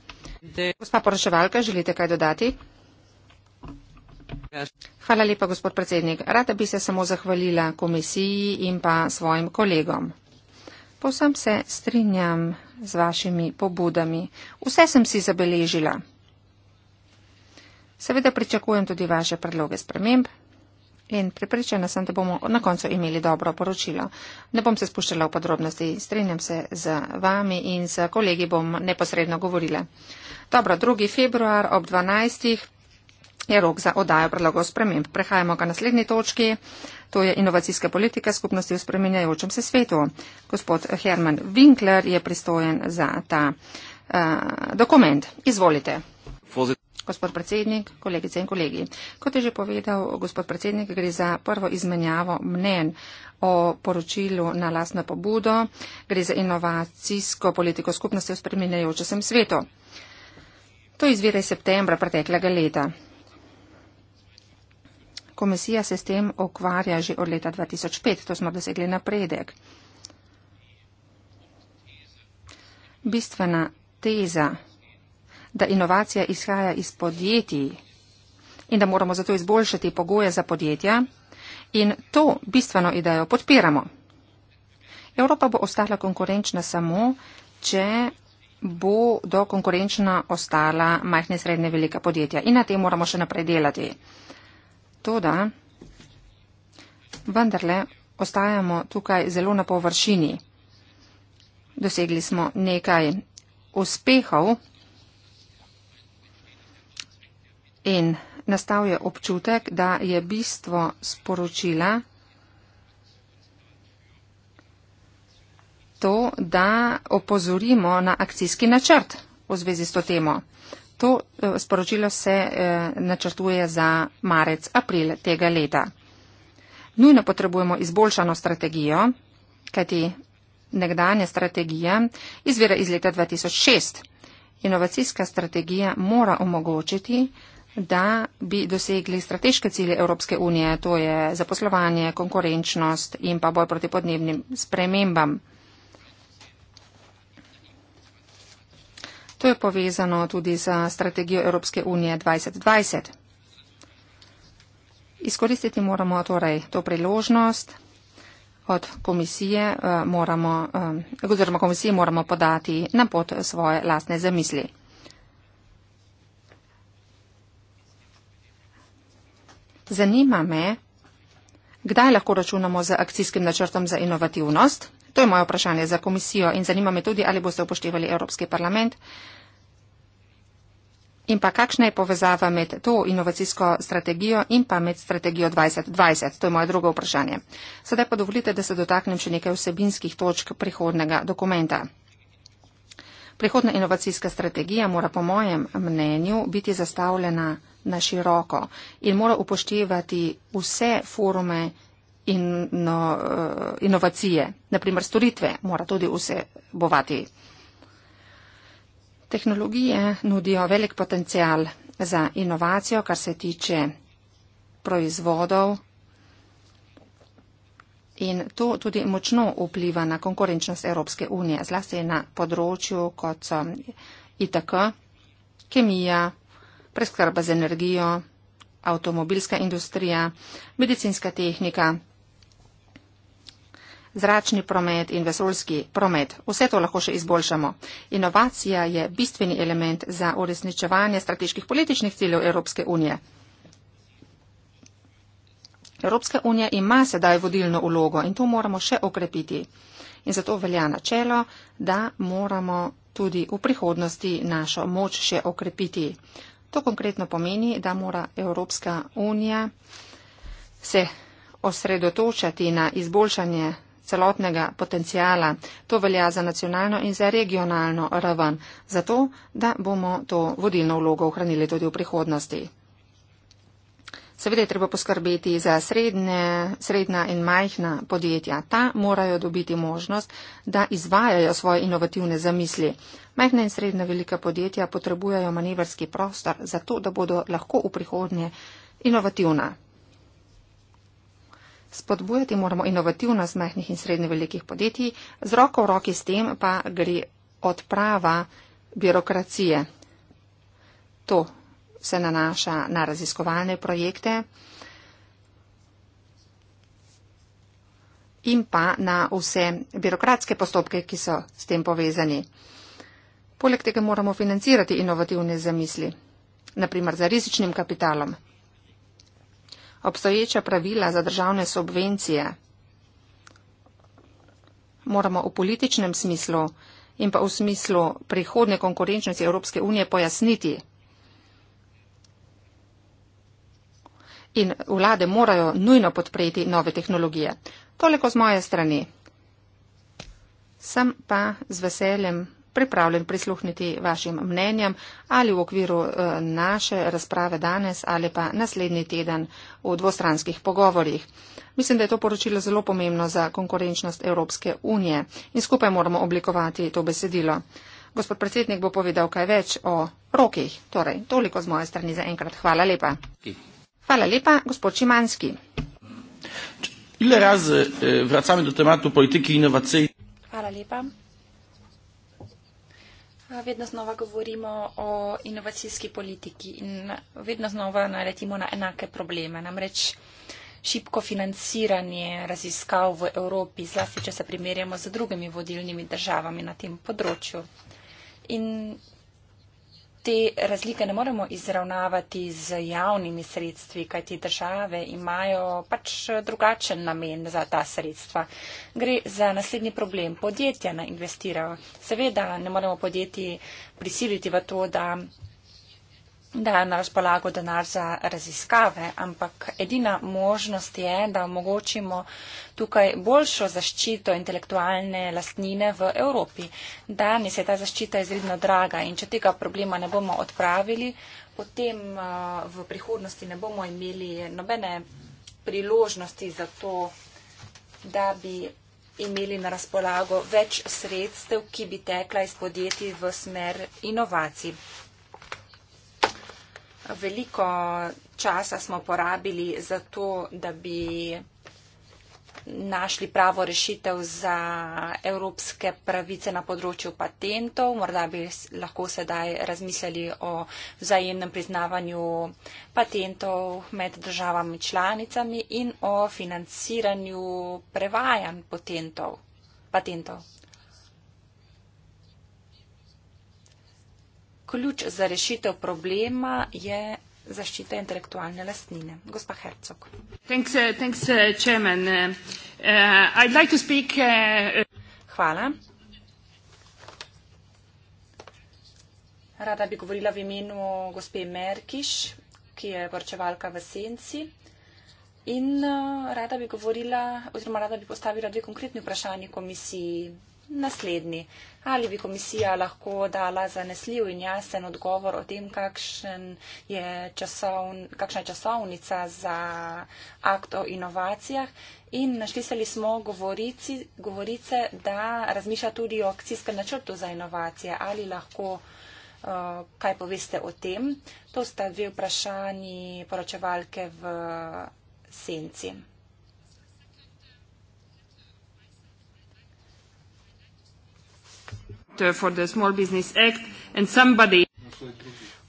Speaker 4: Gospa poraševalka, želite kaj dodati? Hvala lepa, gospod predsednik. Rada bi se samo zahvalila komisiji in pa svojim kolegom. Posem se strinjam z vašimi pobudami. Vse sem si zabeležila. Seveda pričakujem tudi vaše predloge sprememb in pripričana sem, da bomo na koncu imeli dobro poročilo. Ne bom se spuščala v podrobnosti, strinjam se z vami in z kolegi bom neposredno govorila. Dobro, 2. februar ob 12 je rok za odajo predlogov sprememb. Prehajamo ka naslednji točki, to je inovacijska politika skupnosti v spreminjajočem se svetu. Gospod Herman Winkler je pristojen za ta uh, dokument. Izvolite. Gospod predsednik, kolegice in kolegi. Kot je že povedal gospod predsednik, gre za prvo izmenjavo mnen o poročilu na lastno pobudo. Gre za inovacijsko politiko skupnosti v spreminjajočem svetu. To izvira iz septembra preteklega leta. Komisija se s tem okvarja že od leta 2005, to smo dosegli napredek. Bistvena teza, da inovacija izhaja iz podjetij in da moramo zato izboljšati pogoje za podjetja in to bistveno idejo podpiramo. Evropa bo ostala konkurenčna samo, če bo do konkurenčna ostala majhne srednje velika podjetja in na tem moramo še naprej delati to, da vendarle ostajamo tukaj zelo na površini. Dosegli smo nekaj uspehov in nastal je občutek, da je bistvo sporočila to, da opozorimo na akcijski načrt v zvezi s to temo. To eh, sporočilo se eh, načrtuje za marec, april tega leta. Nujno potrebujemo izboljšano strategijo, kajti nekdanja strategija izvira iz leta 2006. Inovacijska strategija mora omogočiti, da bi dosegli strateške cilje Evropske unije, to je zaposlovanje, konkurenčnost in pa boj proti podnebnim spremembam. To je povezano tudi z strategijo Evropske unije 2020. Izkoristiti moramo torej to priložnost od komisije, eh, moramo, eh, oziroma komisiji moramo podati na pot svoje lastne zamisli. Zanima me, kdaj lahko računamo z akcijskim načrtom za inovativnost. To je moje vprašanje za komisijo in zanima me tudi, ali boste upoštevali Evropski parlament. In pa kakšna je povezava med to inovacijsko strategijo in pa med strategijo 2020? To je moje drugo vprašanje. Sedaj pa dovolite, da se dotaknem še nekaj vsebinskih točk prihodnega dokumenta. Prihodna inovacijska strategija mora po mojem mnenju biti zastavljena na široko in mora upoštevati vse forume in, no, eh, inovacije, naprimer storitve mora tudi vse bovati. Tehnologije nudijo velik potencial za inovacijo, kar se tiče proizvodov in to tudi močno vpliva na konkurenčnost Evropske unije, zlasti na področju kot so ITK, kemija, preskrba z energijo, avtomobilska industrija, medicinska tehnika, zračni promet in vesoljski promet. Vse to lahko še izboljšamo. Inovacija je bistveni element za uresničevanje strateških političnih ciljev Evropske unije. Evropska unija ima sedaj vodilno ulogo in to moramo še okrepiti. In zato velja načelo, da moramo tudi v prihodnosti našo moč še okrepiti. To konkretno pomeni, da mora Evropska unija se osredotočati na izboljšanje celotnega potencijala. To velja za nacionalno in za regionalno raven, zato da bomo to vodilno vlogo ohranili tudi v prihodnosti. Seveda je treba poskrbeti za srednje, srednja in majhna podjetja. Ta morajo dobiti možnost, da izvajajo svoje inovativne zamisli. Majhna in srednja velika podjetja potrebujejo manevrski prostor, zato da bodo lahko v prihodnje inovativna. Spodbujati moramo inovativnost mehnih in srednje velikih podjetij, z roko v roki s tem pa gre odprava birokracije. To se nanaša na raziskovalne projekte in pa na vse birokratske postopke, ki so s tem povezani. Poleg tega moramo financirati inovativne zamisli, naprimer za rizičnim kapitalom obstoječa pravila za državne subvencije. Moramo v političnem smislu in pa v smislu prihodne konkurenčnosti Evropske unije pojasniti. In vlade morajo nujno podpreti nove tehnologije. Toliko z moje strani. Sem pa z veseljem pripravljen prisluhniti vašim mnenjem ali v okviru eh, naše razprave danes ali pa naslednji teden v dvostranskih pogovorjih. Mislim, da je to poročilo zelo pomembno za konkurenčnost Evropske unije in skupaj moramo oblikovati to besedilo. Gospod predsednik bo povedal kaj več o rokih. Torej, toliko z moje strani za enkrat. Hvala lepa. Hvala lepa, gospod Čimanski.
Speaker 3: Ile raz eh, vracamo do tematu politike inovacij.
Speaker 4: Hvala
Speaker 2: lepa vedno znova govorimo o inovacijski politiki in vedno znova naletimo na enake probleme. Namreč šipko financiranje raziskav v Evropi, zlasti če se primerjamo z drugimi vodilnimi državami na tem področju. In te razlike ne moremo izravnavati z javnimi sredstvi, kajti države imajo pač drugačen namen za ta sredstva. Gre za naslednji problem. Podjetja ne investirajo. Seveda ne moremo podjetji prisiliti v to, da da je na razpolago denar za raziskave, ampak edina možnost je, da omogočimo tukaj boljšo zaščito intelektualne lastnine v Evropi. Danes je ta zaščita izredno draga in če tega problema ne bomo odpravili, potem uh, v prihodnosti ne bomo imeli nobene priložnosti za to, da bi imeli na razpolago več sredstev, ki bi tekla iz podjetij v smer inovacij. Veliko časa smo porabili za to, da bi našli pravo rešitev za evropske pravice na področju patentov. Morda bi lahko sedaj razmislili o vzajemnem priznavanju patentov med državami članicami in o financiranju prevajanj patentov. ključ za rešitev problema je zaščita intelektualne lastnine. Gospa Hercog.
Speaker 4: Thanks, uh, thanks, uh, chairman. Uh, uh I'd like to speak... Uh, uh, Hvala.
Speaker 2: Rada bi govorila v imenu gospe Merkiš, ki je vrčevalka v Senci. In uh, rada bi govorila, oziroma rada bi postavila dve konkretni vprašanji komisiji naslednji. Ali bi komisija lahko dala zanesljiv in jasen odgovor o tem, je časovn, kakšna je časovnica za akt o inovacijah? In našli smo govorici, govorice, da razmišlja tudi o akcijskem načrtu za inovacije. Ali lahko uh, kaj poveste o tem? To sta dve vprašanji poročevalke v senci.
Speaker 4: Uh, for the Small Business Act and somebody.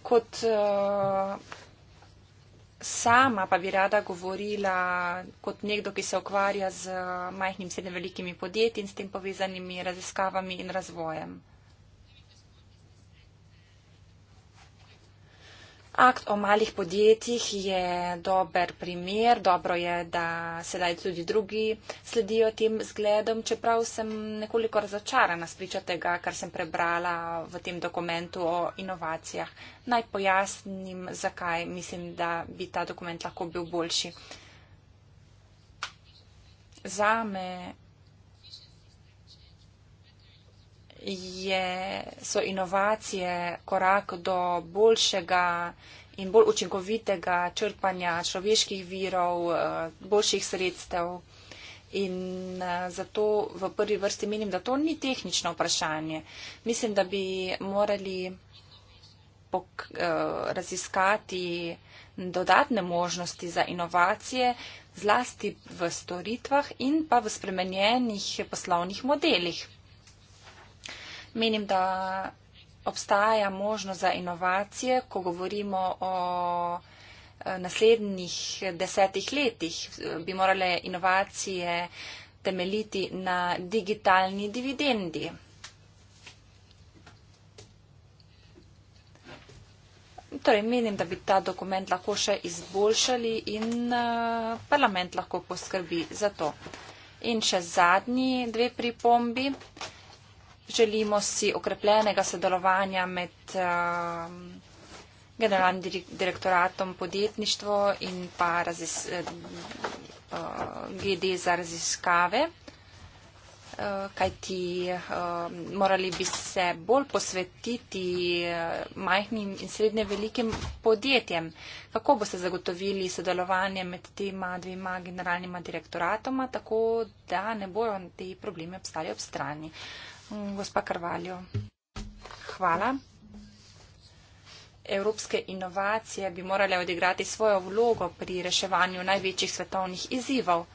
Speaker 2: Kot uh, sama pa bi rada govorila kot nekdo, ki se ukvarja z uh, majhnim srednjevelikimi podjetji in s tem povezanimi raziskavami in razvojem. Akt o malih podjetjih je dober primer, dobro je, da sedaj tudi drugi sledijo tem zgledom, čeprav sem nekoliko razočarana spriča tega, kar sem prebrala v tem dokumentu o inovacijah. Naj pojasnim, zakaj mislim, da bi ta dokument lahko bil boljši. Zame je, so inovacije korak do boljšega in bolj učinkovitega črpanja človeških virov, eh, boljših sredstev. In eh, zato v prvi vrsti menim, da to ni tehnično vprašanje. Mislim, da bi morali pok, eh, raziskati dodatne možnosti za inovacije, zlasti v storitvah in pa v spremenjenih poslovnih modelih. Menim, da obstaja možnost za inovacije, ko govorimo o eh, naslednjih desetih letih. Bi morale inovacije temeljiti na digitalni dividendi. Torej, menim, da bi ta dokument lahko še izboljšali in eh, parlament lahko poskrbi za to. In še zadnji dve pripombi želimo si okrepljenega sodelovanja med um, generalnim direktoratom podjetništvo in pa razis, eh, uh, GD za raziskave, uh, kajti uh, morali bi se bolj posvetiti uh, majhnim in srednje velikim podjetjem. Kako boste zagotovili sodelovanje med tema dvema generalnima direktoratoma, tako da ne bojo te probleme obstali ob strani? Uh, gospa Karvaljo. Hvala. Evropske inovacije bi morale odigrati svojo vlogo pri reševanju največjih svetovnih izzivov.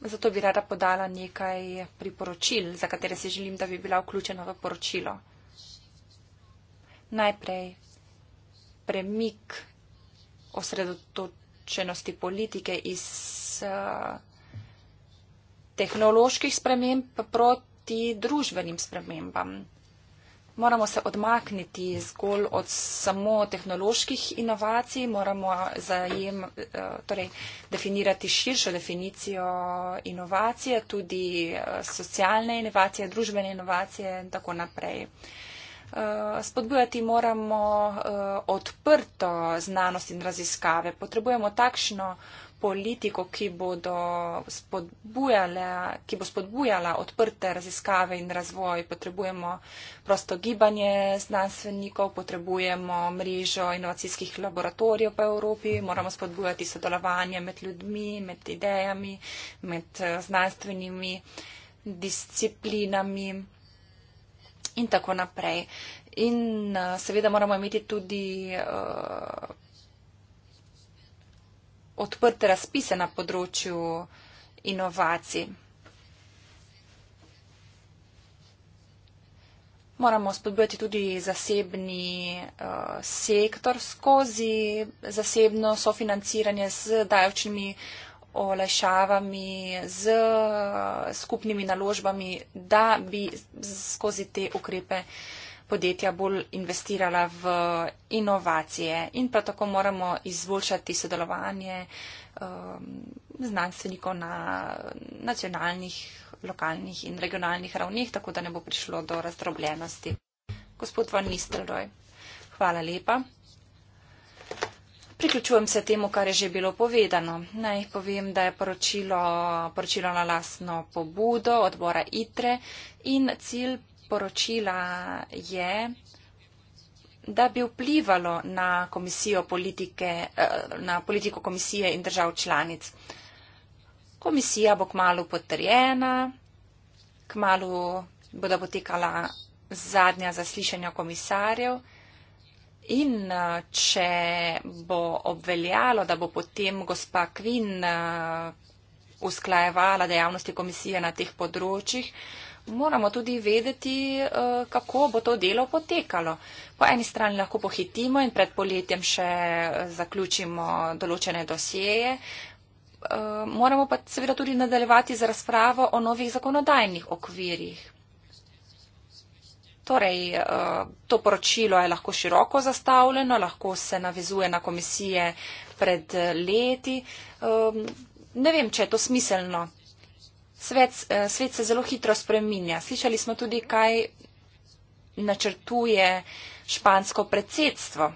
Speaker 2: Zato bi rada podala nekaj priporočil, za katere si želim, da bi bila vključena v poročilo. Najprej premik osredotočenosti politike iz. Uh, tehnoloških sprememb proti družbenim spremembam. Moramo se odmakniti zgolj od samo tehnoloških inovacij, moramo zajem, eh, torej, definirati širšo definicijo inovacije, tudi eh, socialne inovacije, družbene inovacije in tako naprej. Eh, spodbujati moramo odprto znanost in raziskave. Potrebujemo takšno politiko, ki, ki bo spodbujala odprte raziskave in razvoj. Potrebujemo prosto gibanje znanstvenikov, potrebujemo mrežo inovacijskih laboratorijev po Evropi, moramo spodbujati sodelovanje med ljudmi, med idejami, med eh, znanstvenimi disciplinami in tako naprej. In eh, seveda moramo imeti tudi uh, odprte razpise na področju inovacij. Moramo spodbujati tudi zasebni eh, sektor skozi zasebno sofinanciranje z davčnimi olajšavami, z eh, skupnimi naložbami, da bi skozi te ukrepe uh, podjetja bolj investirala v inovacije in prav tako moramo izboljšati sodelovanje um, znanstvenikov na nacionalnih, lokalnih in regionalnih ravnih, tako da ne bo prišlo do razdrobljenosti. Gospod Van Nistelrooy, hvala lepa. Priključujem se temu, kar je že bilo povedano. Naj povem, da je poročilo, poročilo na lasno pobudo odbora ITRE in cilj poročila je, da bi vplivalo na, politike, eh, na politiko komisije in držav članic. Komisija bo kmalo potrjena, kmalo bodo potekala zadnja zaslišanja komisarjev in eh, če bo obveljalo, da bo potem gospa Kvin eh, usklajevala dejavnosti komisije na teh področjih, moramo tudi vedeti, eh, kako bo to delo potekalo. Po eni strani lahko pohitimo in pred poletjem še eh, zaključimo določene dosjeje. Eh, moramo pa seveda tudi nadaljevati z razpravo o novih zakonodajnih okvirjih. Torej, to poročilo je lahko široko zastavljeno, lahko se navezuje na komisije pred leti. Ne vem, če je to smiselno Svet, eh, svet se zelo hitro spreminja. Slišali smo tudi, kaj načrtuje špansko predsedstvo.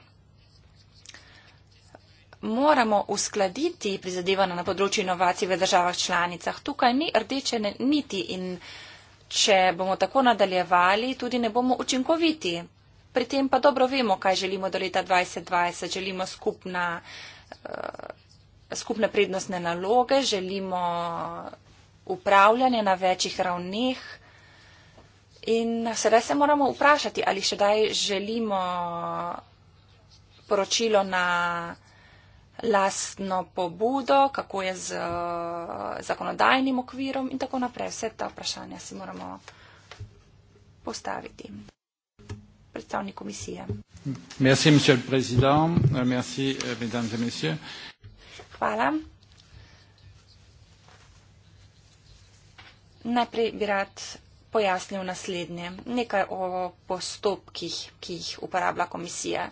Speaker 2: Moramo uskladiti prizadevanja na področju inovacij v državah članicah. Tukaj ni rdeče niti in če bomo tako nadaljevali, tudi ne bomo učinkoviti. Pri tem pa dobro vemo, kaj želimo do leta 2020. Želimo skupna, eh, skupne prednostne naloge, želimo upravljanje na večjih ravneh. In sedaj se moramo vprašati, ali še daj želimo poročilo na lastno pobudo, kako je z eh, zakonodajnim okvirom in tako naprej. Vse ta vprašanja si moramo postaviti. Predstavnik komisije.
Speaker 1: Hvala,
Speaker 2: Hvala. Najprej bi rad pojasnil naslednje, nekaj o postopkih, ki jih uporablja komisija.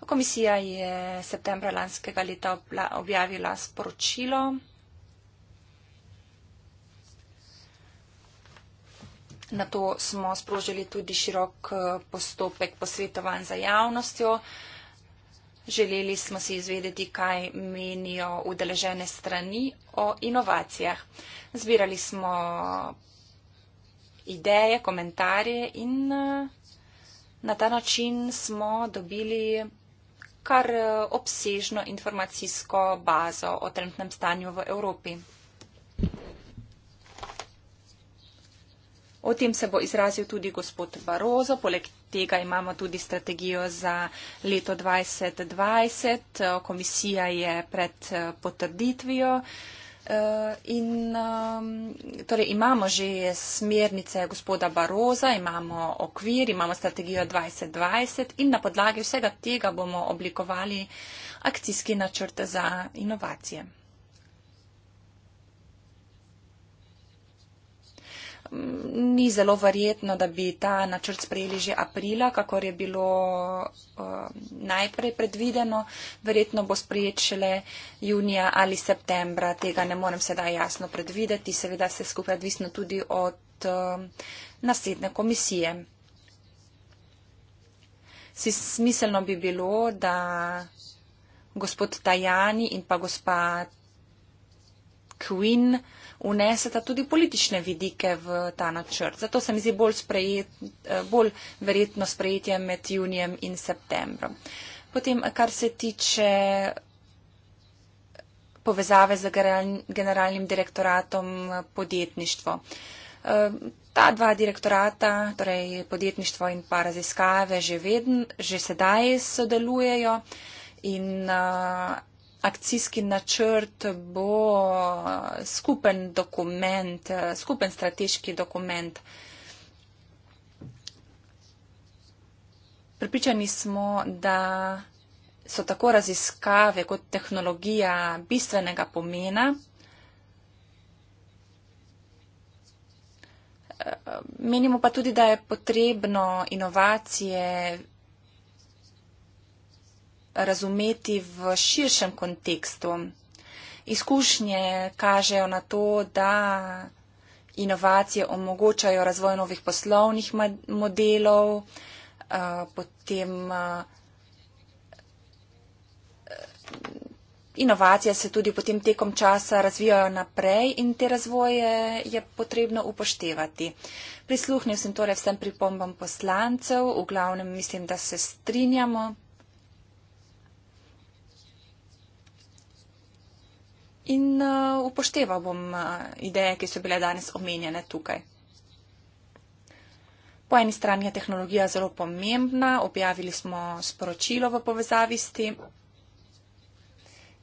Speaker 2: Komisija je septembra lanskega leta objavila sporočilo, na to smo sprožili tudi širok eh, postopek posvetovanj za javnostjo. Želeli smo si izvedeti, kaj menijo udeležene strani o inovacijah. Zbirali smo ideje, komentarje in eh, na ta način smo dobili kar eh, obsežno informacijsko bazo o trenutnem stanju v Evropi. O tem se bo izrazil tudi gospod Barozo. Poleg tega imamo tudi strategijo za leto 2020. Komisija je pred eh, potrditvijo. Eh, in um, torej imamo že smernice gospoda Baroza, imamo okvir, imamo strategijo 2020 in na podlagi vsega tega bomo oblikovali akcijski načrt za inovacije. ni zelo verjetno, da bi ta načrt sprejeli že aprila, kakor je bilo uh, najprej predvideno. Verjetno bo sprejet šele junija ali septembra. Tega ne morem sedaj jasno predvideti. Seveda se skupaj odvisno tudi od uh, naslednje komisije. Si smiselno bi bilo, da gospod Tajani in pa gospa Quinn uneseta tudi politične vidike v ta načrt. Zato se mi zdi bolj, sprejet, eh, bolj verjetno sprejetje med junijem in septembrom. Potem, kar se tiče povezave z generalnim direktoratom eh, podjetništvo. Eh, ta dva direktorata, torej podjetništvo in pa raziskave, že, veden, že sedaj sodelujejo in uh, akcijski načrt bo eh, skupen dokument, eh, skupen strateški dokument. Pripričani smo, da so tako raziskave kot tehnologija bistvenega pomena. Eh, menimo pa tudi, da je potrebno inovacije razumeti v širšem kontekstu. Izkušnje kažejo na to, da inovacije omogočajo razvoj novih poslovnih modelov, eh, potem eh, inovacije se tudi potem tekom časa razvijajo naprej in te razvoje je potrebno upoštevati. Prisluhnil sem torej vsem pripombam poslancev, v glavnem mislim, da se strinjamo. in uh, upošteval bom uh, ideje, ki so bile danes omenjene tukaj. Po eni strani je tehnologija zelo pomembna, objavili smo sporočilo v povezavi s tem.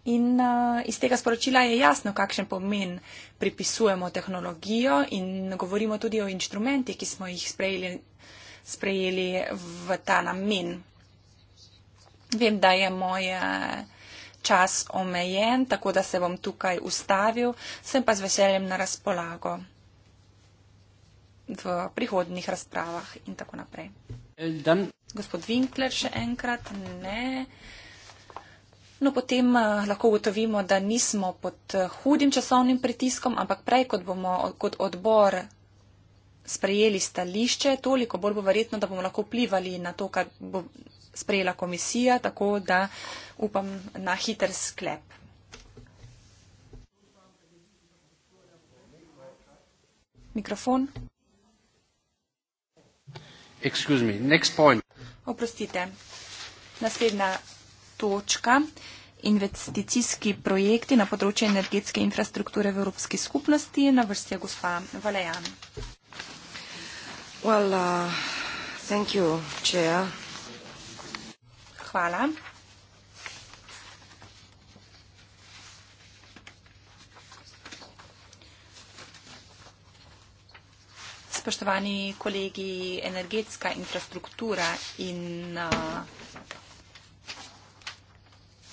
Speaker 2: In uh, iz tega sporočila je jasno, kakšen pomen pripisujemo tehnologijo in govorimo tudi o inštrumentih, ki smo jih sprejeli, sprejeli v ta namen. Vem, da je moje čas omejen, tako da se bom tukaj ustavil, sem pa z veseljem na razpolago v prihodnih razpravah in tako naprej. Dan. Gospod Winkler, še enkrat ne. No, potem uh, lahko ugotovimo, da nismo pod uh, hudim časovnim pritiskom, ampak prej, kot bomo kot odbor sprejeli stališče, toliko bolj bo verjetno, da bomo lahko vplivali na to, kar bo sprejela komisija, tako da upam na hiter sklep. Mikrofon.
Speaker 1: Me, next point.
Speaker 2: Oprostite. Naslednja točka. Investicijski projekti na področju energetske infrastrukture v Evropski skupnosti. Na vrsti je gospa Valejan.
Speaker 3: Well, uh, thank you, chair
Speaker 4: hvala.
Speaker 2: Spoštovani kolegi, energetska infrastruktura in uh,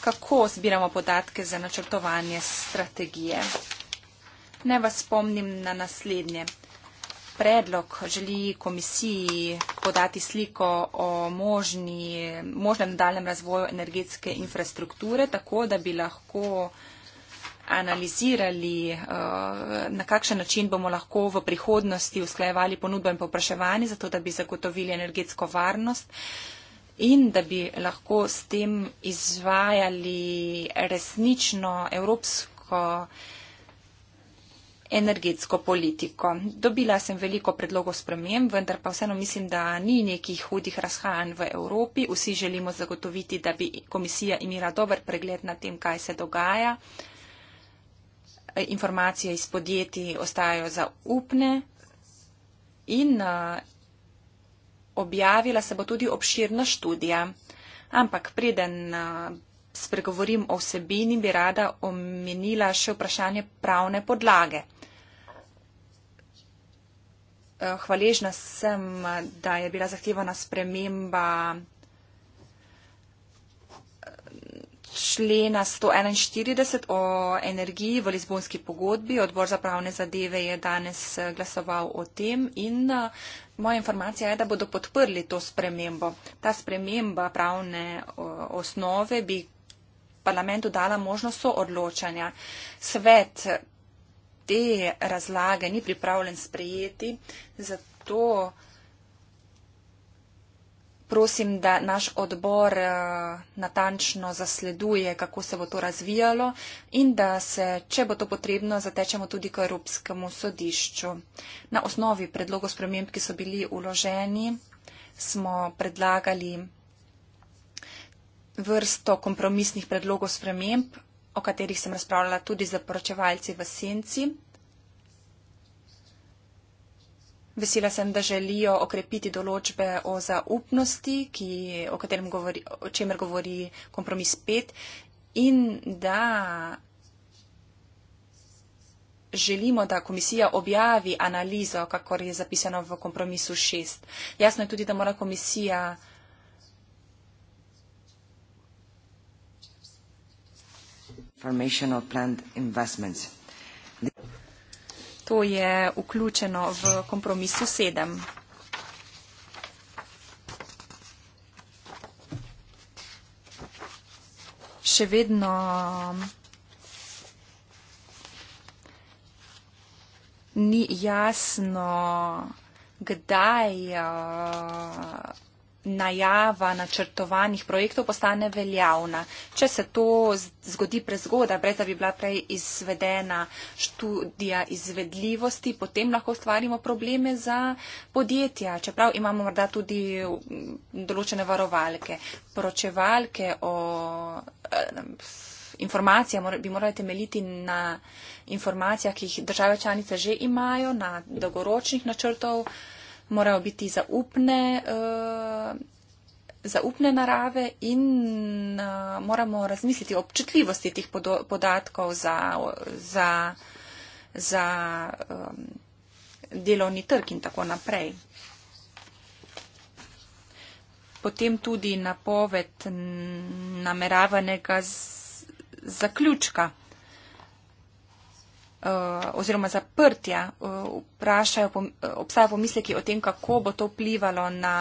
Speaker 2: kako zbiramo podatke za načrtovanje strategije. Ne vas spomnim na naslednje predlog želi komisiji podati sliko o možni, možnem daljem razvoju energetske infrastrukture, tako da bi lahko analizirali, eh, na kakšen način bomo lahko v prihodnosti usklajevali ponudbo in popraševanje, zato da bi zagotovili energetsko varnost in da bi lahko s tem izvajali resnično evropsko energetsko politiko. Dobila sem veliko predlogov spremem, vendar pa vseeno mislim, da ni nekih hudih razhajanj v Evropi. Vsi želimo zagotoviti, da bi komisija imela dober pregled na tem, kaj se dogaja. Informacije iz podjetij ostajajo zaupne in objavila se bo tudi obširna študija. Ampak preden spregovorim o vsebini, bi rada omenila še vprašanje pravne podlage. Eh, hvaležna sem, da je bila zahtevana sprememba eh, člena 141 o energiji v Lizbonski pogodbi. Odbor za pravne zadeve je danes eh, glasoval o tem in moja informacija je, da bodo podprli to spremembo. Ta sprememba pravne osnove bi parlamentu dala možnost soodločanja. Svet te razlage ni pripravljen sprejeti, zato prosim, da naš odbor eh, natančno zasleduje, kako se bo to razvijalo in da se, če bo to potrebno, zatečemo tudi k Evropskemu sodišču. Na osnovi predlogov sprememb, ki so bili uloženi, smo predlagali vrsto kompromisnih predlogov sprememb, o katerih sem razpravljala tudi za poročevalci v senci. Vesela sem, da želijo okrepiti določbe o zaupnosti, ki, o, govori, o čemer govori kompromis 5 in da želimo, da komisija objavi analizo, kakor je zapisano v kompromisu 6. Jasno je tudi, da mora komisija
Speaker 3: transformational planned investments.
Speaker 2: To je vključeno v kompromisu sedem. Še vedno ni jasno, kdaj je uh, najava načrtovanih projektov postane veljavna. Če se to zgodi prezgoda, brez da bi bila prej izvedena študija izvedljivosti, potem lahko ustvarimo probleme za podjetja, čeprav imamo morda tudi mm, določene varovalke, poročevalke o informacija bi morala temeljiti na informacijah, ki jih države članice že imajo, na dolgoročnih načrtov morajo biti zaupne, uh, zaupne narave in uh, moramo razmisliti o občutljivosti teh podo, podatkov za, za, za um, delovni trg in tako naprej. Potem tudi napoved nameravanega z, zaključka. Eh, oziroma zaprtja eh, vprašajo, eh, obstajajo pomisleki o tem, kako bo to vplivalo na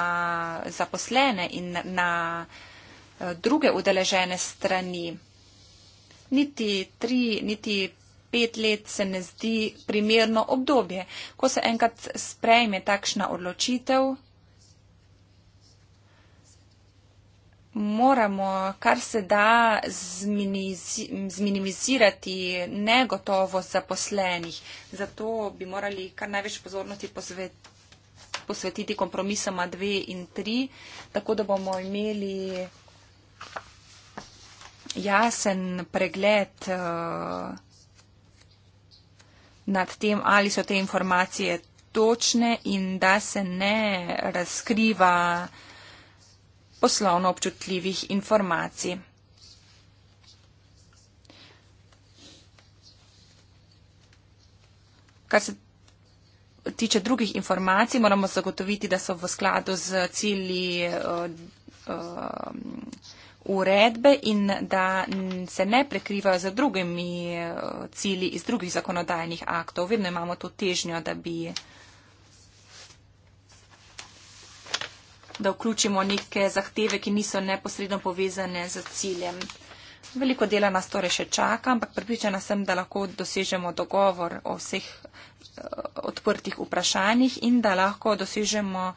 Speaker 2: zaposlene in na druge udeležene strani. Niti tri, niti pet let se ne zdi primerno obdobje, ko se enkrat sprejme takšna odločitev, moramo kar se da zminimizirati negotovost zaposlenih. Zato bi morali kar največ pozornosti posvetiti kompromisama 2 in 3, tako da bomo imeli jasen pregled eh, nad tem, ali so te informacije točne in da se ne razkriva uh, poslovno občutljivih informacij. Kar se tiče drugih informacij, moramo zagotoviti, da so v skladu z cilji eh, eh, uredbe in da se ne prekrivajo z drugimi eh, cilji iz drugih zakonodajnih aktov. Vedno imamo to težnjo, da bi. da vključimo neke zahteve, ki niso neposredno povezane z ciljem. Veliko dela nas torej še čaka, ampak pripričana sem, da lahko dosežemo dogovor o vseh eh, odprtih vprašanjih in da lahko dosežemo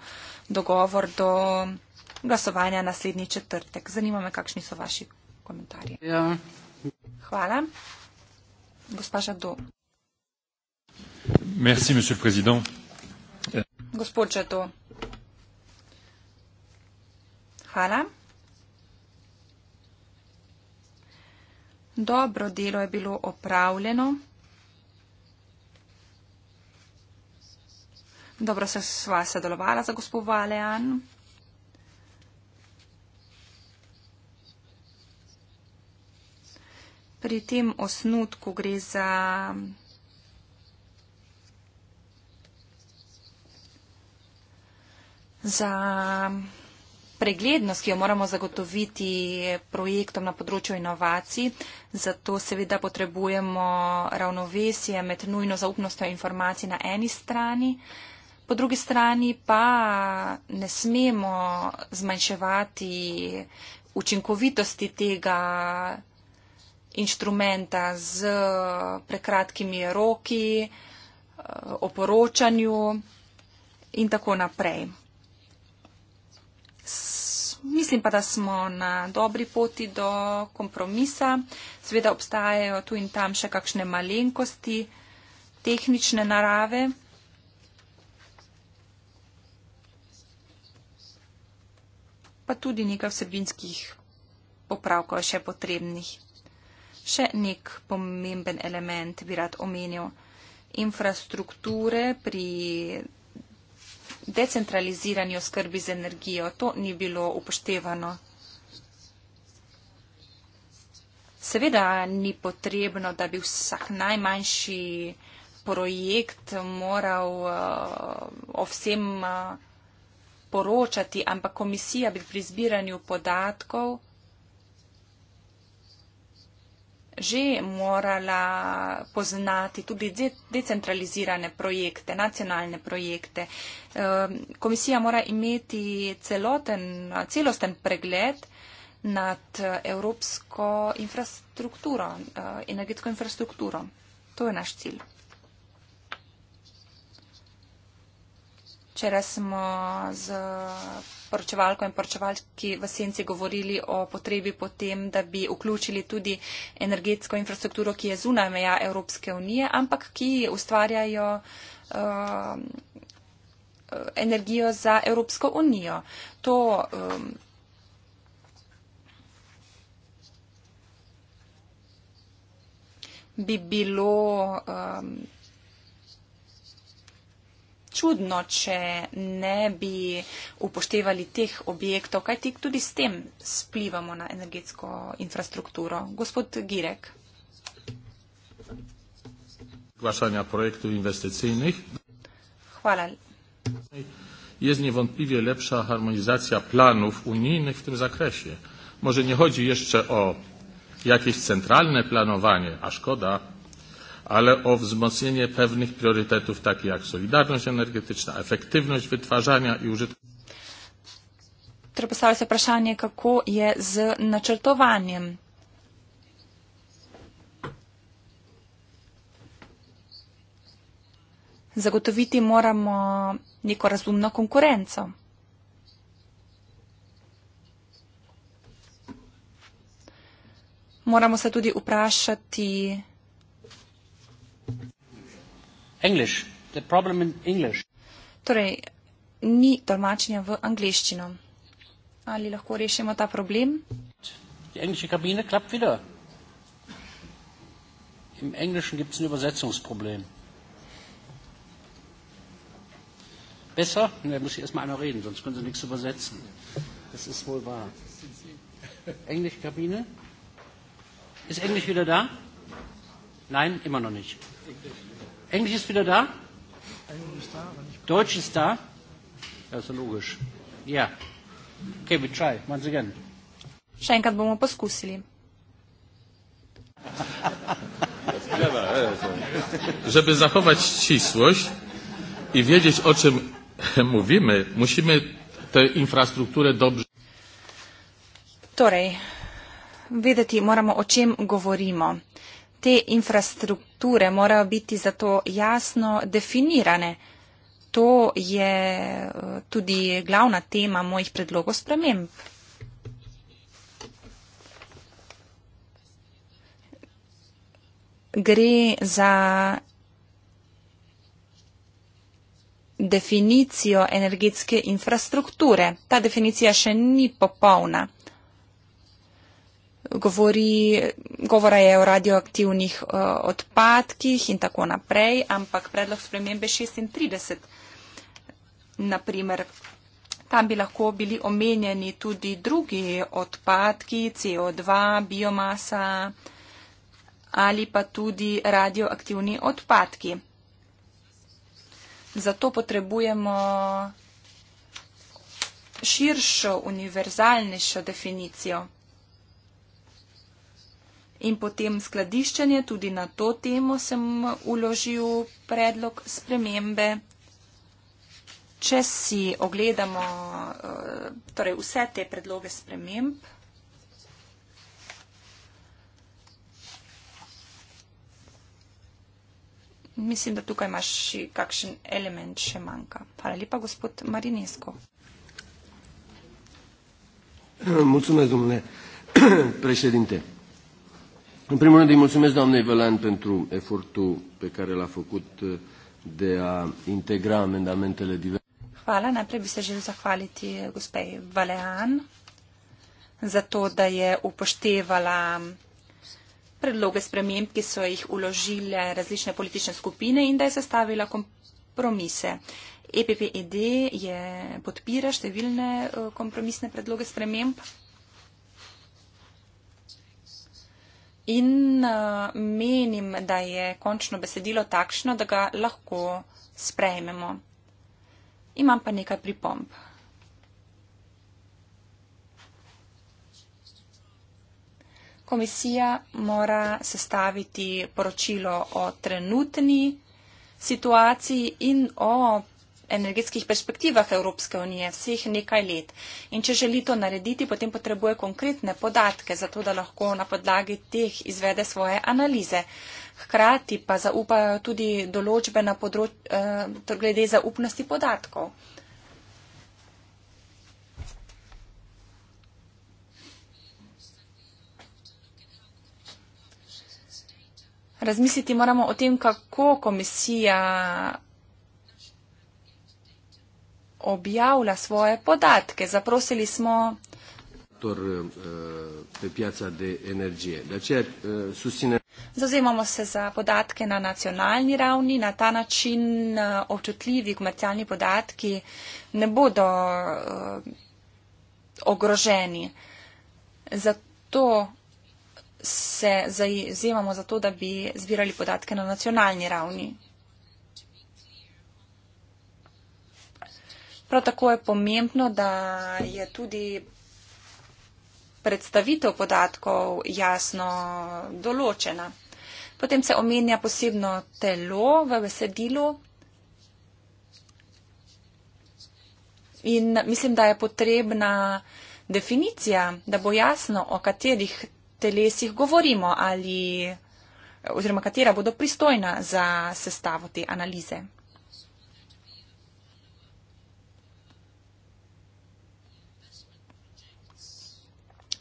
Speaker 2: dogovor do glasovanja naslednji četrtek. Zanima me, kakšni so vaši komentarji. Ja. Hvala. Gospa Žado.
Speaker 1: Merci, monsieur le président.
Speaker 2: Gospod Žado dihala. Dobro delo je bilo opravljeno. Dobro se sva sodelovala za gospod Valean. Pri tem osnutku gre za za preglednost, ki jo moramo zagotoviti projektom na področju inovacij, zato seveda potrebujemo ravnovesje med nujno zaupnostjo informacij na eni strani, po drugi strani pa ne smemo zmanjševati učinkovitosti tega inštrumenta z prekratkimi roki, eh, oporočanju in tako naprej. Mislim pa, da smo na dobri poti do kompromisa. Sveda obstajajo tu in tam še kakšne malenkosti tehnične narave. pa tudi nekaj vsebinskih popravkov še potrebnih. Še nek pomemben element bi rad omenil. Infrastrukture pri decentralizirani oskrbi z energijo. To ni bilo upoštevano. Seveda ni potrebno, da bi vsak najmanjši projekt moral uh, o vsem uh, poročati, ampak komisija bi pri zbiranju podatkov že morala poznati tudi de decentralizirane projekte, nacionalne projekte. E, komisija mora imeti celoten, celosten pregled nad eh, evropsko infrastrukturo, eh, energetsko infrastrukturo. To je naš cilj. Včeraj smo z poročevalko in poročevalki v Senci govorili o potrebi potem, da bi vključili tudi energetsko infrastrukturo, ki je zunaj meja Evropske unije, ampak ki ustvarjajo uh, energijo za Evropsko unijo. To, um, bi bilo um, čudno, če ne bi upoštevali teh objektov, kaj ti tudi s tem splivamo na energetsko infrastrukturo. Gospod Girek.
Speaker 3: Vprašanja projektov investicijnih. Hvala. Je niewątpliwie lepsza harmonizacja planów unijnych w tym zakresie. Może nie chodzi jeszcze o jakieś centralne planowanie, a szkoda, ale o wzmocnienie pewnych priorytetów, takich jak solidarność energetyczna, efektywność wytwarzania i użytku.
Speaker 2: Które postawiły zapraszanie, kako je z naczertowaniem. Zagotoviti moramo neko razumno konkurenco. Moramo se tudi vprašati,
Speaker 1: English. The problem in English.
Speaker 2: Torej, ni tolmačenja v angleščino. Ali lahko rešimo ta problem?
Speaker 1: Die englische Kabine klappt wieder.
Speaker 2: Im Englischen gibt es ein Übersetzungsproblem.
Speaker 4: Besser? Da muss ich erstmal einer reden, sonst können Sie nichts übersetzen. Das ist wohl wahr.
Speaker 1: Englische Kabine? Ist Englisch wieder da? Nein, immer noch nicht. Englisch. Englisch ist wieder da?
Speaker 4: Englisch ist da, aber nicht
Speaker 1: Deutsch ist da? Das ja, ist ja logisch. Ja. Okay, we try. Once again.
Speaker 2: Še enkrat bomo poskusili.
Speaker 3: Żeby zachować ścisłość i wiedzieć, o czym mówimy, musimy tę infrastrukturę dobrze.
Speaker 2: Torej, wiedzieć moramy, o czym mówimy te infrastrukture morajo biti zato jasno definirane. To je eh, tudi glavna tema mojih predlogov sprememb. Gre za definicijo energetske infrastrukture. Ta definicija še ni popolna govori, govora je o radioaktivnih uh, odpadkih in tako naprej, ampak predlog spremembe 36, naprimer, tam bi lahko bili omenjeni tudi drugi odpadki, CO2, biomasa ali pa tudi radioaktivni odpadki. Zato potrebujemo širšo, univerzalnejšo definicijo. In potem skladiščenje, tudi na to temo sem uložil predlog spremembe. Če si ogledamo eh, torej vse te predloge sprememb, Mislim, da tukaj imaš še kakšen element še manjka. Hvala lepa, gospod Marinesko.
Speaker 3: Eh,
Speaker 1: mulțumesc, domnule
Speaker 3: președinte. În primul rând îi mulțumesc doamnei Vălean pentru efortul pe care l-a făcut uh, de a integra amendamentele diverse.
Speaker 2: Hvala, najprej bi se želel zahvaliti eh, gospej Valean za to, da je upoštevala mm, predloge sprememb, ki so jih uložile različne politične skupine in da je sestavila kompromise. EPPED je podpira številne eh, kompromisne predloge sprememb. in eh, menim, da je končno besedilo takšno, da ga lahko sprejmemo. Imam pa nekaj pripomb. Komisija mora sestaviti poročilo o trenutni situaciji in o energetskih perspektivah Evropske unije vseh nekaj let. In če želi to narediti, potem potrebuje konkretne podatke, zato da lahko na podlagi teh izvede svoje analize. Hkrati pa zaupajo tudi določbe na področ, eh, glede zaupnosti podatkov. Razmisliti moramo o tem, kako komisija objavlja svoje podatke. Zaprosili smo
Speaker 3: eh, eh,
Speaker 2: Zauzemamo se za podatke na nacionalni ravni. Na ta način eh, občutljivi komercialni podatki ne bodo ogroženi. Zato se zauzemamo za to, da bi zbirali podatke na nacionalni ravni. Prav tako je pomembno, da je tudi predstavitev podatkov jasno določena. Potem se omenja posebno telo v besedilu. In mislim, da je potrebna definicija, da bo jasno, o katerih telesih govorimo ali oziroma katera bodo pristojna za sestavo te analize.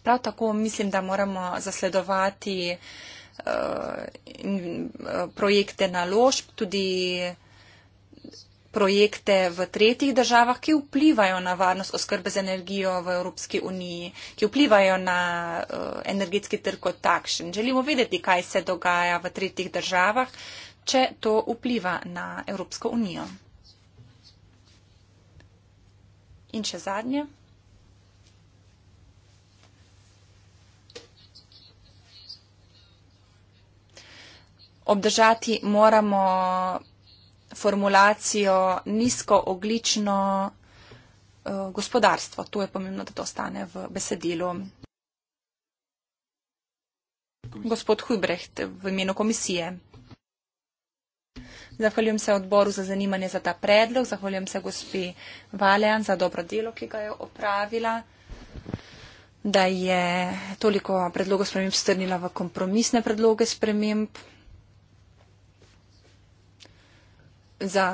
Speaker 2: Prav tako mislim, da moramo zasledovati eh, eh, projekte naložb, tudi projekte v tretjih državah, ki vplivajo na varnost oskrbe z energijo v Evropski uniji, ki vplivajo na eh, energetski trg kot takšen. Želimo vedeti, kaj se dogaja v tretjih državah, če to vpliva na Evropsko unijo. In še zadnje. obdržati moramo formulacijo nizkooglično eh, gospodarstvo. To je pomembno, da to ostane v besedilu. Gospod Hubrecht, v imenu komisije. Zahvaljujem se odboru za zanimanje za ta predlog, zahvaljujem se gospi Valean za dobro delo, ki ga je opravila, da je toliko predlogov sprememb strnila v kompromisne predloge sprememb. za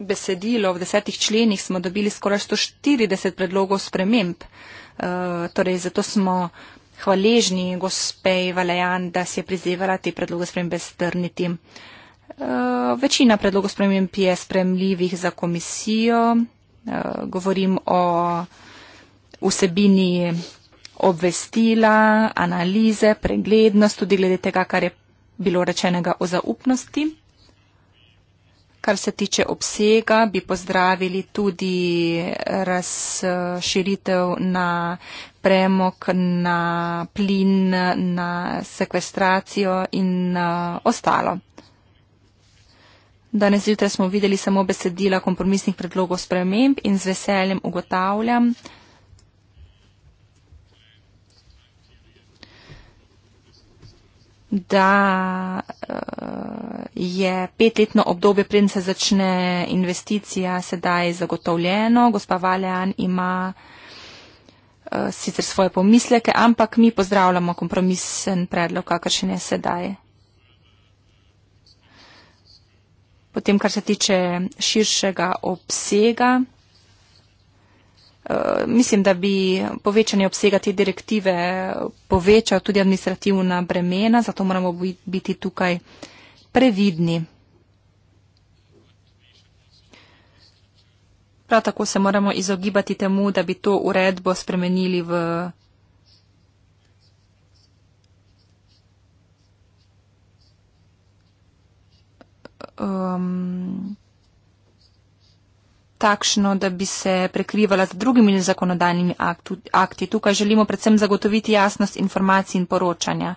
Speaker 2: besedilo v desetih členih smo dobili skoraj 140 predlogov sprememb. Eh, torej, zato smo hvaležni gospej Valejan, da si je prizevala te predloge spremembe strniti. Eh, večina predlogov sprememb je spremljivih za komisijo. Eh, govorim o vsebini obvestila, analize, preglednost, tudi glede tega, kar je bilo rečenega o zaupnosti Kar se tiče obsega, bi pozdravili tudi razširitev na premok, na plin, na sekvestracijo in uh, ostalo. Danes zjutraj smo videli samo besedila kompromisnih predlogov sprememb in z veseljem ugotavljam, da uh, je petletno obdobje, preden se začne investicija, sedaj zagotovljeno. Gospa Valjan ima uh, sicer svoje pomisleke, ampak mi pozdravljamo kompromisen predlog, kakor še ne sedaj. Potem, kar se tiče širšega obsega. Eh, mislim, da bi povečanje obsega te direktive povečal tudi administrativna bremena, zato moramo biti tukaj previdni. Prav tako se moramo izogibati temu, da bi to uredbo spremenili v um, takšno, da bi se prekrivala z drugimi zakonodajnimi akti. Tukaj želimo predvsem zagotoviti jasnost informacij in poročanja.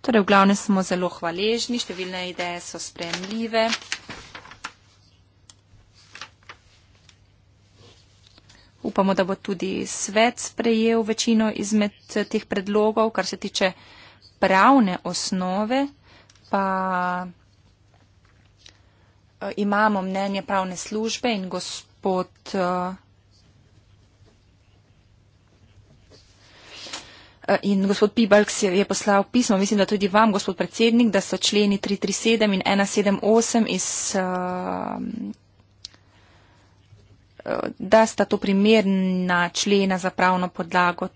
Speaker 2: Torej, v glavnem smo zelo hvaležni, številne ideje so spremljive. Upamo, da bo tudi svet sprejel večino izmed teh predlogov, kar se tiče pravne osnove, pa Eh, imamo mnenje pravne službe in gospod eh, eh, In gospod Pibalk si je poslal pismo, mislim, da tudi vam, gospod predsednik, da so členi 337 in 178 iz, da sta to primerna člena za pravno podlago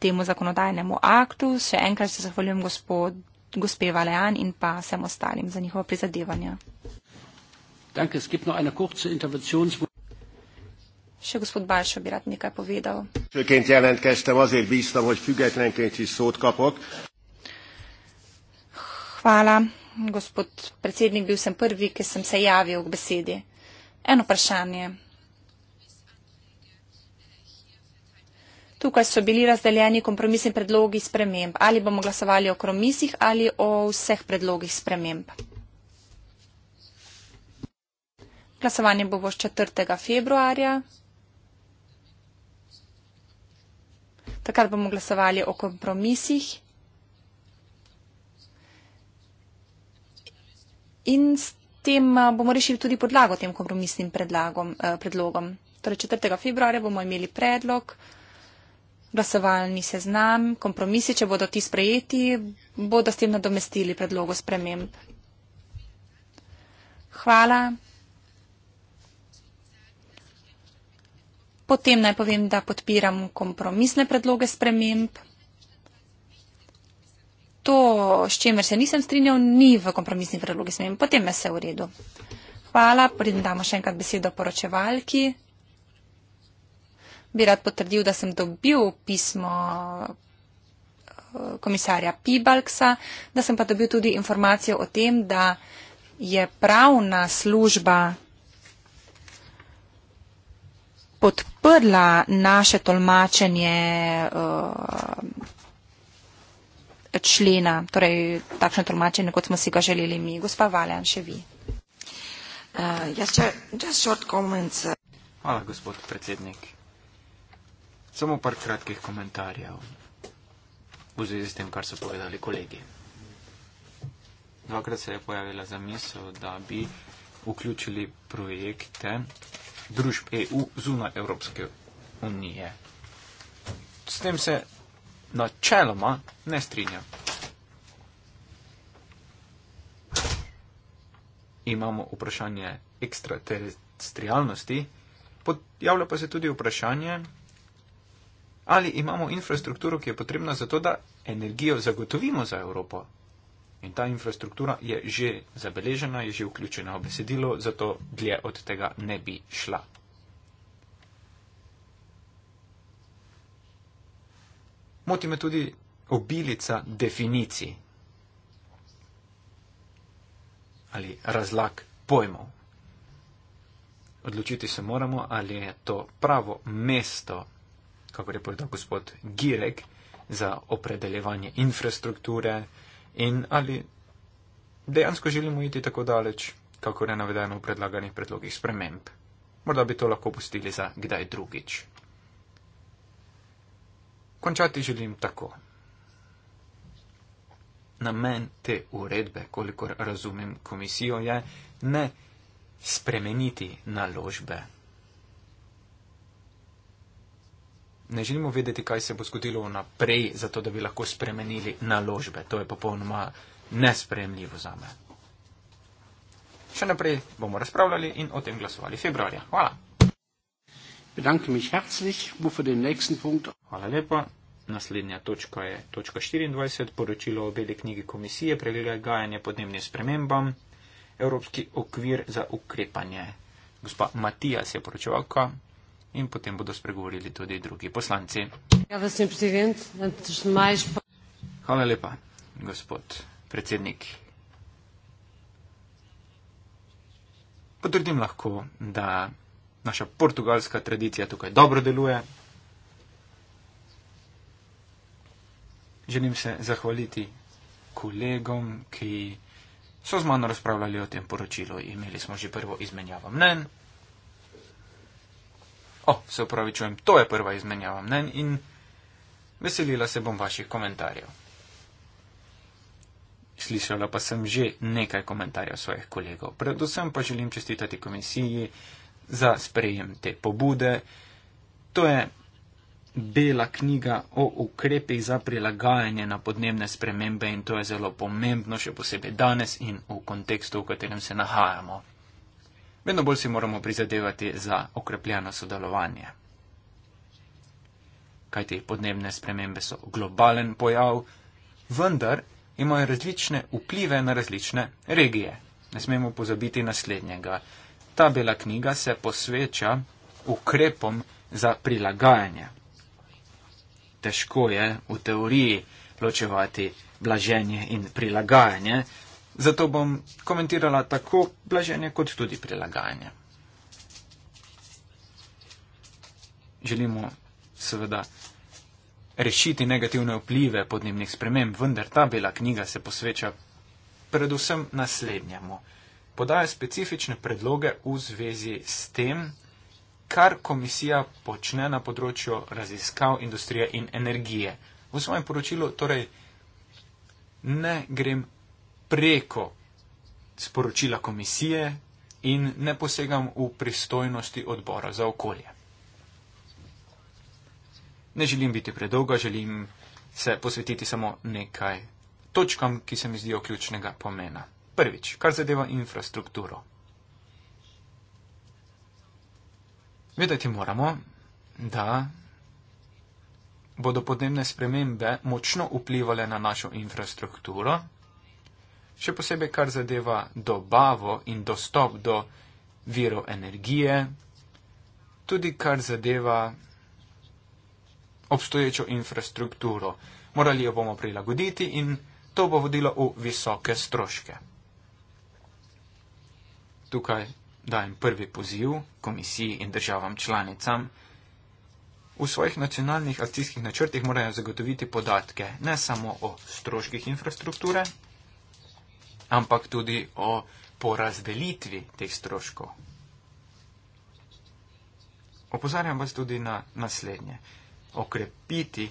Speaker 2: temu zakonodajnemu aktu. Še enkrat se zahvaljujem gospod, gospe Valean in pa vsem ostalim za njihova prizadevanja.
Speaker 1: Danke. Es gibt noch eine kurze
Speaker 2: Še gospod Balsa bi rád nekaj povedal.
Speaker 3: Főként jelentkeztem, azért bíztam, hogy függetlenként is szót kapok.
Speaker 2: Hvala, gospod predsednik, bil sem prvi, ki sem se javil k besedi. Eno vprašanje. Tukaj so bili razdeljeni kompromisni predlogi sprememb. Ali bomo glasovali o kompromisih ali o vseh predlogih sprememb? Glasovanje bo 4. februarja. Takrat bomo glasovali o kompromisih in s tem eh, bomo rešili tudi podlago tem kompromisnim eh, predlogom. Torej 4. februarja bomo imeli predlog, glasovalni seznam, kompromisi, če bodo ti sprejeti, bodo s tem nadomestili predlogo sprememb. Hvala. Potem naj povem, da podpiram kompromisne predloge sprememb. To, s čemer se nisem strinjal, ni v kompromisni predlogi sprememb. Potem je vse v redu. Hvala, predem damo še enkrat besedo poročevalki. Bi rad potrdil, da sem dobil pismo eh, komisarja Pibalksa, da sem pa dobil tudi informacijo o tem, da je pravna služba podprla naše tolmačenje eh, člena, torej takšno tolmačenje, kot smo si ga želeli mi. Gospa Valjan, še vi.
Speaker 3: Eh,
Speaker 1: Hvala, gospod predsednik. Samo par kratkih komentarjev v zvezi s tem, kar so povedali kolegi. Dvakrat se je pojavila zamisel, da bi vključili projekte, družb EU zunaj Evropske unije. S tem se načeloma ne strinjam. Imamo vprašanje ekstraterestrialnosti, pojavlja pa se tudi vprašanje, ali imamo infrastrukturo, ki je potrebna za to, da energijo zagotovimo za Evropo. In ta infrastruktura je že zabeležena, je že vključena v besedilo, zato dlje od tega ne bi šla. Moti me tudi obilica definicij ali razlag pojmov. Odločiti se moramo, ali je to pravo mesto, kako je povedal gospod Girek, za opredeljevanje infrastrukture, in ali dejansko želimo iti tako daleč, kako je navedeno v predlaganih predlogih sprememb. Morda bi to lahko pustili za kdaj drugič. Končati želim tako. Namen te uredbe, kolikor razumem komisijo, je ne spremeniti naložbe ne želimo vedeti, kaj se bo zgodilo naprej, zato da bi lahko spremenili naložbe. To je popolnoma nespremljivo za me. Še naprej bomo razpravljali in o tem glasovali februarja. Hvala. Hvala lepa. Naslednja točka je točka 24, poročilo o beli knjigi komisije, prilagajanje podnebnim spremembam, Evropski okvir za ukrepanje. Gospa Matija se je poročevalka, in potem bodo spregovorili tudi drugi poslanci. Hvala lepa, gospod predsednik. Potrdim lahko, da naša portugalska tradicija tukaj dobro deluje. Želim se zahvaliti kolegom, ki so z mano razpravljali o tem poročilu. Imeli smo že prvo izmenjavo mnen. O, se upravičujem, to je prva izmenjava mnen in veselila se bom vaših komentarjev. Slišala pa sem že nekaj komentarjev svojih kolegov. Predvsem pa želim čestitati komisiji za sprejem te pobude. To je bela knjiga o ukrepih za prilagajanje na podnebne spremembe in to je zelo pomembno, še posebej danes in v kontekstu, v katerem se nahajamo. Vedno bolj si moramo prizadevati za okrepljeno sodelovanje. Kaj te podnebne spremembe so globalen pojav, vendar imajo različne vplive na različne regije. Ne smemo pozabiti naslednjega. Ta bela knjiga se posveča ukrepom za prilagajanje. Težko je v teoriji ločevati blaženje in prilagajanje, Zato bom komentirala tako blaženje kot tudi prilagajanje. Želimo seveda rešiti negativne vplive podnebnih sprememb, vendar ta bela knjiga se posveča predvsem naslednjemu. Podaja specifične predloge v zvezi s tem, kar komisija počne na področju raziskav, industrije in energije. V svojem poročilu torej ne grem preko sporočila komisije in ne posegam v pristojnosti odbora za okolje. Ne želim biti predolga, želim se posvetiti samo nekaj točkam, ki se mi zdijo ključnega pomena. Prvič, kar zadeva infrastrukturo. Vedeti moramo, da bodo podnebne spremembe močno vplivale na našo infrastrukturo, še posebej kar zadeva dobavo in dostop do virov energije, tudi kar zadeva obstoječo infrastrukturo. Morali jo bomo prilagoditi in to bo vodilo v visoke stroške. Tukaj dajem prvi poziv komisiji in državam članicam. V svojih nacionalnih akcijskih načrtih morajo zagotoviti podatke ne samo o stroških infrastrukture, ampak tudi o porazdelitvi teh stroškov. Opozarjam vas tudi na naslednje. Okrepiti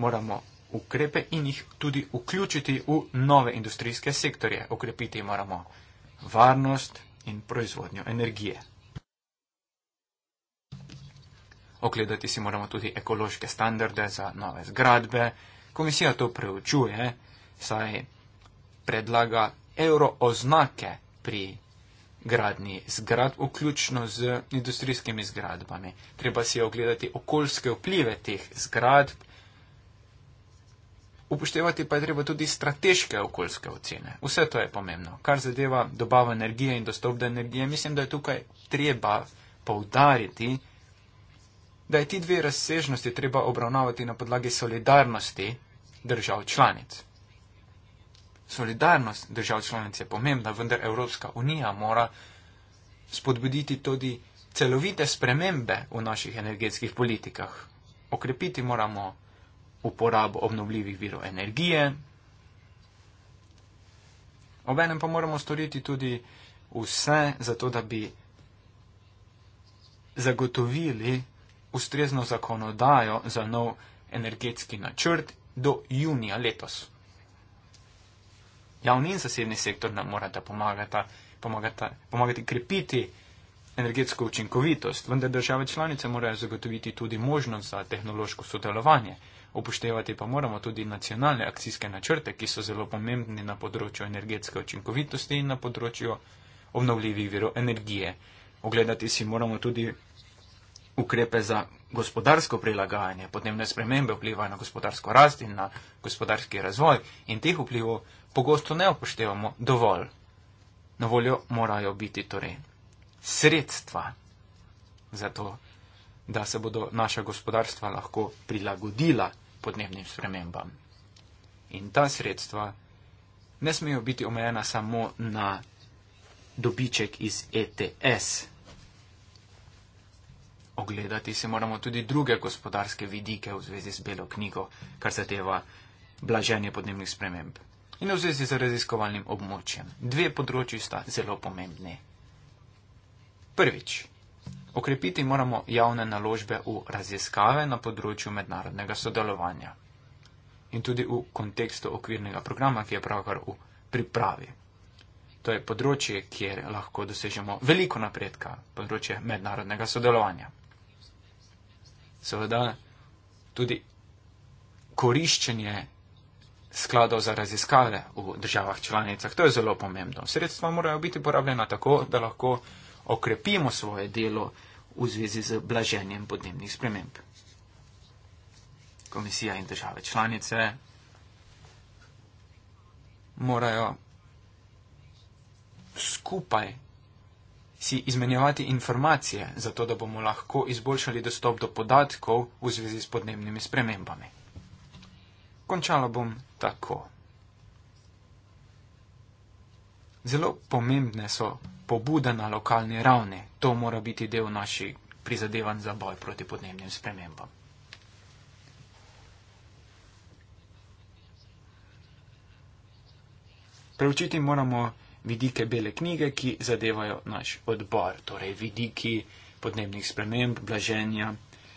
Speaker 1: moramo ukrepe in jih tudi vključiti v nove industrijske sektorje. Okrepiti moramo varnost in proizvodnjo energije. Okledati si moramo tudi ekološke standarde za nove zgradbe. Komisija to preučuje, saj predlaga evro oznake pri gradni zgrad, vključno z industrijskimi zgradbami. Treba si ogledati okoljske vplive teh zgradb, upoštevati pa je treba tudi strateške okoljske ocene. Vse to je pomembno. Kar zadeva dobavo energije in dostop do energije, mislim, da je tukaj treba poudariti, da je ti dve razsežnosti treba obravnavati na podlagi solidarnosti držav članic. Solidarnost držav članic je pomembna, vendar Evropska unija mora spodbuditi tudi celovite spremembe v naših energetskih politikah. Okrepiti moramo uporabo obnovljivih virov energije, obenem pa moramo storiti tudi vse za to, da bi zagotovili ustrezno zakonodajo za nov energetski načrt do junija letos javni in zasebni sektor nam morata pomagata, pomagata, pomagati krepiti energetsko učinkovitost, vendar države članice morajo zagotoviti tudi možnost za tehnološko sodelovanje. Upoštevati pa moramo tudi nacionalne akcijske načrte, ki so zelo pomembni na področju energetske učinkovitosti in na področju obnovljivih virov energije. Ogledati si moramo tudi ukrepe za gospodarsko prilagajanje, podnebne spremembe vplivajo na gospodarsko rast in na gospodarski razvoj in teh vplivov pogosto ne upoštevamo dovolj. Na voljo morajo biti torej sredstva za to, da se bodo naša gospodarstva lahko prilagodila podnebnim spremembam. In ta sredstva ne smejo biti omejena samo na dobiček iz ETS ogledati si moramo tudi druge gospodarske vidike v zvezi z belo knjigo, kar se teva blaženje podnebnih sprememb. In v zvezi z raziskovalnim območjem. Dve področji sta zelo pomembni. Prvič. Okrepiti moramo javne naložbe v raziskave na področju mednarodnega sodelovanja in tudi v kontekstu okvirnega programa, ki je pravkar v pripravi. To je področje, kjer lahko dosežemo veliko napredka, področje mednarodnega sodelovanja seveda tudi koriščenje skladov za raziskave v državah članicah. To je zelo pomembno. Sredstva morajo biti porabljena tako, da lahko okrepimo svoje delo v zvezi z blaženjem podnebnih sprememb. Komisija in države članice morajo skupaj si izmenjevati informacije, zato da bomo lahko izboljšali dostop do podatkov v zvezi s podnebnimi spremembami. Končala bom tako. Zelo pomembne so pobude na lokalni ravni. To mora biti del naših prizadevanj za boj proti podnebnim spremembam. Preučiti moramo vidike bele knjige, ki zadevajo naš odbor, torej vidiki podnebnih sprememb, blaženja,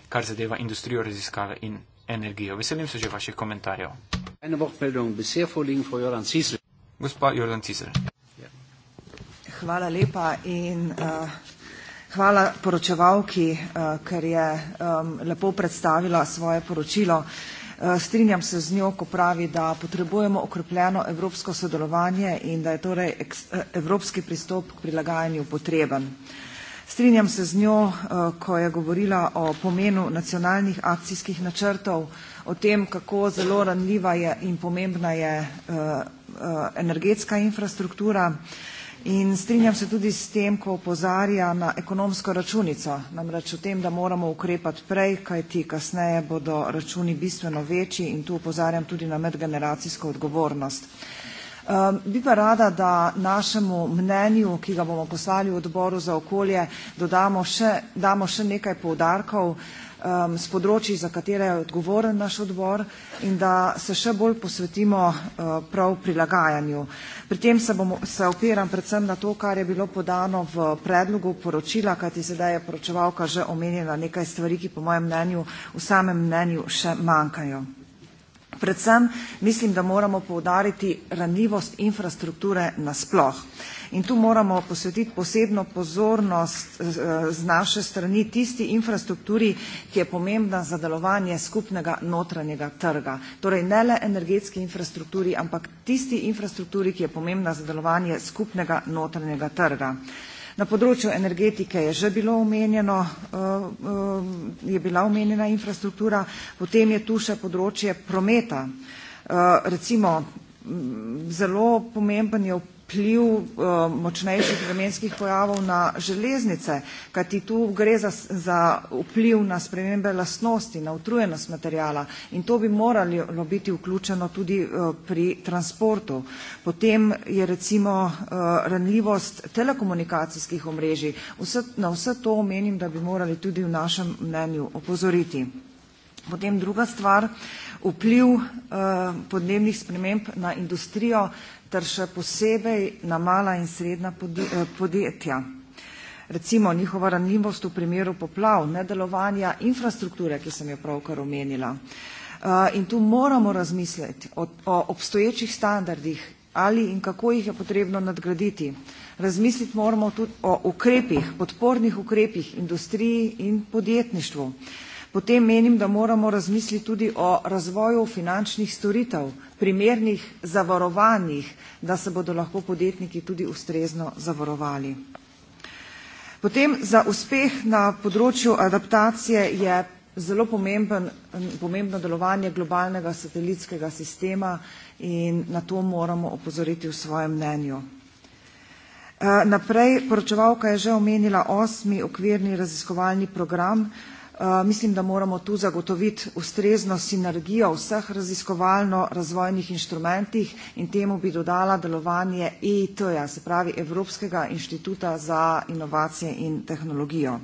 Speaker 1: kar zadeva industrijo raziskave in energijo. Veselim se že vaših komentarjev. Gospa Jordan Cisel. Ja.
Speaker 3: Hvala lepa in uh, hvala poročevalki, uh, ker je um, lepo predstavila svoje poročilo. Uh, Eh, strinjam se z njo, ko pravi, da potrebujemo okrepljeno evropsko sodelovanje in da je torej eh, evropski pristop k prilagajanju potreben. Strinjam se z njo, eh, ko je govorila o pomenu nacionalnih akcijskih načrtov, o tem, kako zelo ranljiva je in pomembna je energetska infrastruktura. In strinjam se tudi s tem, ko opozarja na ekonomsko računico, namreč o tem, da moramo ukrepati prej, kajti kasneje bodo računi bistveno večji in tu opozarjam tudi na medgeneracijsko odgovornost. Ehm, bi pa rada, da našemu mnenju, ki ga bomo poslali v odboru za okolje, dodamo še, damo še nekaj poudarkov, um, s področji, za katere je odgovoren naš odbor in da se še bolj posvetimo uh, prav prilagajanju. Pri tem se, bom, se opiram predvsem na to, kar je bilo podano v predlogu poročila, kajti sedaj je poročevalka že omenjena nekaj stvari, ki po mojem mnenju v samem mnenju še manjkajo predvsem mislim, da moramo poudariti ranljivost infrastrukture nasploh. In tu moramo posvetiti posebno pozornost eh, z naše strani tisti infrastrukturi, ki je pomembna za delovanje skupnega notranjega trga. Torej ne le energetski infrastrukturi, ampak tisti infrastrukturi, ki je pomembna za delovanje skupnega notranjega trga. Na področju energetike je že bilo omenjeno, eh, eh, je bila omenjena infrastruktura, potem je tu še področje prometa. Eh, recimo, zelo pomemben je vpliv eh, močnejših vremenskih pojavov na železnice, kajti tu gre za, za vpliv na spremembe lastnosti, na utrujenost materijala in to bi moralo biti vključeno tudi eh, pri transportu. Potem je recimo eh, ranljivost telekomunikacijskih omrežij. Vse, na vse to omenim, da bi morali tudi v našem mnenju opozoriti. Potem druga stvar, vpliv eh, podnebnih sprememb na industrijo, ter še posebej na mala in srednja eh, podjetja. Recimo njihova ranljivost v primeru poplav, nedelovanja infrastrukture, ki sem jo pravkar omenila. Eh, in tu moramo razmisliti o obstoječih standardih ali in kako jih je potrebno nadgraditi. Razmisliti moramo tudi o ukrepih, podpornih ukrepih industriji in podjetništvu potem menim, da moramo razmisliti tudi o razvoju finančnih storitev, primernih zavarovanjih, da se bodo lahko podjetniki tudi ustrezno zavarovali. Potem za uspeh na področju adaptacije je zelo pomemben, pomembno delovanje globalnega satelitskega sistema in na to moramo opozoriti v svojem mnenju. Eh, naprej, poročevalka je že omenila osmi okvirni raziskovalni program, Eh, mislim, da moramo tu zagotoviti ustrezno sinergijo vseh raziskovalno-razvojnih inštrumentih in temu bi dodala delovanje EIT-ja, se pravi Evropskega inštituta za inovacije in tehnologijo.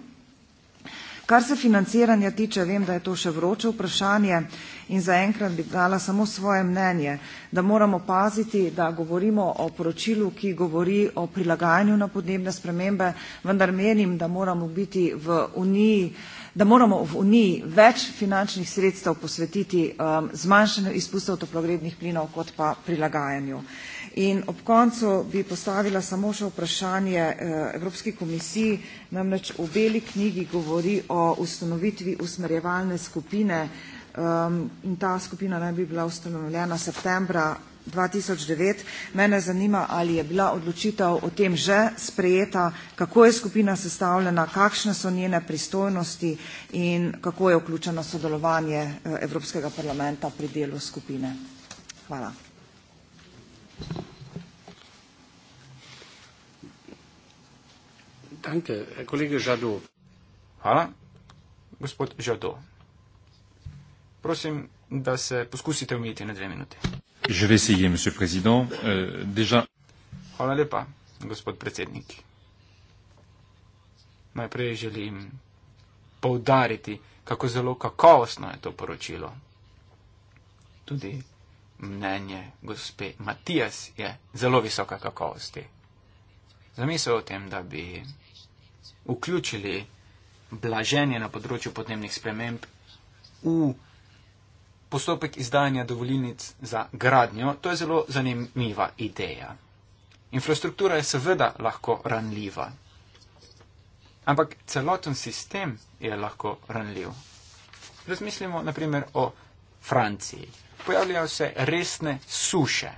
Speaker 3: Kar se financiranja tiče, vem, da je to še vroče vprašanje in zaenkrat bi dala samo svoje mnenje, da moramo paziti, da govorimo o poročilu, ki govori o prilagajanju na podnebne spremembe, vendar menim, da moramo biti v Uniji vsega, da moramo v Uniji več finančnih sredstev posvetiti um, zmanjšanju izpustov toplogrednih plinov kot pa prilagajanju. In ob koncu bi postavila samo še vprašanje eh, Evropski komisiji, namreč v beli knjigi govori o ustanovitvi usmerjevalne skupine um, in ta skupina naj bi bila ustanovljena septembra 2009. Mene zanima, ali je bila odločitev o tem že sprejeta, kako je skupina sestavljena, kakšne so njene pristojnosti in kako je vključeno sodelovanje eh, Evropskega parlamenta pri delu skupine. Hvala.
Speaker 1: Danke, kolega Žado. Hvala. Gospod Žado, prosim, da se poskusite umiti na dve minute. Je vais essayer, monsieur le président. Euh, déjà. Hvala lepa, gospod predsednik. Najprej želim poudariti, kako zelo kakovostno je to poročilo. Tudi mnenje gospe Matijas je zelo visoka kakovosti. Zamisel o tem, da bi vključili blaženje na področju podnebnih sprememb v postopek izdajanja dovolilnic za gradnjo, to je zelo zanimiva ideja. Infrastruktura je seveda lahko ranljiva, ampak celoten sistem je lahko ranljiv. Razmislimo naprimer o Franciji. Pojavljajo se resne suše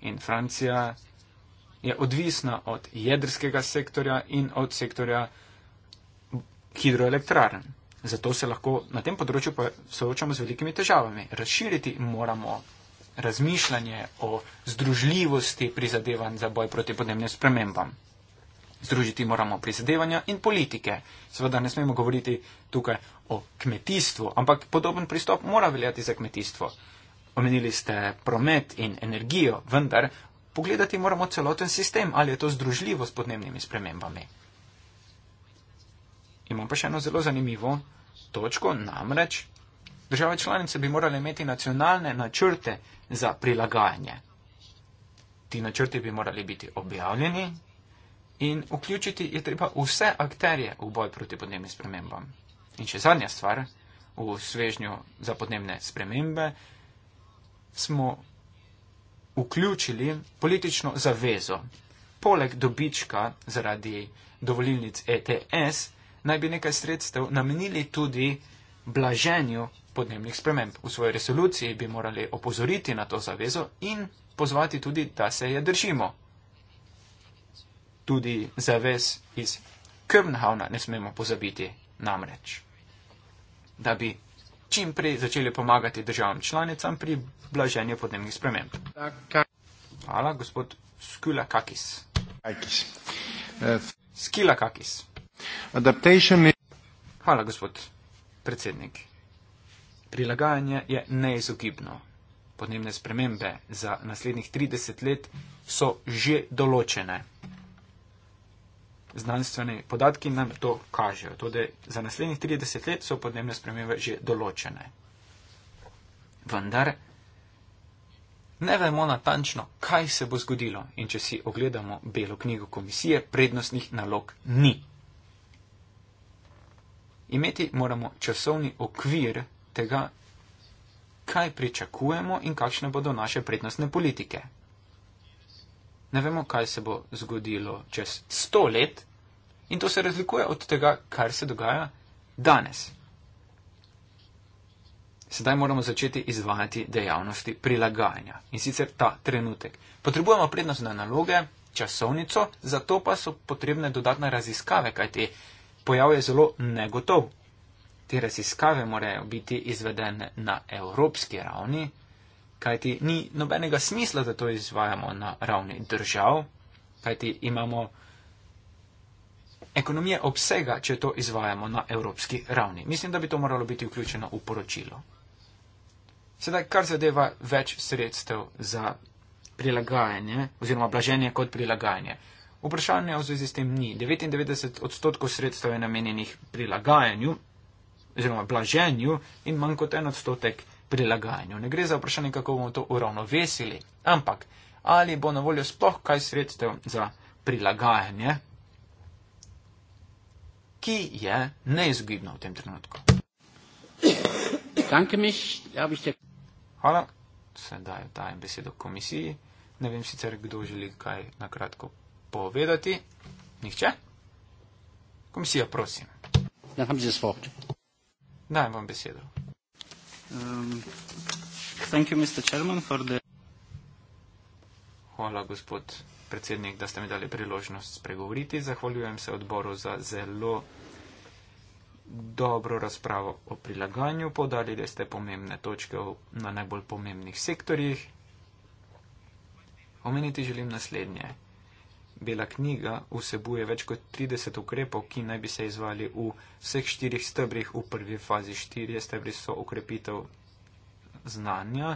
Speaker 1: in Francija je odvisna od jedrskega sektorja in od sektorja hidroelektraren. Zato se lahko na tem področju soočamo z velikimi težavami. Razširiti moramo razmišljanje o združljivosti prizadevanj za boj proti podnebnim spremembam. Združiti moramo prizadevanja in politike. Seveda ne smemo govoriti tukaj o kmetijstvu, ampak podoben pristop mora veljati za kmetijstvo. Omenili ste promet in energijo, vendar pogledati moramo celoten sistem, ali je to združljivo s podnebnimi spremembami. Imam pa še eno zelo zanimivo točko, namreč države članice bi morale imeti nacionalne načrte za prilagajanje. Ti načrti bi morali biti objavljeni in vključiti je treba vse akterje v boj proti podnebnim spremembam. In še zadnja stvar, v svežnju za podnebne spremembe smo vključili politično zavezo. Poleg dobička zaradi dovolilnic ETS, naj bi nekaj sredstev namenili tudi blaženju podnebnih sprememb. V svoji resoluciji bi morali opozoriti na to zavezo in pozvati tudi, da se je držimo. Tudi zavez iz Krmhavna ne smemo pozabiti namreč, da bi čim prej začeli pomagati državam članicam pri blaženju podnebnih sprememb. Hvala, gospod Skula Kakis. Skila Kakis. Adaptation... Hvala, gospod predsednik. Prilagajanje je neizogibno. Podnebne spremembe za naslednjih 30 let so že določene. Znanstveni podatki nam to kažejo. Torej, za naslednjih 30 let so podnebne spremembe že določene. Vendar ne vemo natančno, kaj se bo zgodilo. In če si ogledamo belo knjigo komisije, prednostnih nalog ni imeti moramo časovni okvir tega, kaj pričakujemo in kakšne bodo naše prednostne politike. Ne vemo, kaj se bo zgodilo čez sto let in to se razlikuje od tega, kar se dogaja danes. Sedaj moramo začeti izvajati dejavnosti prilagajanja in sicer ta trenutek. Potrebujemo prednostne naloge, časovnico, zato pa so potrebne dodatne raziskave, kajti pojav je zelo negotov. Te raziskave morajo biti izvedene na evropski ravni, kajti ni nobenega smisla, da to izvajamo na ravni držav, kajti imamo ekonomije obsega, če to izvajamo na evropski ravni. Mislim, da bi to moralo biti vključeno v poročilo. Sedaj, kar zadeva več sredstev za prilagajanje oziroma blaženje kot prilagajanje. Vprašanje v zvezi s tem ni. 99 odstotkov sredstev je namenjenih prilagajanju oziroma blaženju in manj kot en odstotek prilagajanju. Ne gre za vprašanje, kako bomo to uravnovesili, ampak ali bo na voljo sploh kaj sredstev za prilagajanje, ki je neizogibno v tem trenutku. Hvala, sedaj dajem besedo komisiji. Ne vem sicer, kdo želi kaj na kratko povedati povedati? Nihče? Komisija, prosim. Ja, imam zdaj svoj. Daj vam besedo. Um, you, the... Hvala, gospod predsednik, da ste mi dali priložnost spregovoriti. Zahvaljujem se odboru za zelo dobro razpravo o prilagajanju. Podali ste pomembne točke na najbolj pomembnih sektorjih. Omeniti želim naslednje. Bela knjiga vsebuje več kot 30 ukrepov, ki naj bi se izvali v vseh štirih stebrih. V prvi fazi štirje stebri so ukrepitev znanja,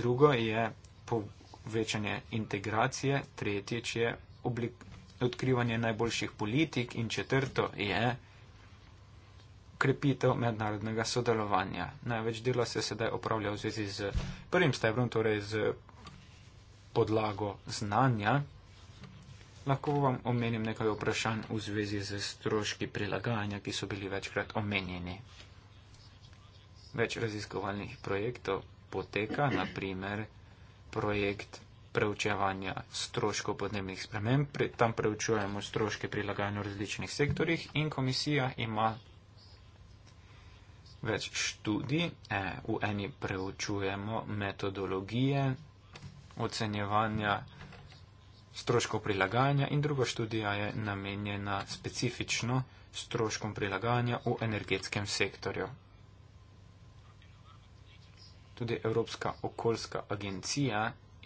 Speaker 1: drugo je povečanje integracije, tretjič je oblik, odkrivanje najboljših politik in četrto je ukrepitev mednarodnega sodelovanja. Največ dela se sedaj opravlja v zvezi z prvim stebrom, torej z podlago znanja lahko vam omenim nekaj vprašanj v zvezi z stroški prilagajanja, ki so bili večkrat omenjeni. Več raziskovalnih projektov poteka, naprimer projekt preučevanja stroškov podnebnih sprememb. Tam preučujemo stroške prilagajanja v različnih sektorjih in komisija ima več študij. E, v eni preučujemo metodologije ocenjevanja stroškov prilagajanja in druga študija je namenjena specifično stroškom prilagajanja v energetskem sektorju. Tudi Evropska okoljska agencija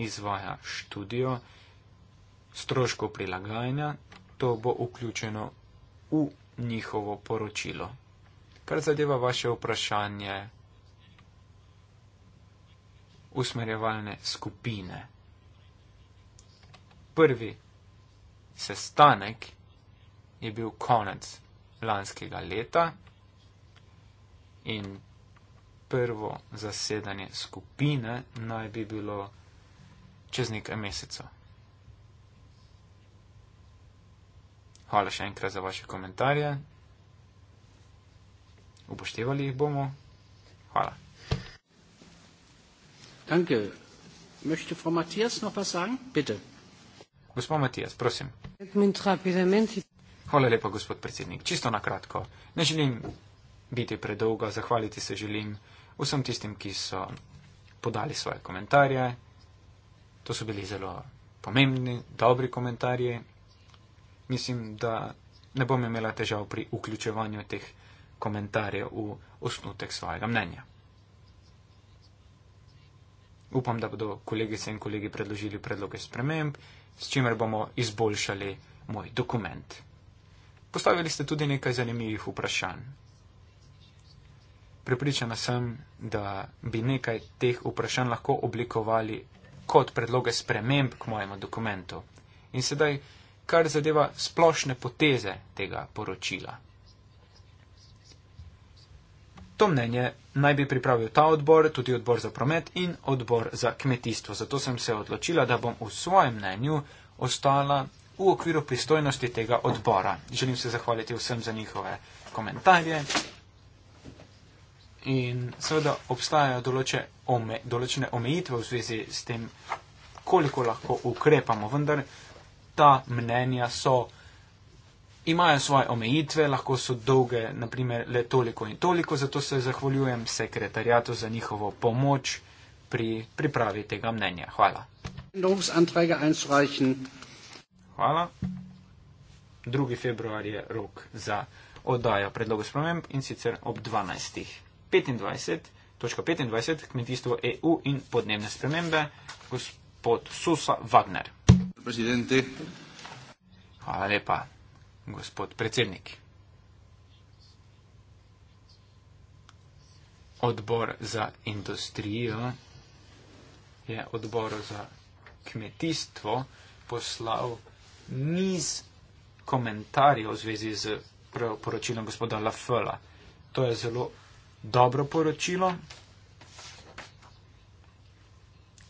Speaker 1: izvaja študijo stroškov prilagajanja, to bo vključeno v njihovo poročilo. Kar zadeva vaše vprašanje usmerjevalne skupine prvi sestanek je bil konec lanskega leta in prvo zasedanje skupine naj bi bilo čez nekaj mesecev. Hvala še enkrat za vaše komentarje. Upoštevali jih bomo. Hvala. Danke. Möchte Frau Matthias noch was sagen? Bitte. Gospod Matijas, prosim. Hvala lepa, gospod predsednik. Čisto na kratko. Ne želim biti predolga, zahvaliti se želim vsem tistim, ki so podali svoje komentarje. To so bili zelo pomembni, dobri komentarji. Mislim, da ne bom imela težav pri vključevanju teh komentarjev v osnutek svojega mnenja. Upam, da bodo kolegice in kolegi predložili predloge sprememb s čimer bomo izboljšali moj dokument. Postavili ste tudi nekaj zanimivih vprašanj. Pripričana sem, da bi nekaj teh vprašanj lahko oblikovali kot predloge sprememb k mojemu dokumentu. In sedaj, kar zadeva splošne poteze tega poročila. To mnenje naj bi pripravil ta odbor, tudi odbor za promet in odbor za kmetijstvo. Zato sem se odločila, da bom v svojem mnenju ostala v okviru pristojnosti tega odbora. Želim se zahvaliti vsem za njihove komentarje. In seveda obstajajo določe ome, določene omejitve v zvezi s tem, koliko lahko ukrepamo, vendar ta mnenja so imajo svoje omejitve, lahko so dolge, naprimer, le toliko in toliko, zato se zahvaljujem sekretarjatu za njihovo pomoč pri pripravi tega mnenja. Hvala. Hvala. 2. februar je rok za oddajo predlogov sprememb in sicer ob 12.25. 25. Kmetijstvo EU in podnebne spremembe, gospod Susa Wagner. Presidente. Hvala lepa gospod predsednik. Odbor za industrijo je odboru za kmetijstvo poslal niz komentarjev v zvezi z poročilom gospoda Lafela. To je zelo dobro poročilo,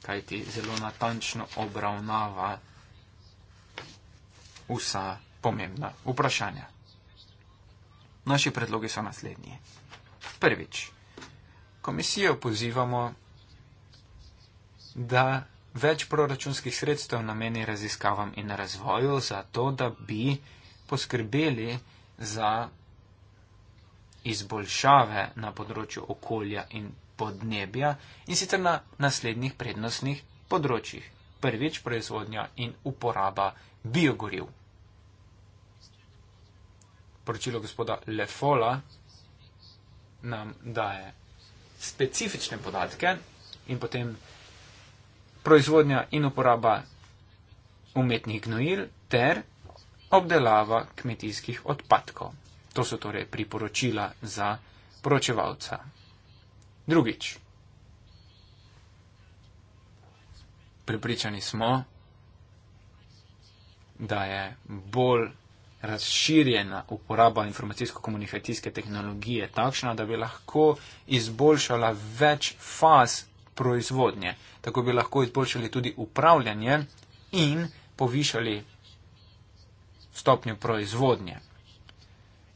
Speaker 1: kajti zelo natančno obravnava vsa pomembna vprašanja. Naši predlogi so naslednji. Prvič, komisijo pozivamo, da več proračunskih sredstev nameni raziskavam in razvoju, zato da bi poskrbeli za izboljšave na področju okolja in podnebja in sicer na naslednjih prednostnih področjih. Prvič, proizvodnja in uporaba biogoriv poročilo gospoda Lefola nam daje specifične podatke in potem proizvodnja in uporaba umetnih gnojil ter obdelava kmetijskih odpadkov. To so torej priporočila za poročevalca. Drugič. Pripričani smo, da je bolj razširjena uporaba informacijsko-komunikacijske tehnologije takšna, da bi lahko izboljšala več faz proizvodnje. Tako bi lahko izboljšali tudi upravljanje in povišali stopnjo proizvodnje.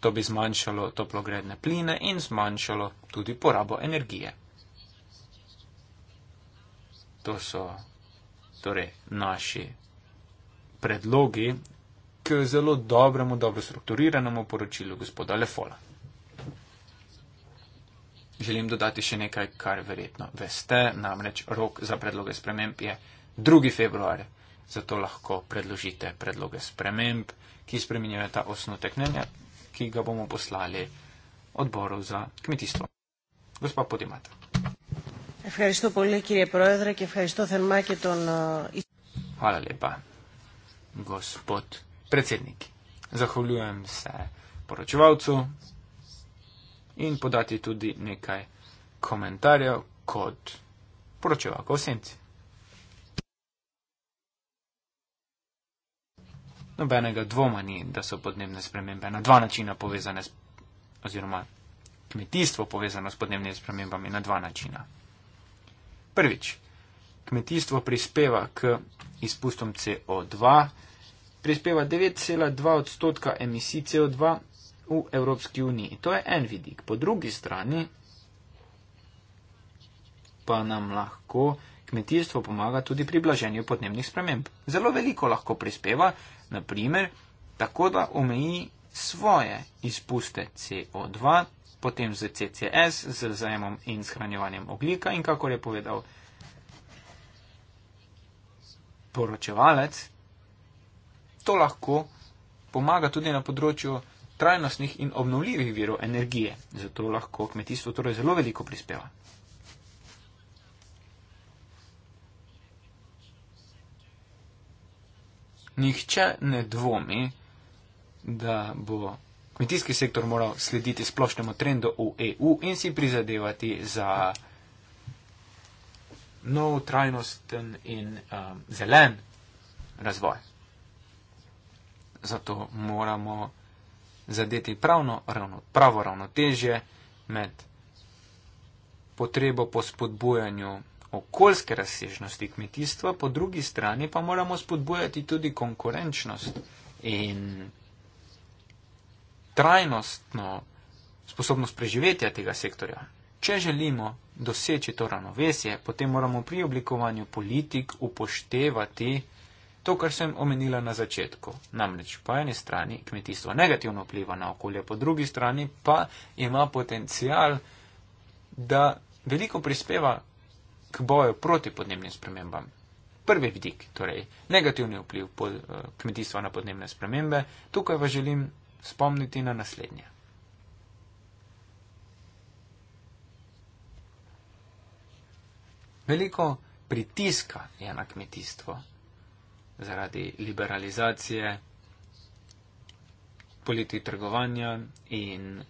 Speaker 1: To bi zmanjšalo toplogredne pline in zmanjšalo tudi porabo energije. To so torej naši predlogi k zelo dobremu, dobro strukturiranemu poročilu gospoda Lefola. Želim dodati še nekaj, kar verjetno veste, namreč rok za predloge sprememb je 2. februar, zato lahko predložite predloge sprememb, ki spremenjajo ta osnutek mnenja, ki ga bomo poslali odboru za kmetijstvo. Gospa Podimata. Hvala lepa, gospod predsedniki. Zahvaljujem se poročevalcu in podati tudi nekaj komentarjev kot poročevalko v senci. Nobenega dvoma ni, da so podnebne spremembe na dva načina povezane s, oziroma kmetijstvo povezano s podnebnimi spremembami na dva načina. Prvič, kmetijstvo prispeva k izpustom CO2, prispeva 9,2 odstotka emisij CO2 v Evropski uniji. To je en vidik. Po drugi strani pa nam lahko kmetijstvo pomaga tudi pri blaženju podnebnih sprememb. Zelo veliko lahko prispeva, naprimer, tako da omeji svoje izpuste CO2, potem z CCS, z zajemom in shranjevanjem oglika in kako je povedal poročevalec, to lahko pomaga tudi na področju trajnostnih in obnovljivih virov energije. Zato lahko kmetijstvo torej zelo veliko prispeva. Nihče ne dvomi, da bo kmetijski sektor moral slediti splošnemu trendu v EU in si prizadevati za nov trajnosten in um, zelen razvoj. Zato moramo zadeti pravno, ravno, pravo ravnotežje med potrebo po spodbujanju okoljske razsežnosti kmetijstva, po drugi strani pa moramo spodbujati tudi konkurenčnost in trajnostno sposobnost preživetja tega sektorja. Če želimo doseči to ravnovesje, potem moramo pri oblikovanju politik upoštevati To, kar sem omenila na začetku. Namreč po eni strani kmetijstvo negativno vpliva na okolje, po drugi strani pa ima potencial, da veliko prispeva k boju proti podnebnim spremembam. Prvi vidik, torej negativni vpliv pod, uh, kmetijstva na podnebne spremembe, tukaj pa želim spomniti na naslednje. Veliko pritiska je na kmetijstvo, zaradi liberalizacije, politik trgovanja in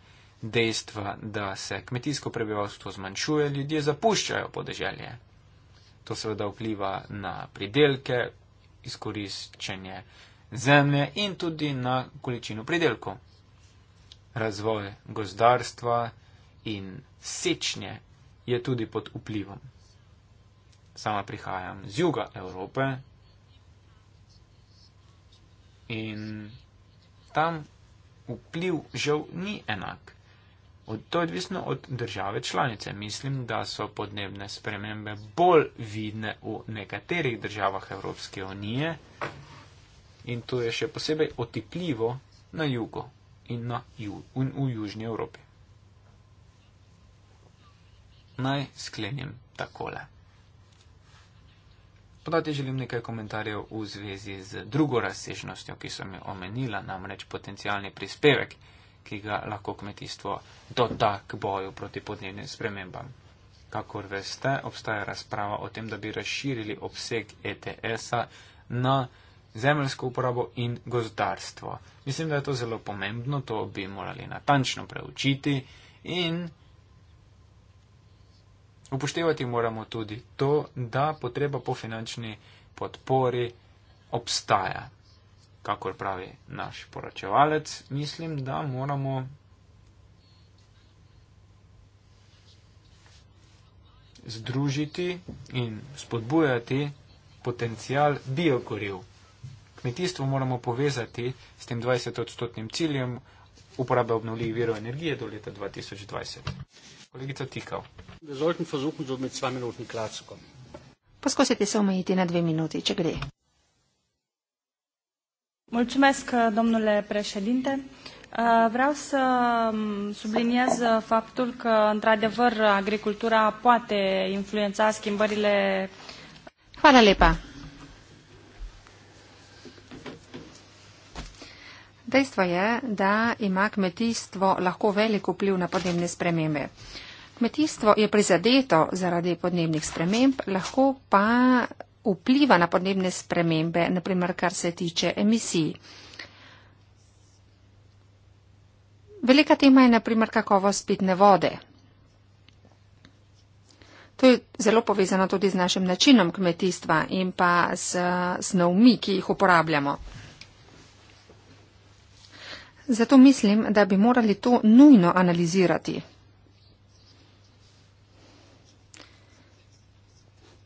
Speaker 1: dejstva, da se kmetijsko prebivalstvo zmanjšuje, ljudje zapuščajo podeželje. To seveda vpliva na pridelke, izkoriščenje zemlje in tudi na količino pridelkov. Razvoj gozdarstva in sečnje je tudi pod vplivom. Sama prihajam z juga Evrope, In tam vpliv žal ni enak. Od, to je odvisno od države članice. Mislim, da so podnebne spremembe bolj vidne v nekaterih državah Evropske unije in to je še posebej otipljivo na jugu in, na ju, in v južni Evropi. Naj sklenim takole podati želim nekaj komentarjev v zvezi z drugo razsežnostjo, ki sem jo omenila, namreč potencijalni prispevek, ki ga lahko kmetijstvo doda k boju proti podnebnim spremembam. Kakor veste, obstaja razprava o tem, da bi razširili obseg ETS-a na zemljsko uporabo in gozdarstvo. Mislim, da je to zelo pomembno, to bi morali natančno preučiti in Upoštevati moramo tudi to, da potreba po finančni podpori obstaja. Kakor pravi naš poročevalec, mislim, da moramo združiti in spodbujati potencial biogoriv. Kmetijstvo moramo povezati s tem 20-odstotnim ciljem uporabe obnovljivih virov energije do leta 2020. Kolegica Tikal.
Speaker 4: Poskusite se omejiti na dve minuti, če gre. Mulțumesc, domnule președinte.
Speaker 2: Vreau să subliniez faptul că, într-adevăr, agricultura poate influența schimbările.
Speaker 4: Hvala lepa. Dejstvo je, da ima kmetijstvo lahko velik vpliv na podnebne spremembe. Kmetijstvo je prizadeto zaradi podnebnih sprememb, lahko pa vpliva na podnebne spremembe, naprimer kar se tiče emisij. Velika tema je naprimer kakovost pitne vode. To je zelo povezano tudi z našim načinom kmetijstva in pa s snovmi, ki jih uporabljamo. Zato mislim, da bi morali to nujno analizirati.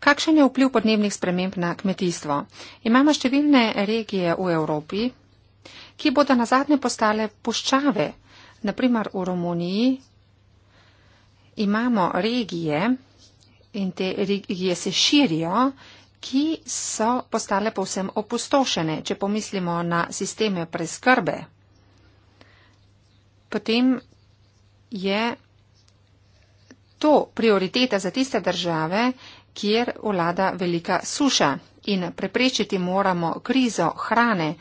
Speaker 4: Kakšen je vpliv podnebnih sprememb na kmetijstvo? Imamo številne regije v Evropi, ki bodo na zadnje postale puščave. Naprimer v Romuniji imamo regije in te regije se širijo, ki so postale povsem opustošene, če pomislimo na sisteme preskrbe. Potem je to prioriteta za tiste države, kjer vlada velika suša in preprečiti moramo krizo hrane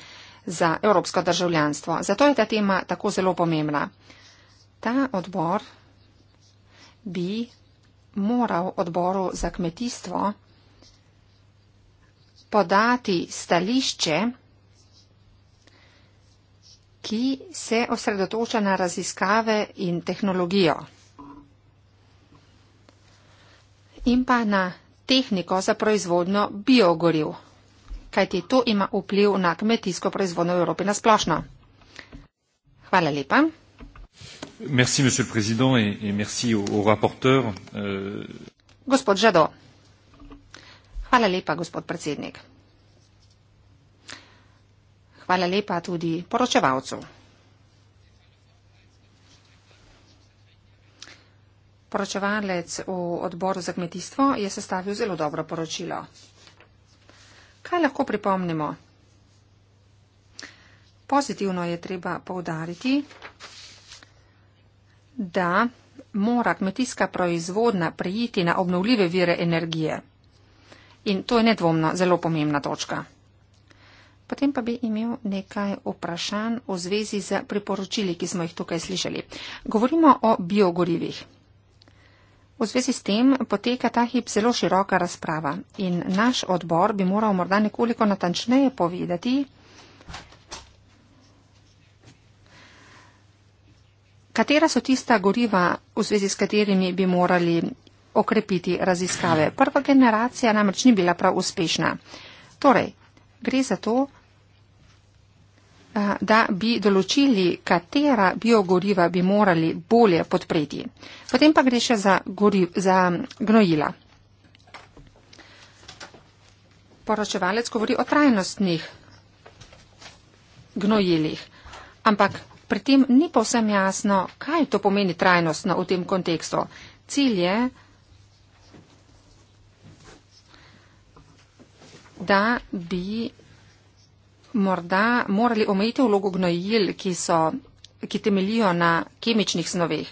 Speaker 4: za evropsko državljanstvo. Zato je ta tema tako zelo pomembna. Ta odbor bi moral odboru za kmetijstvo podati stališče, ki se osredotoča na raziskave in tehnologijo in pa na tehniko za proizvodnjo biogoriv, kajti to ima vpliv na kmetijsko proizvodnjo v Evropi na splošno. Hvala lepa.
Speaker 1: Merci, monsieur le président, et, et merci au, au rapporteur. Euh...
Speaker 4: Gospod Žado. Hvala lepa, gospod predsednik. Hvala lepa tudi poročevalcu. Poročevalec v odboru za kmetijstvo je sestavil zelo dobro poročilo. Kaj lahko pripomnimo? Pozitivno je treba povdariti, da mora kmetijska proizvodna prijiti na obnovljive vire energije. In to je nedvomno zelo pomembna točka. Potem pa bi imel nekaj vprašanj v zvezi z priporočili, ki smo jih tukaj slišali. Govorimo o biogorivih. V zvezi s tem poteka ta hip zelo široka razprava in naš odbor bi moral morda nekoliko natančneje povedati, katera so tista goriva, v zvezi s katerimi bi morali okrepiti raziskave. Prva generacija namreč ni bila prav uspešna. Torej, gre za to, Eh, da bi določili, katera biogoriva bi morali bolje podpreti. Potem pa gre še za, goriv, za gnojila. Poročevalec govori o trajnostnih gnojilih, ampak pri tem ni povsem jasno, kaj to pomeni trajnostno v tem kontekstu. Cilj je, da bi morda morali omejiti vlogo gnojil, ki, so, ki temelijo na kemičnih snoveh.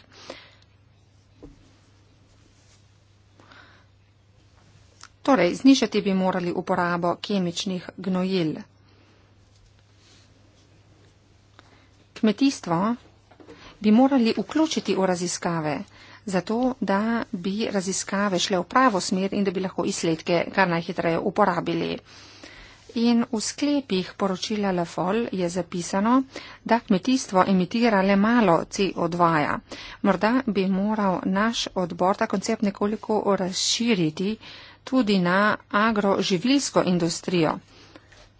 Speaker 4: Torej, znižati bi morali uporabo kemičnih gnojil. Kmetijstvo bi morali vključiti v raziskave, zato da bi raziskave šle v pravo smer in da bi lahko izsledke kar najhitreje uporabili in v sklepih poročila Lefol je zapisano, da kmetijstvo emitira le malo CO2. -ja. Morda bi moral naš odbor ta koncept nekoliko razširiti tudi na agroživilsko industrijo.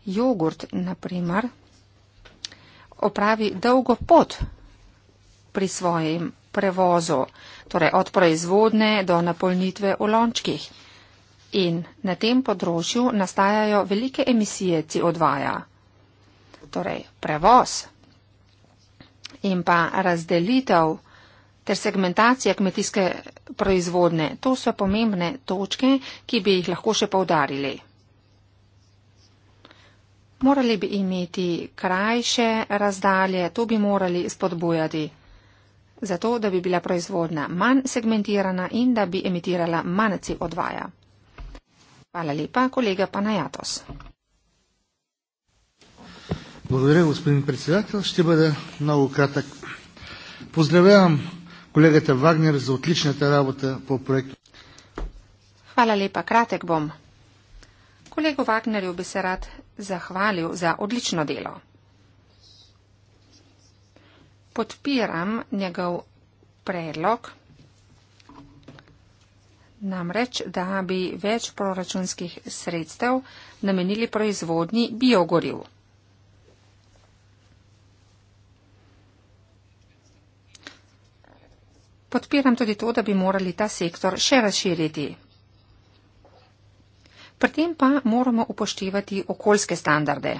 Speaker 4: Jogurt, naprimer, opravi dolgo pot pri svojem prevozu, torej od proizvodne do napolnitve v lončkih. In na tem področju nastajajo velike emisije CO2. -ja. Torej, prevoz in pa razdelitev ter segmentacija kmetijske proizvodne, to so pomembne točke, ki bi jih lahko še povdarili. Morali bi imeti krajše razdalje, to bi morali spodbujati, zato da bi bila proizvodna manj segmentirana in da bi emitirala manj CO2. -ja. Hvala lepa. Kolega Panajatos.
Speaker 1: Благодаря, господин председател. Ще бъда много кратък. Поздравявам колегата Вагнер за отличната работа по проекта.
Speaker 4: Хвала лепа, кратък бом. Колего Вагнерю би се рад захвалил за отлично дело. Подпирам негов предлог, namreč, da bi več proračunskih sredstev namenili proizvodnji biogoriv. Podpiram tudi to, da bi morali ta sektor še razširiti. Pri tem pa moramo upoštevati okoljske standarde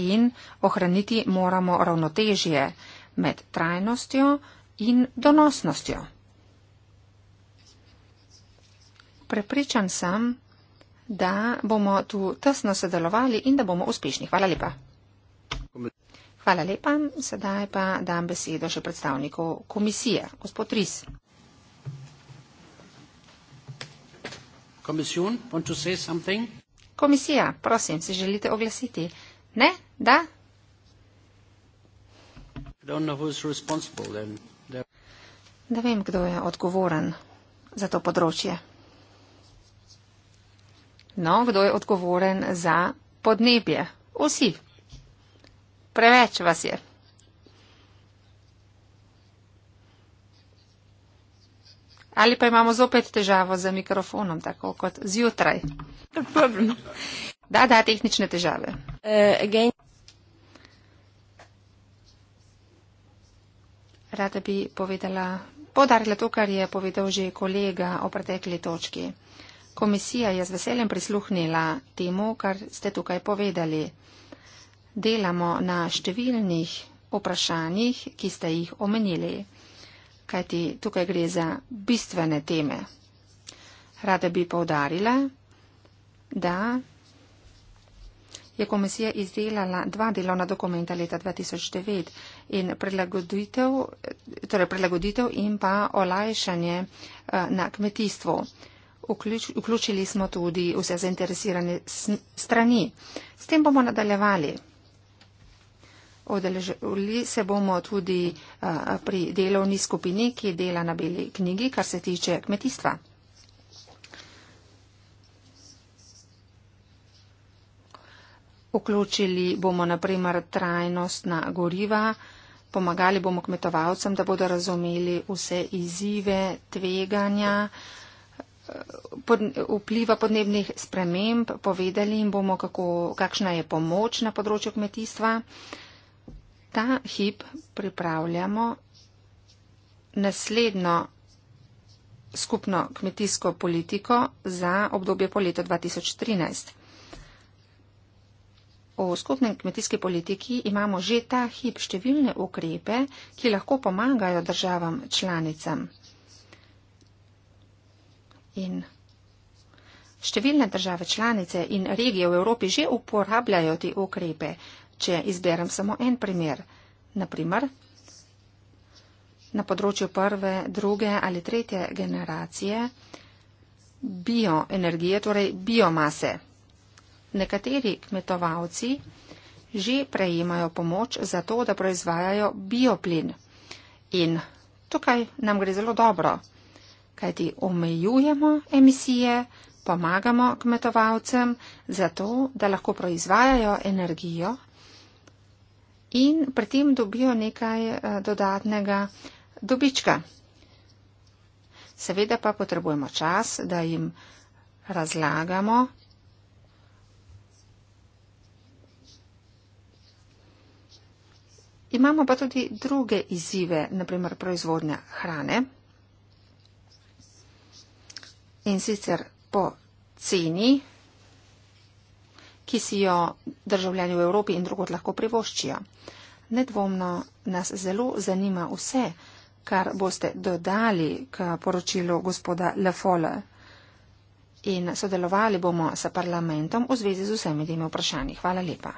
Speaker 4: in ohraniti moramo ravnotežje med trajnostjo in donosnostjo. Prepričan sem, da bomo tu tesno sodelovali in da bomo uspešni. Hvala lepa. Hvala lepa. Sedaj pa dam besedo še predstavniku komisije, gospod Ris. Komisija, prosim, se želite oglasiti? Ne? Da? Da vem, kdo je odgovoren za to področje. No, kdo je odgovoren za podnebje? Vsi. Preveč vas je. Ali pa imamo zopet težavo z mikrofonom, tako kot zjutraj? Da, da, tehnične težave. E, Rada bi povedala, podarila to, kar je povedal že kolega o pretekli točki. Komisija je z veseljem prisluhnila temu, kar ste tukaj povedali. Delamo na številnih vprašanjih, ki ste jih omenili, kajti tukaj gre za bistvene teme. Rada bi povdarila, da je komisija izdelala dva delovna dokumenta leta 2009 in prilagoditev, torej prilagoditev in pa olajšanje eh, na kmetijstvu vključ, vključili smo tudi vse zainteresirane strani. S tem bomo nadaljevali. Odeležili se bomo tudi a, pri delovni skupini, ki dela na beli knjigi, kar se tiče kmetijstva. Vključili bomo naprimer trajnostna goriva, pomagali bomo kmetovalcem, da bodo razumeli vse izzive, tveganja. A, pod, vpliva podnebnih sprememb, povedali jim bomo, kako, kakšna je pomoč na področju kmetijstva. Ta hip pripravljamo naslednjo skupno kmetijsko politiko za obdobje po leto 2013. O skupnem kmetijski politiki imamo že ta hip številne ukrepe, ki lahko pomagajo državam članicam in številne države članice in regije v Evropi že uporabljajo te ukrepe. Če izberem samo en primer, naprimer na področju prve, druge ali tretje generacije bioenergije, torej biomase. Nekateri kmetovalci že prejemajo pomoč za to, da proizvajajo bioplin. In tukaj nam gre zelo dobro kajti omejujemo emisije, pomagamo kmetovalcem za to, da lahko proizvajajo energijo in pri tem dobijo nekaj eh, dodatnega dobička. Seveda pa potrebujemo čas, da jim razlagamo, Imamo pa tudi druge izzive, naprimer proizvodnja hrane in sicer po ceni, ki si jo državljani v Evropi in drugod lahko privoščijo. Nedvomno nas zelo zanima vse, kar boste dodali k poročilu gospoda Lefole in sodelovali bomo s parlamentom v zvezi z vsemi temi vprašanji. Hvala lepa.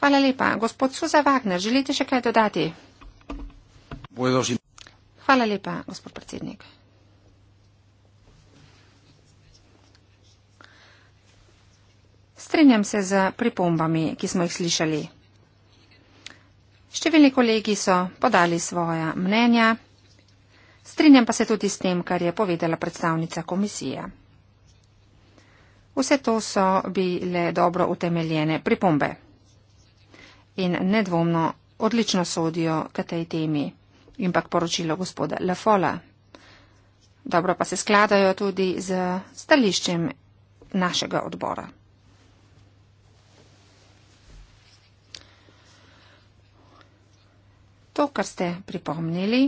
Speaker 4: Hvala lepa. Gospod Suza Wagner, želite še kaj dodati? Bojdoži. Hvala lepa, gospod predsednik. Strenjam se z pripombami, ki smo jih slišali. Številni kolegi so podali svoja mnenja. Strenjam pa se tudi s tem, kar je povedala predstavnica komisije. Vse to so bile dobro utemeljene pripombe in nedvomno odlično sodijo k tej temi in pa poročilo gospoda Lafola. Dobro pa se skladajo tudi z stališčem našega odbora. To, kar ste pripomnili,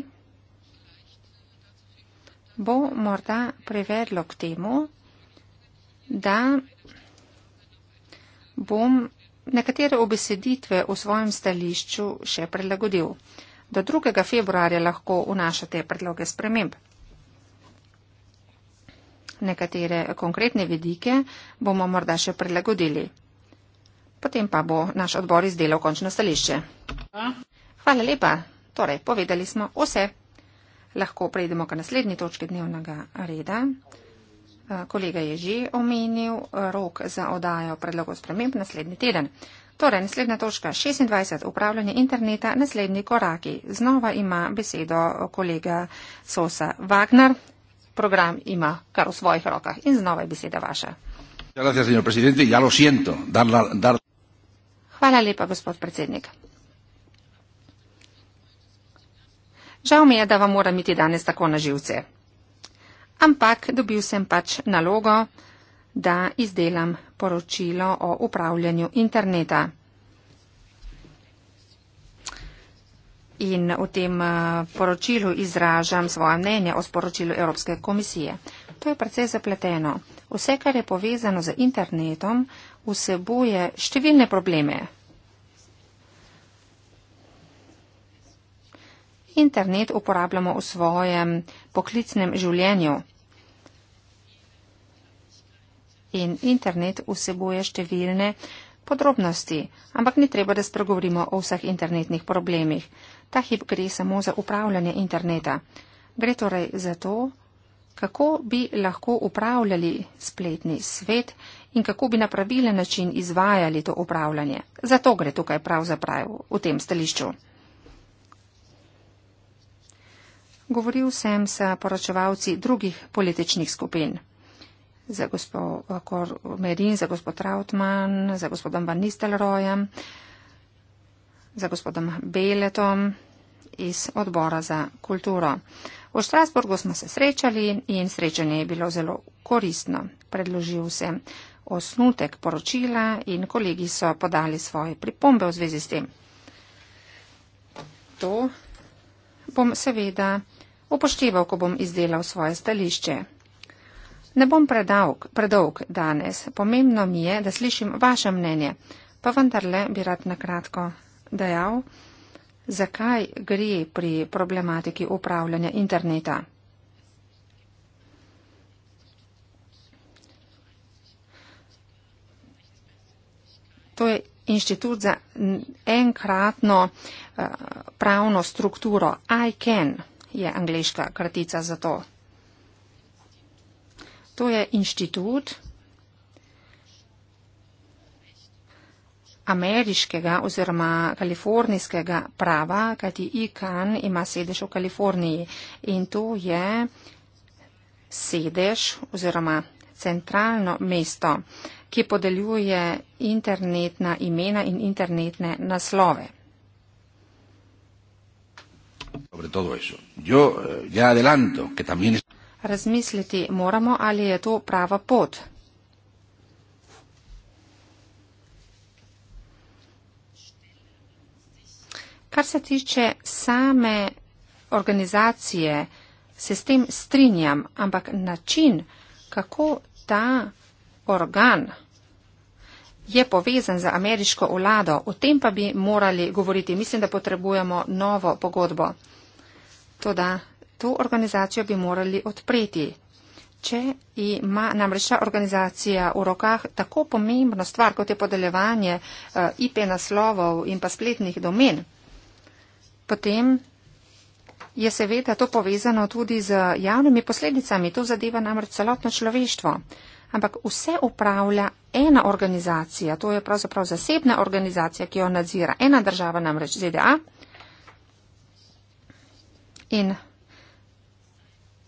Speaker 4: bo morda privedlo k temu, da bom nekatere obeseditve v svojem stališču še prilagodil do 2. februarja lahko vnašate predloge sprememb. Nekatere konkretne vidike bomo morda še prilagodili. Potem pa bo naš odbor izdelal končno stališče. Hvala lepa. Torej, povedali smo vse. Lahko prejdemo k naslednji točki dnevnega reda. Kolega je že omenil rok za odajo predlogov sprememb naslednji teden. Torej, naslednja točka 26, upravljanje interneta, naslednji koraki. Znova ima besedo kolega Sosa Wagner. Program ima kar v svojih rokah in znova je beseda vaša. Hvala lepa, gospod predsednik. Žal mi je, da vam moram iti danes tako na živce. Ampak dobil sem pač nalogo, da izdelam poročilo o upravljanju interneta. In v tem eh, poročilu izražam svoje mnenje o sporočilu Evropske komisije. To je precej zapleteno. Vse, kar je povezano z internetom, vseboje številne probleme. Internet uporabljamo v svojem poklicnem življenju in internet vsebuje številne podrobnosti, ampak ni treba, da spregovorimo o vseh internetnih problemih. Ta hip gre samo za upravljanje interneta. Gre torej za to, kako bi lahko upravljali spletni svet in kako bi na pravilen način izvajali to upravljanje. Zato gre tukaj pravzaprav v tem stališču. Govoril sem s poročevalci drugih političnih skupin za gospo Kor Merin, za gospod Trautmann, za gospodom Van Nistelrojem, za gospodom Beletom iz odbora za kulturo. V Strasburgu smo se srečali in srečanje je bilo zelo koristno. Predložil se osnutek poročila in kolegi so podali svoje pripombe v zvezi s tem. To bom seveda upošteval, ko bom izdelal svoje stališče. Ne bom predolg, predolg danes, pomembno mi je, da slišim vaše mnenje, pa vendarle bi rad na kratko dejal, zakaj gre pri problematiki upravljanja interneta. To je inštitut za enkratno eh, pravno strukturo. ICANN je angliška kratica za to. To je inštitut ameriškega oziroma kalifornijskega prava, kajti ICAN ima sedež v Kaliforniji in to je sedež oziroma centralno mesto, ki podeljuje internetna imena in internetne naslove.
Speaker 3: Sobre todo eso. Yo eh, ya adelanto
Speaker 4: que también Razmisliti moramo, ali je to prava pot. Kar se tiče same organizacije, se s tem strinjam, ampak način, kako ta organ je povezan z ameriško vlado, o tem pa bi morali govoriti. Mislim, da potrebujemo novo pogodbo. Toda to organizacijo bi morali odpreti. Če ima namreč ta organizacija v rokah tako pomembno stvar, kot je podeljevanje eh, IP naslovov in pa spletnih domen, potem je seveda to povezano tudi z javnimi posledicami. To zadeva namreč celotno človeštvo. Ampak vse upravlja ena organizacija, to je pravzaprav zasebna organizacija, ki jo nadzira ena država, namreč ZDA. In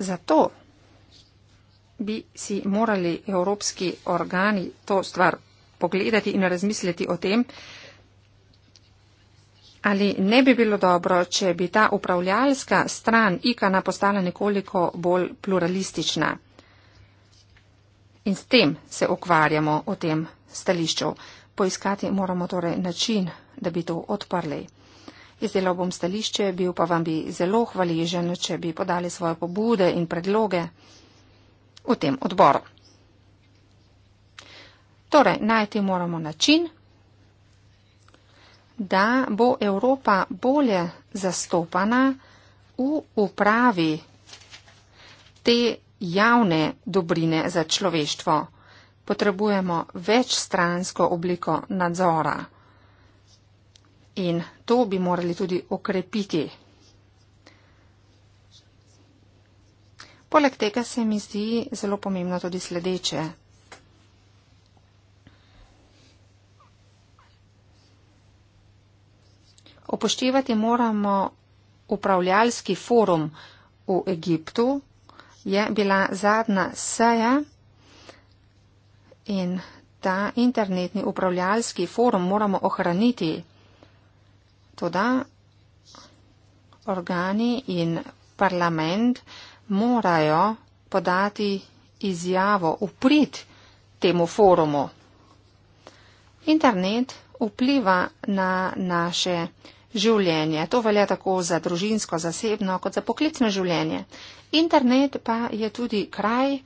Speaker 4: Zato bi si morali evropski organi to stvar pogledati in razmisliti o tem, ali ne bi bilo dobro, če bi ta upravljalska stran IKANA postala nekoliko bolj pluralistična. In s tem se ukvarjamo o tem stališču. Poiskati moramo torej način, da bi to odprli. Izdelal bom stališče, bil pa vam bi zelo hvaležen, če bi podali svoje pobude in predloge v tem odboru. Torej, najti moramo način, da bo Evropa bolje zastopana v upravi te javne dobrine za človeštvo. Potrebujemo večstransko obliko nadzora in to bi morali tudi okrepiti. Poleg tega se mi zdi zelo pomembno tudi sledeče. Upoštevati moramo upravljalski forum v Egiptu. Je bila zadnja seja in ta internetni upravljalski forum moramo ohraniti. Toda organi in parlament morajo podati izjavo, uprit temu forumu. Internet vpliva na naše življenje. To velja tako za družinsko, zasebno, kot za poklicno življenje. Internet pa je tudi kraj,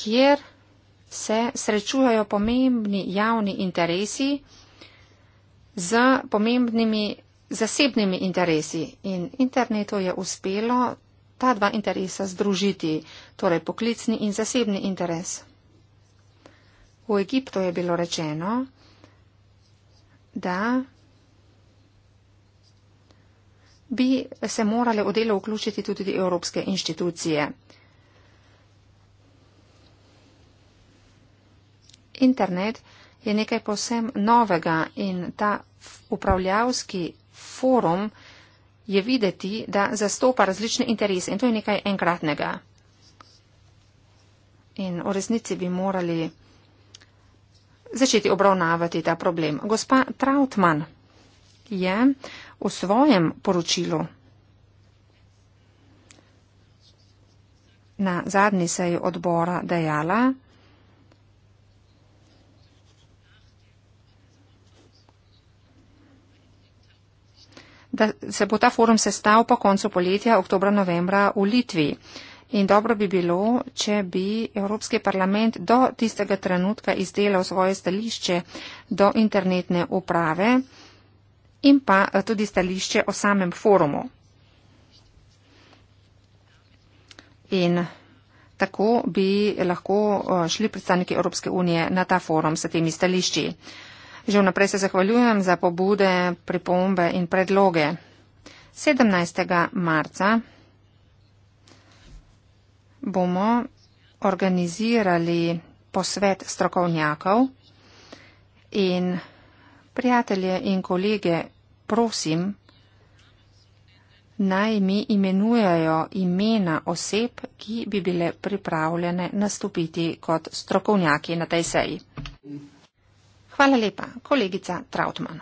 Speaker 4: kjer se srečujejo pomembni javni interesi, z pomembnimi zasebnimi interesi in internetu je uspelo ta dva interesa združiti, torej poklicni in zasebni interes. V Egiptu je bilo rečeno, da bi se morale v delo vključiti tudi evropske inštitucije. Internet je nekaj posem novega in ta upravljavski forum je videti, da zastopa različne interese in to je nekaj enkratnega. In v resnici bi morali začeti obravnavati ta problem. Gospa Trautmann je v svojem poročilu na zadnji seji odbora dejala, da se bo ta forum sestav po koncu poletja, oktobra, novembra v Litvi. In dobro bi bilo, če bi Evropski parlament do tistega trenutka izdelal svoje stališče do internetne uprave in pa eh, tudi stališče o samem forumu. In tako bi lahko eh, šli predstavniki Evropske unije na ta forum s temi stališči. Že vnaprej se zahvaljujem za pobude, pripombe in predloge. 17. marca bomo organizirali posvet strokovnjakov in prijatelje in kolege prosim, naj mi imenujajo imena oseb, ki bi bile pripravljene nastopiti kot strokovnjaki na tej seji. Mm. Hvala lepa, kolegica Trautmann.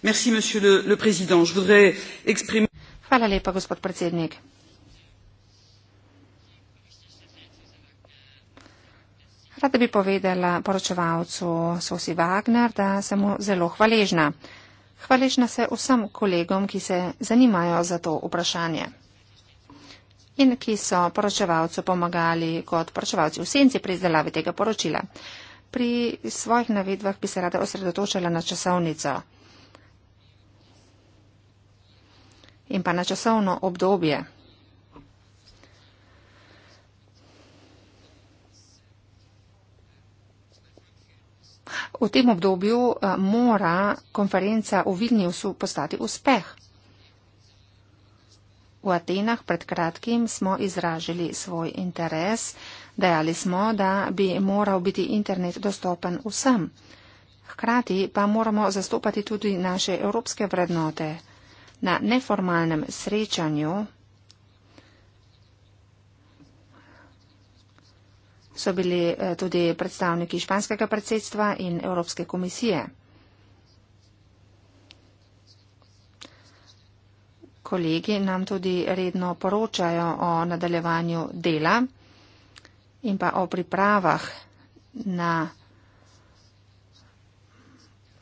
Speaker 3: Merci, monsieur le, le président. Je voudrais exprimer.
Speaker 4: Hvala lepa, gospod predsednik. Rada bi povedala poročevalcu Sosi Wagner, da sem mu zelo hvaležna. Hvaležna se vsem kolegom, ki se zanimajo za to vprašanje in ki so poročevalcu pomagali kot poročevalci v senci pri izdelavi tega poročila. Pri svojih navedbah bi se rada osredotočila na časovnico in pa na časovno obdobje. V tem obdobju eh, mora konferenca v Vilniusu postati uspeh. V Atenah pred kratkim smo izražili svoj interes Dejali smo, da bi moral biti internet dostopen vsem. Hkrati pa moramo zastopati tudi naše evropske vrednote. Na neformalnem srečanju so bili eh, tudi predstavniki španskega predsedstva in Evropske komisije. Kolegi nam tudi redno poročajo o nadaljevanju dela in pa o pripravah na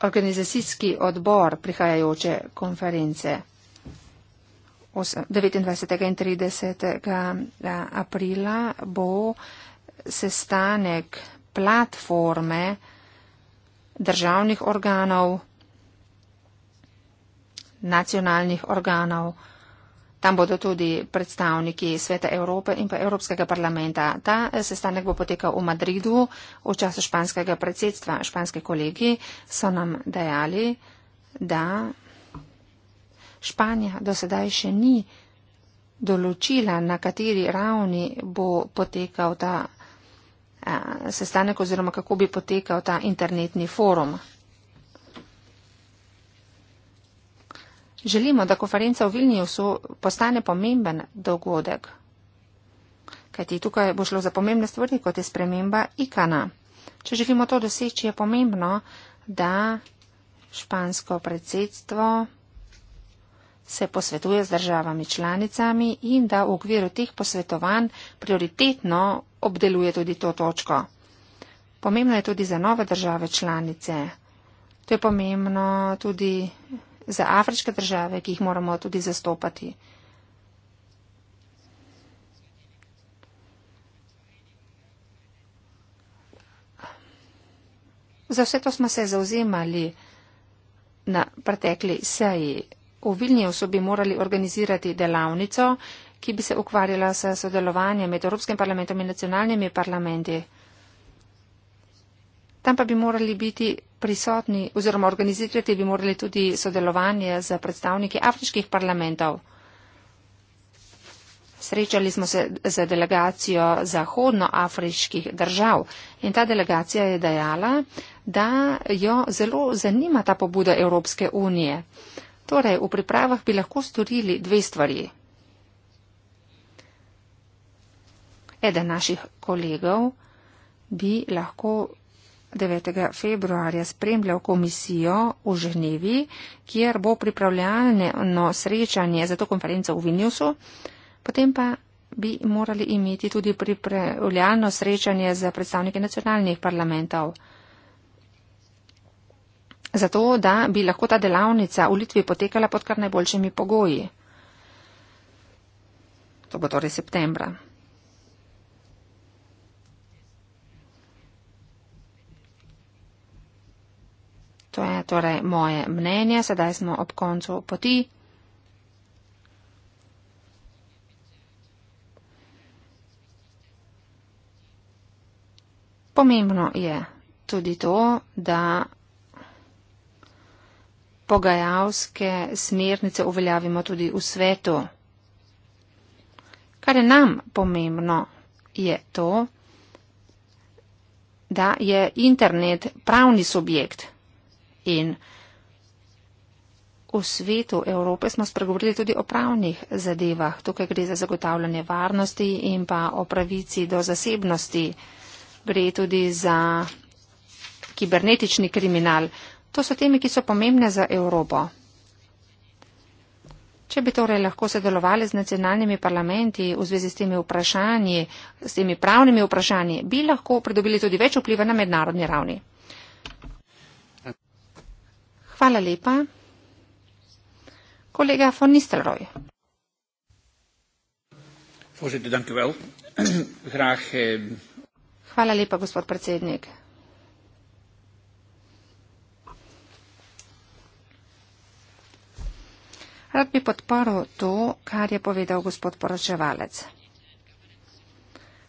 Speaker 4: organizacijski odbor prihajajoče konference 29. in 30. aprila bo sestanek platforme državnih organov, nacionalnih organov, Tam bodo tudi predstavniki Sveta Evrope in pa Evropskega parlamenta. Ta eh, sestanek bo potekal v Madridu v času španskega predsedstva. Španske kolegi so nam dejali, da Španija do sedaj še ni določila, na kateri ravni bo potekal ta eh, sestanek oziroma kako bi potekal ta internetni forum. Želimo, da konferenca v Vilniusu postane pomemben dogodek. Kajti tukaj bo šlo za pomembne stvari, kot je sprememba ikana. Če želimo to doseči, je pomembno, da špansko predsedstvo se posvetuje z državami članicami in da v okviru teh posvetovanj prioritetno obdeluje tudi to točko. Pomembno je tudi za nove države članice. To je pomembno tudi za afriške države, ki jih moramo tudi zastopati. Za vse to smo se zauzemali na pretekli seji. V Vilniusu bi morali organizirati delavnico, ki bi se ukvarjala s sodelovanjem med Evropskim parlamentom in nacionalnimi parlamenti. Tam pa bi morali biti prisotni oziroma organizirati bi morali tudi sodelovanje z predstavniki afriških parlamentov. Srečali smo se z delegacijo zahodnoafriških držav in ta delegacija je dejala, da jo zelo zanima ta pobuda Evropske unije. Torej, v pripravah bi lahko storili dve stvari. Eden naših kolegov bi lahko 9. februarja spremljal komisijo v Ženevi, kjer bo pripravljeno srečanje za to konferenco v Vilniusu, potem pa bi morali imeti tudi pripravljeno srečanje za predstavnike nacionalnih parlamentov. Zato, da bi lahko ta delavnica v Litvi potekala pod kar najboljšimi pogoji. To bo torej septembra. To je torej moje mnenje. Sedaj smo ob koncu poti. Pomembno je tudi to, da pogajalske smernice uveljavimo tudi v svetu. Kar je nam pomembno, je to, da je internet pravni subjekt in v svetu Evrope smo spregovorili tudi o pravnih zadevah. Tukaj gre za zagotavljanje varnosti in pa o pravici do zasebnosti. Gre tudi za kibernetični kriminal. To so teme, ki so pomembne za Evropo. Če bi torej lahko sodelovali z nacionalnimi parlamenti v zvezi s temi vprašanji, s temi pravnimi vprašanji, bi lahko pridobili tudi več vpliva na mednarodni ravni. Hvala lepa. Kolega von Nistelrooy.
Speaker 1: Voorzitter, dank u wel. Graag. Eh...
Speaker 4: Hvala lepa, gospod predsednik. Rad bi podporil to, kar je povedal gospod poročevalec.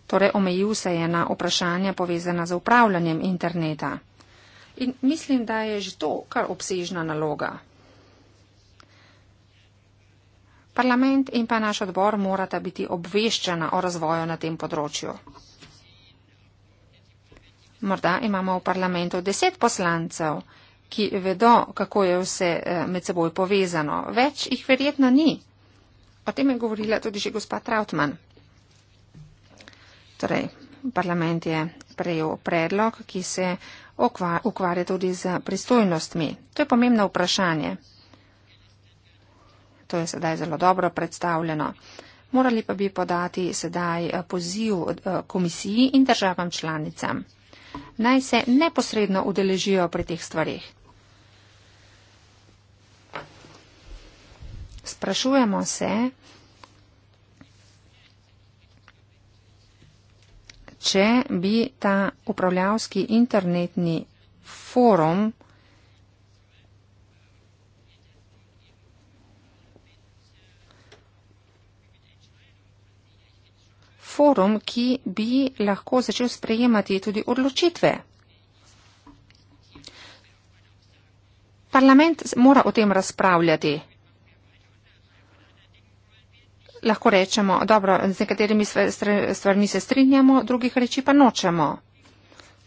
Speaker 4: Torej, omejil se je na vprašanja povezana z upravljanjem interneta. In mislim, da je že to kar obsežna naloga. Parlament in pa naš odbor morata biti obveščena o razvoju na tem področju. Morda imamo v parlamentu deset poslancev, ki vedo, kako je vse eh, med seboj povezano. Več jih verjetno ni. O tem je govorila tudi že gospa Trautmann. Torej, parlament je prejel predlog, ki se ukvarja tudi z pristojnostmi? To je pomembno vprašanje. To je sedaj zelo dobro predstavljeno. Morali pa bi podati sedaj eh, poziv eh, komisiji in državam članicam. Naj se neposredno udeležijo pri teh stvarih. Sprašujemo se, če bi ta upravljavski internetni forum forum, ki bi lahko začel sprejemati tudi odločitve. Parlament mora o tem razpravljati lahko rečemo, dobro, z nekaterimi stvarmi se strinjamo, drugih reči pa nočemo.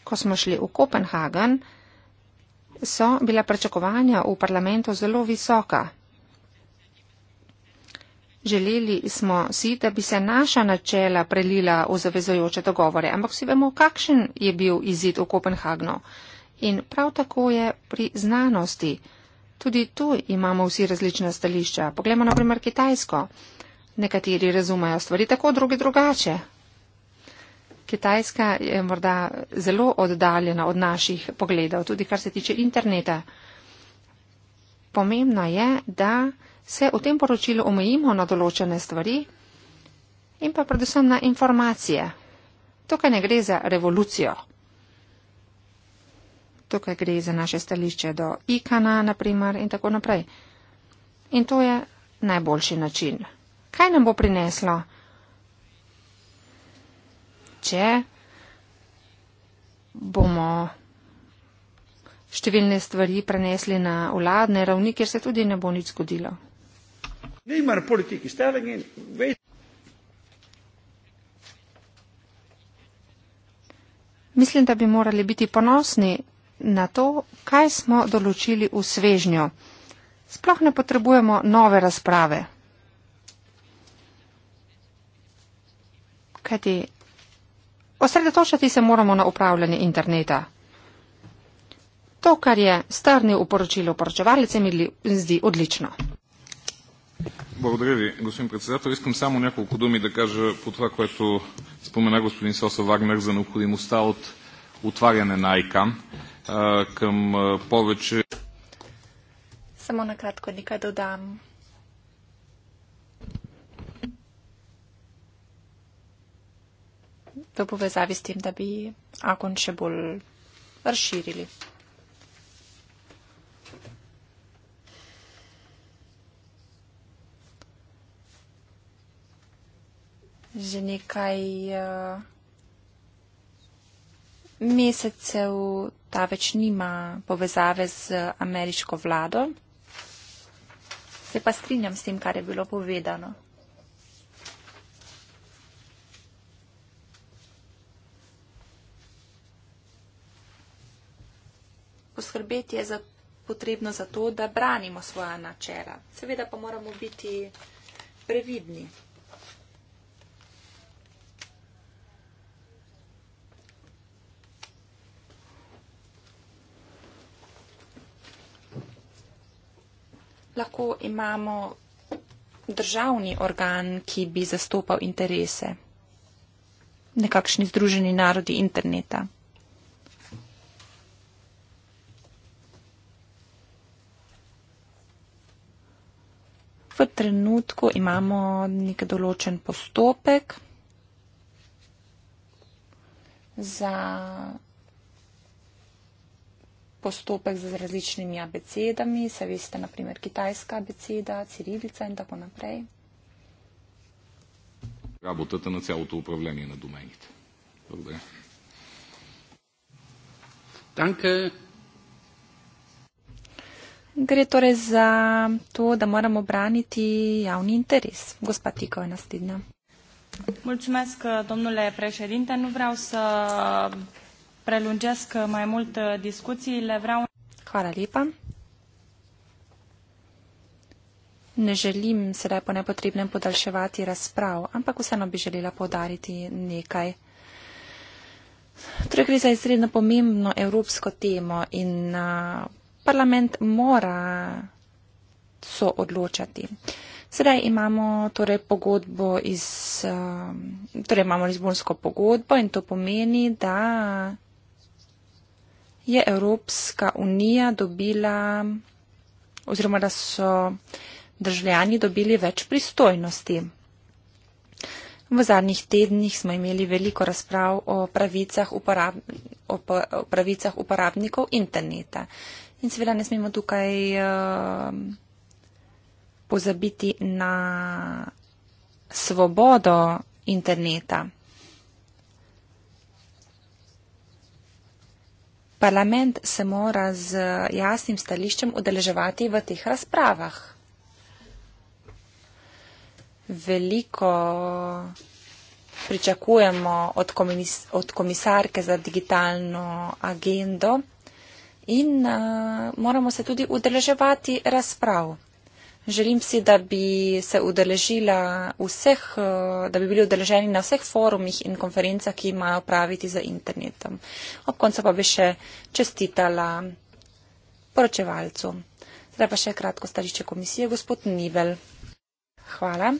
Speaker 4: Ko smo šli v Kopenhagen, so bila pričakovanja v parlamentu zelo visoka. Želeli smo si, da bi se naša načela prelila v zavezojoče dogovore, ampak vsi vemo, kakšen je bil izid v Kopenhagnu. In prav tako je pri znanosti. Tudi tu imamo vsi različna stališča. Poglejmo naprimer Kitajsko. Nekateri razumejo stvari tako, drugi drugače. Kitajska je morda zelo oddaljena od naših pogledov, tudi kar se tiče interneta. Pomembno je, da se v tem poročilu omejimo na določene stvari in pa predvsem na informacije. Tukaj ne gre za revolucijo. Tukaj gre za naše stališče do ikana, naprimer, in tako naprej. In to je najboljši način. Kaj nam bo prineslo? Če bomo številne stvari prenesli na vladne ravni, kjer se tudi ne bo nič zgodilo. Mislim, da bi morali biti ponosni na to, kaj smo določili v svežnju. Sploh ne potrebujemo nove razprave. kajti osredotočati se moramo na upravljanje interneta. To, kar je strnil v poročilo poročevalce, mi zdi odlično.
Speaker 1: Благодаря ви, господин председател. Искам само няколко думи да кажа по това, което спомена господин Соса Вагнер за необходимостта от отваряне на ICAN към повече.
Speaker 2: Само накратко нека додам. Да v povezavi s tem, da bi Akon še bolj razširili. Že nekaj uh, mesecev ta več nima povezave z ameriško vlado. Se pa strinjam s tem, kar je bilo povedano. poskrbeti je za, potrebno za to, da branimo svoja načela. Seveda pa moramo biti previdni. Lahko imamo državni organ, ki bi zastopal interese, nekakšni združeni narodi interneta. trenutku imamo nek določen postopek za postopek z različnimi abecedami, se veste, naprimer kitajska abeceda, cirilica in tako naprej.
Speaker 1: Работата на цялото управление на домените. Благодаря.
Speaker 3: Данка.
Speaker 2: Gre torej za to, da moramo braniti javni interes. Gospa Tiko je naslednja. Mulțumesc, domnule președinte. Nu vreau să prelungesc mai mult discuțiile. Vreau... Hvala lepa. Ne želim sedaj po nepotrebnem podaljševati razprav, ampak vseeno bi želela podariti nekaj. Torej gre za izredno pomembno evropsko temo in uh, parlament mora so odločati. Sedaj imamo torej pogodbo iz, um, torej imamo Lizbonsko pogodbo in to pomeni, da je Evropska unija dobila oziroma da so državljani dobili več pristojnosti. V zadnjih tednih smo imeli veliko razprav o pravicah, uporab, o pravicah uporabnikov interneta. Uh, In seveda ne smemo tukaj ehm, pozabiti na svobodo interneta. Parlament se mora z jasnim stališčem udeleževati v teh razpravah. Veliko pričakujemo od, komis od komisarke za digitalno agendo in uh, moramo se tudi udeleževati razprav. Želim si, da bi se udeležila vseh, eh, da bi bili udeleženi na vseh forumih in konferencah, ki imajo praviti za internetom. Ob koncu pa bi še čestitala poročevalcu. Zdaj pa še kratko stališče komisije, gospod Nivel. Hvala.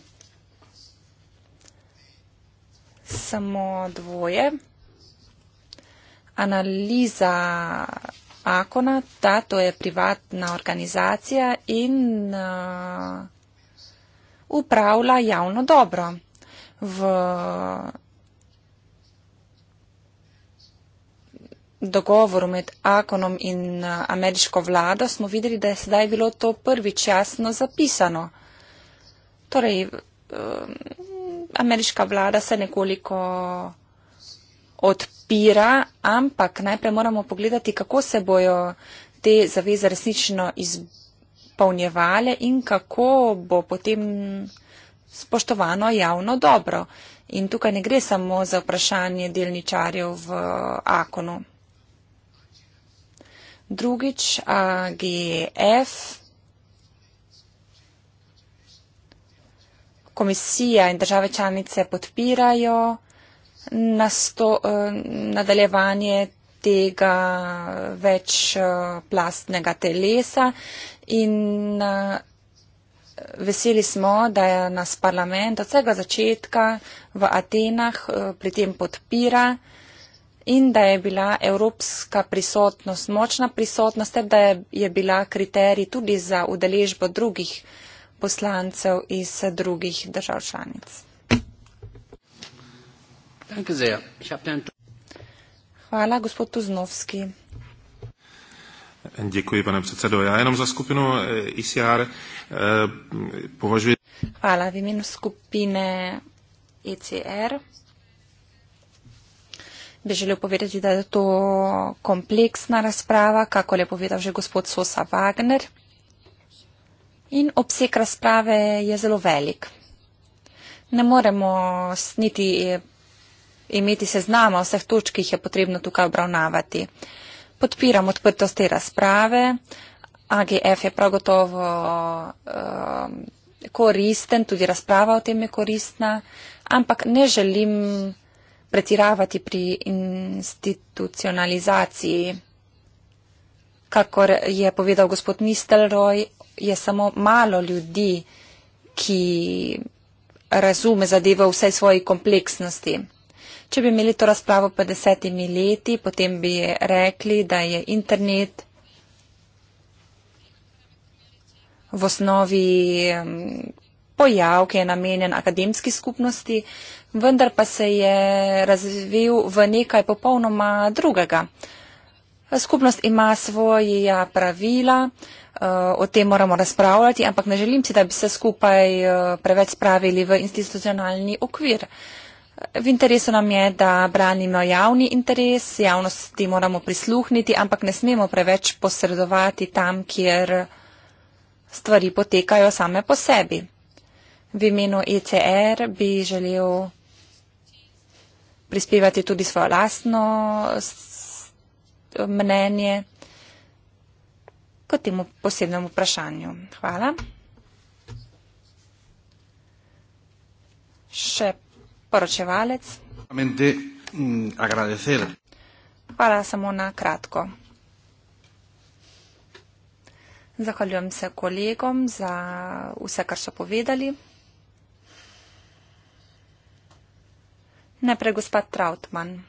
Speaker 2: Samo dvoje. Analiza Akona, ta to je privatna organizacija in uh, upravlja javno dobro. V dogovoru med Akonom in uh, ameriško vlado smo videli, da je sedaj bilo to prvič jasno zapisano. Torej, um, ameriška vlada se nekoliko odpira podpira, ampak najprej moramo pogledati, kako se bojo te zaveze resnično izpolnjevale in kako bo potem spoštovano javno dobro. In tukaj ne gre samo za vprašanje delničarjev v Akonu. Drugič, AGF. E Komisija in države članice podpirajo nasto, eh, nadaljevanje tega večplastnega eh, telesa in eh, veseli smo, da je nas parlament od vsega začetka v Atenah pri tem podpira in da je bila evropska prisotnost močna prisotnost, da je bila kriterij tudi za udeležbo drugih poslancev iz drugih držav članic.
Speaker 4: Danke sehr. Ich habe den
Speaker 2: Hvala, gospod Tuznovski.
Speaker 3: Děkuji, pane předsedo. Já jenom za skupinu ICR eh, e eh, považuji.
Speaker 2: Hvala, v jménu skupiny ICR e bi želel povedati, da je to kompleksna razprava, kako je povedal že gospod Sosa Wagner. In obseg razprave je zelo velik. Ne moremo niti imeti seznama vseh točk, ki jih je potrebno tukaj obravnavati. Podpiram odprtost te razprave. AGF je prav gotovo um, koristen, tudi razprava o tem je koristna, ampak ne želim pretiravati pri institucionalizaciji. Kakor je povedal gospod Nistelroj, je samo malo ljudi, ki razume zadevo vsej svoji kompleksnosti. Če bi imeli to razpravo pred desetimi leti, potem bi rekli, da je internet v osnovi pojav, ki je namenjen akademski skupnosti, vendar pa se je razvil v nekaj popolnoma drugega. Skupnost ima svoja pravila, eh, o tem moramo razpravljati, ampak ne želim si, da bi se skupaj eh, preveč spravili v institucionalni okvir. V interesu nam je, da branimo javni interes, javnosti moramo prisluhniti, ampak ne smemo preveč posredovati tam, kjer stvari potekajo same po sebi. V imenu ECR bi želel prispevati tudi svojo lastno mnenje k temu posebnemu vprašanju. Hvala. Še poročevalec.
Speaker 1: Mm,
Speaker 2: Hvala samo na kratko. Zahvaljujem se kolegom za vse, kar so povedali. Najprej gospod Trautman.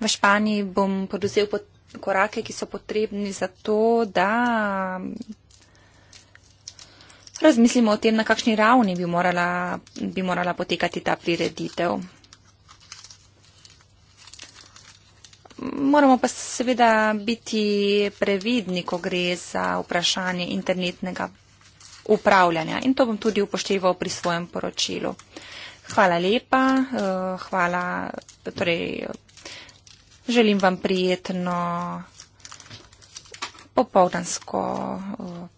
Speaker 2: V Španiji bom poduzel korake, ki so potrebni za to, da razmislimo o tem, na kakšni ravni bi morala, bi morala potekati ta prireditev. Moramo pa seveda biti previdni, ko gre za vprašanje internetnega upravljanja in to bom tudi upošteval pri svojem poročilu. Hvala lepa, eh, hvala, torej želim vam prijetno popovdansko. Eh,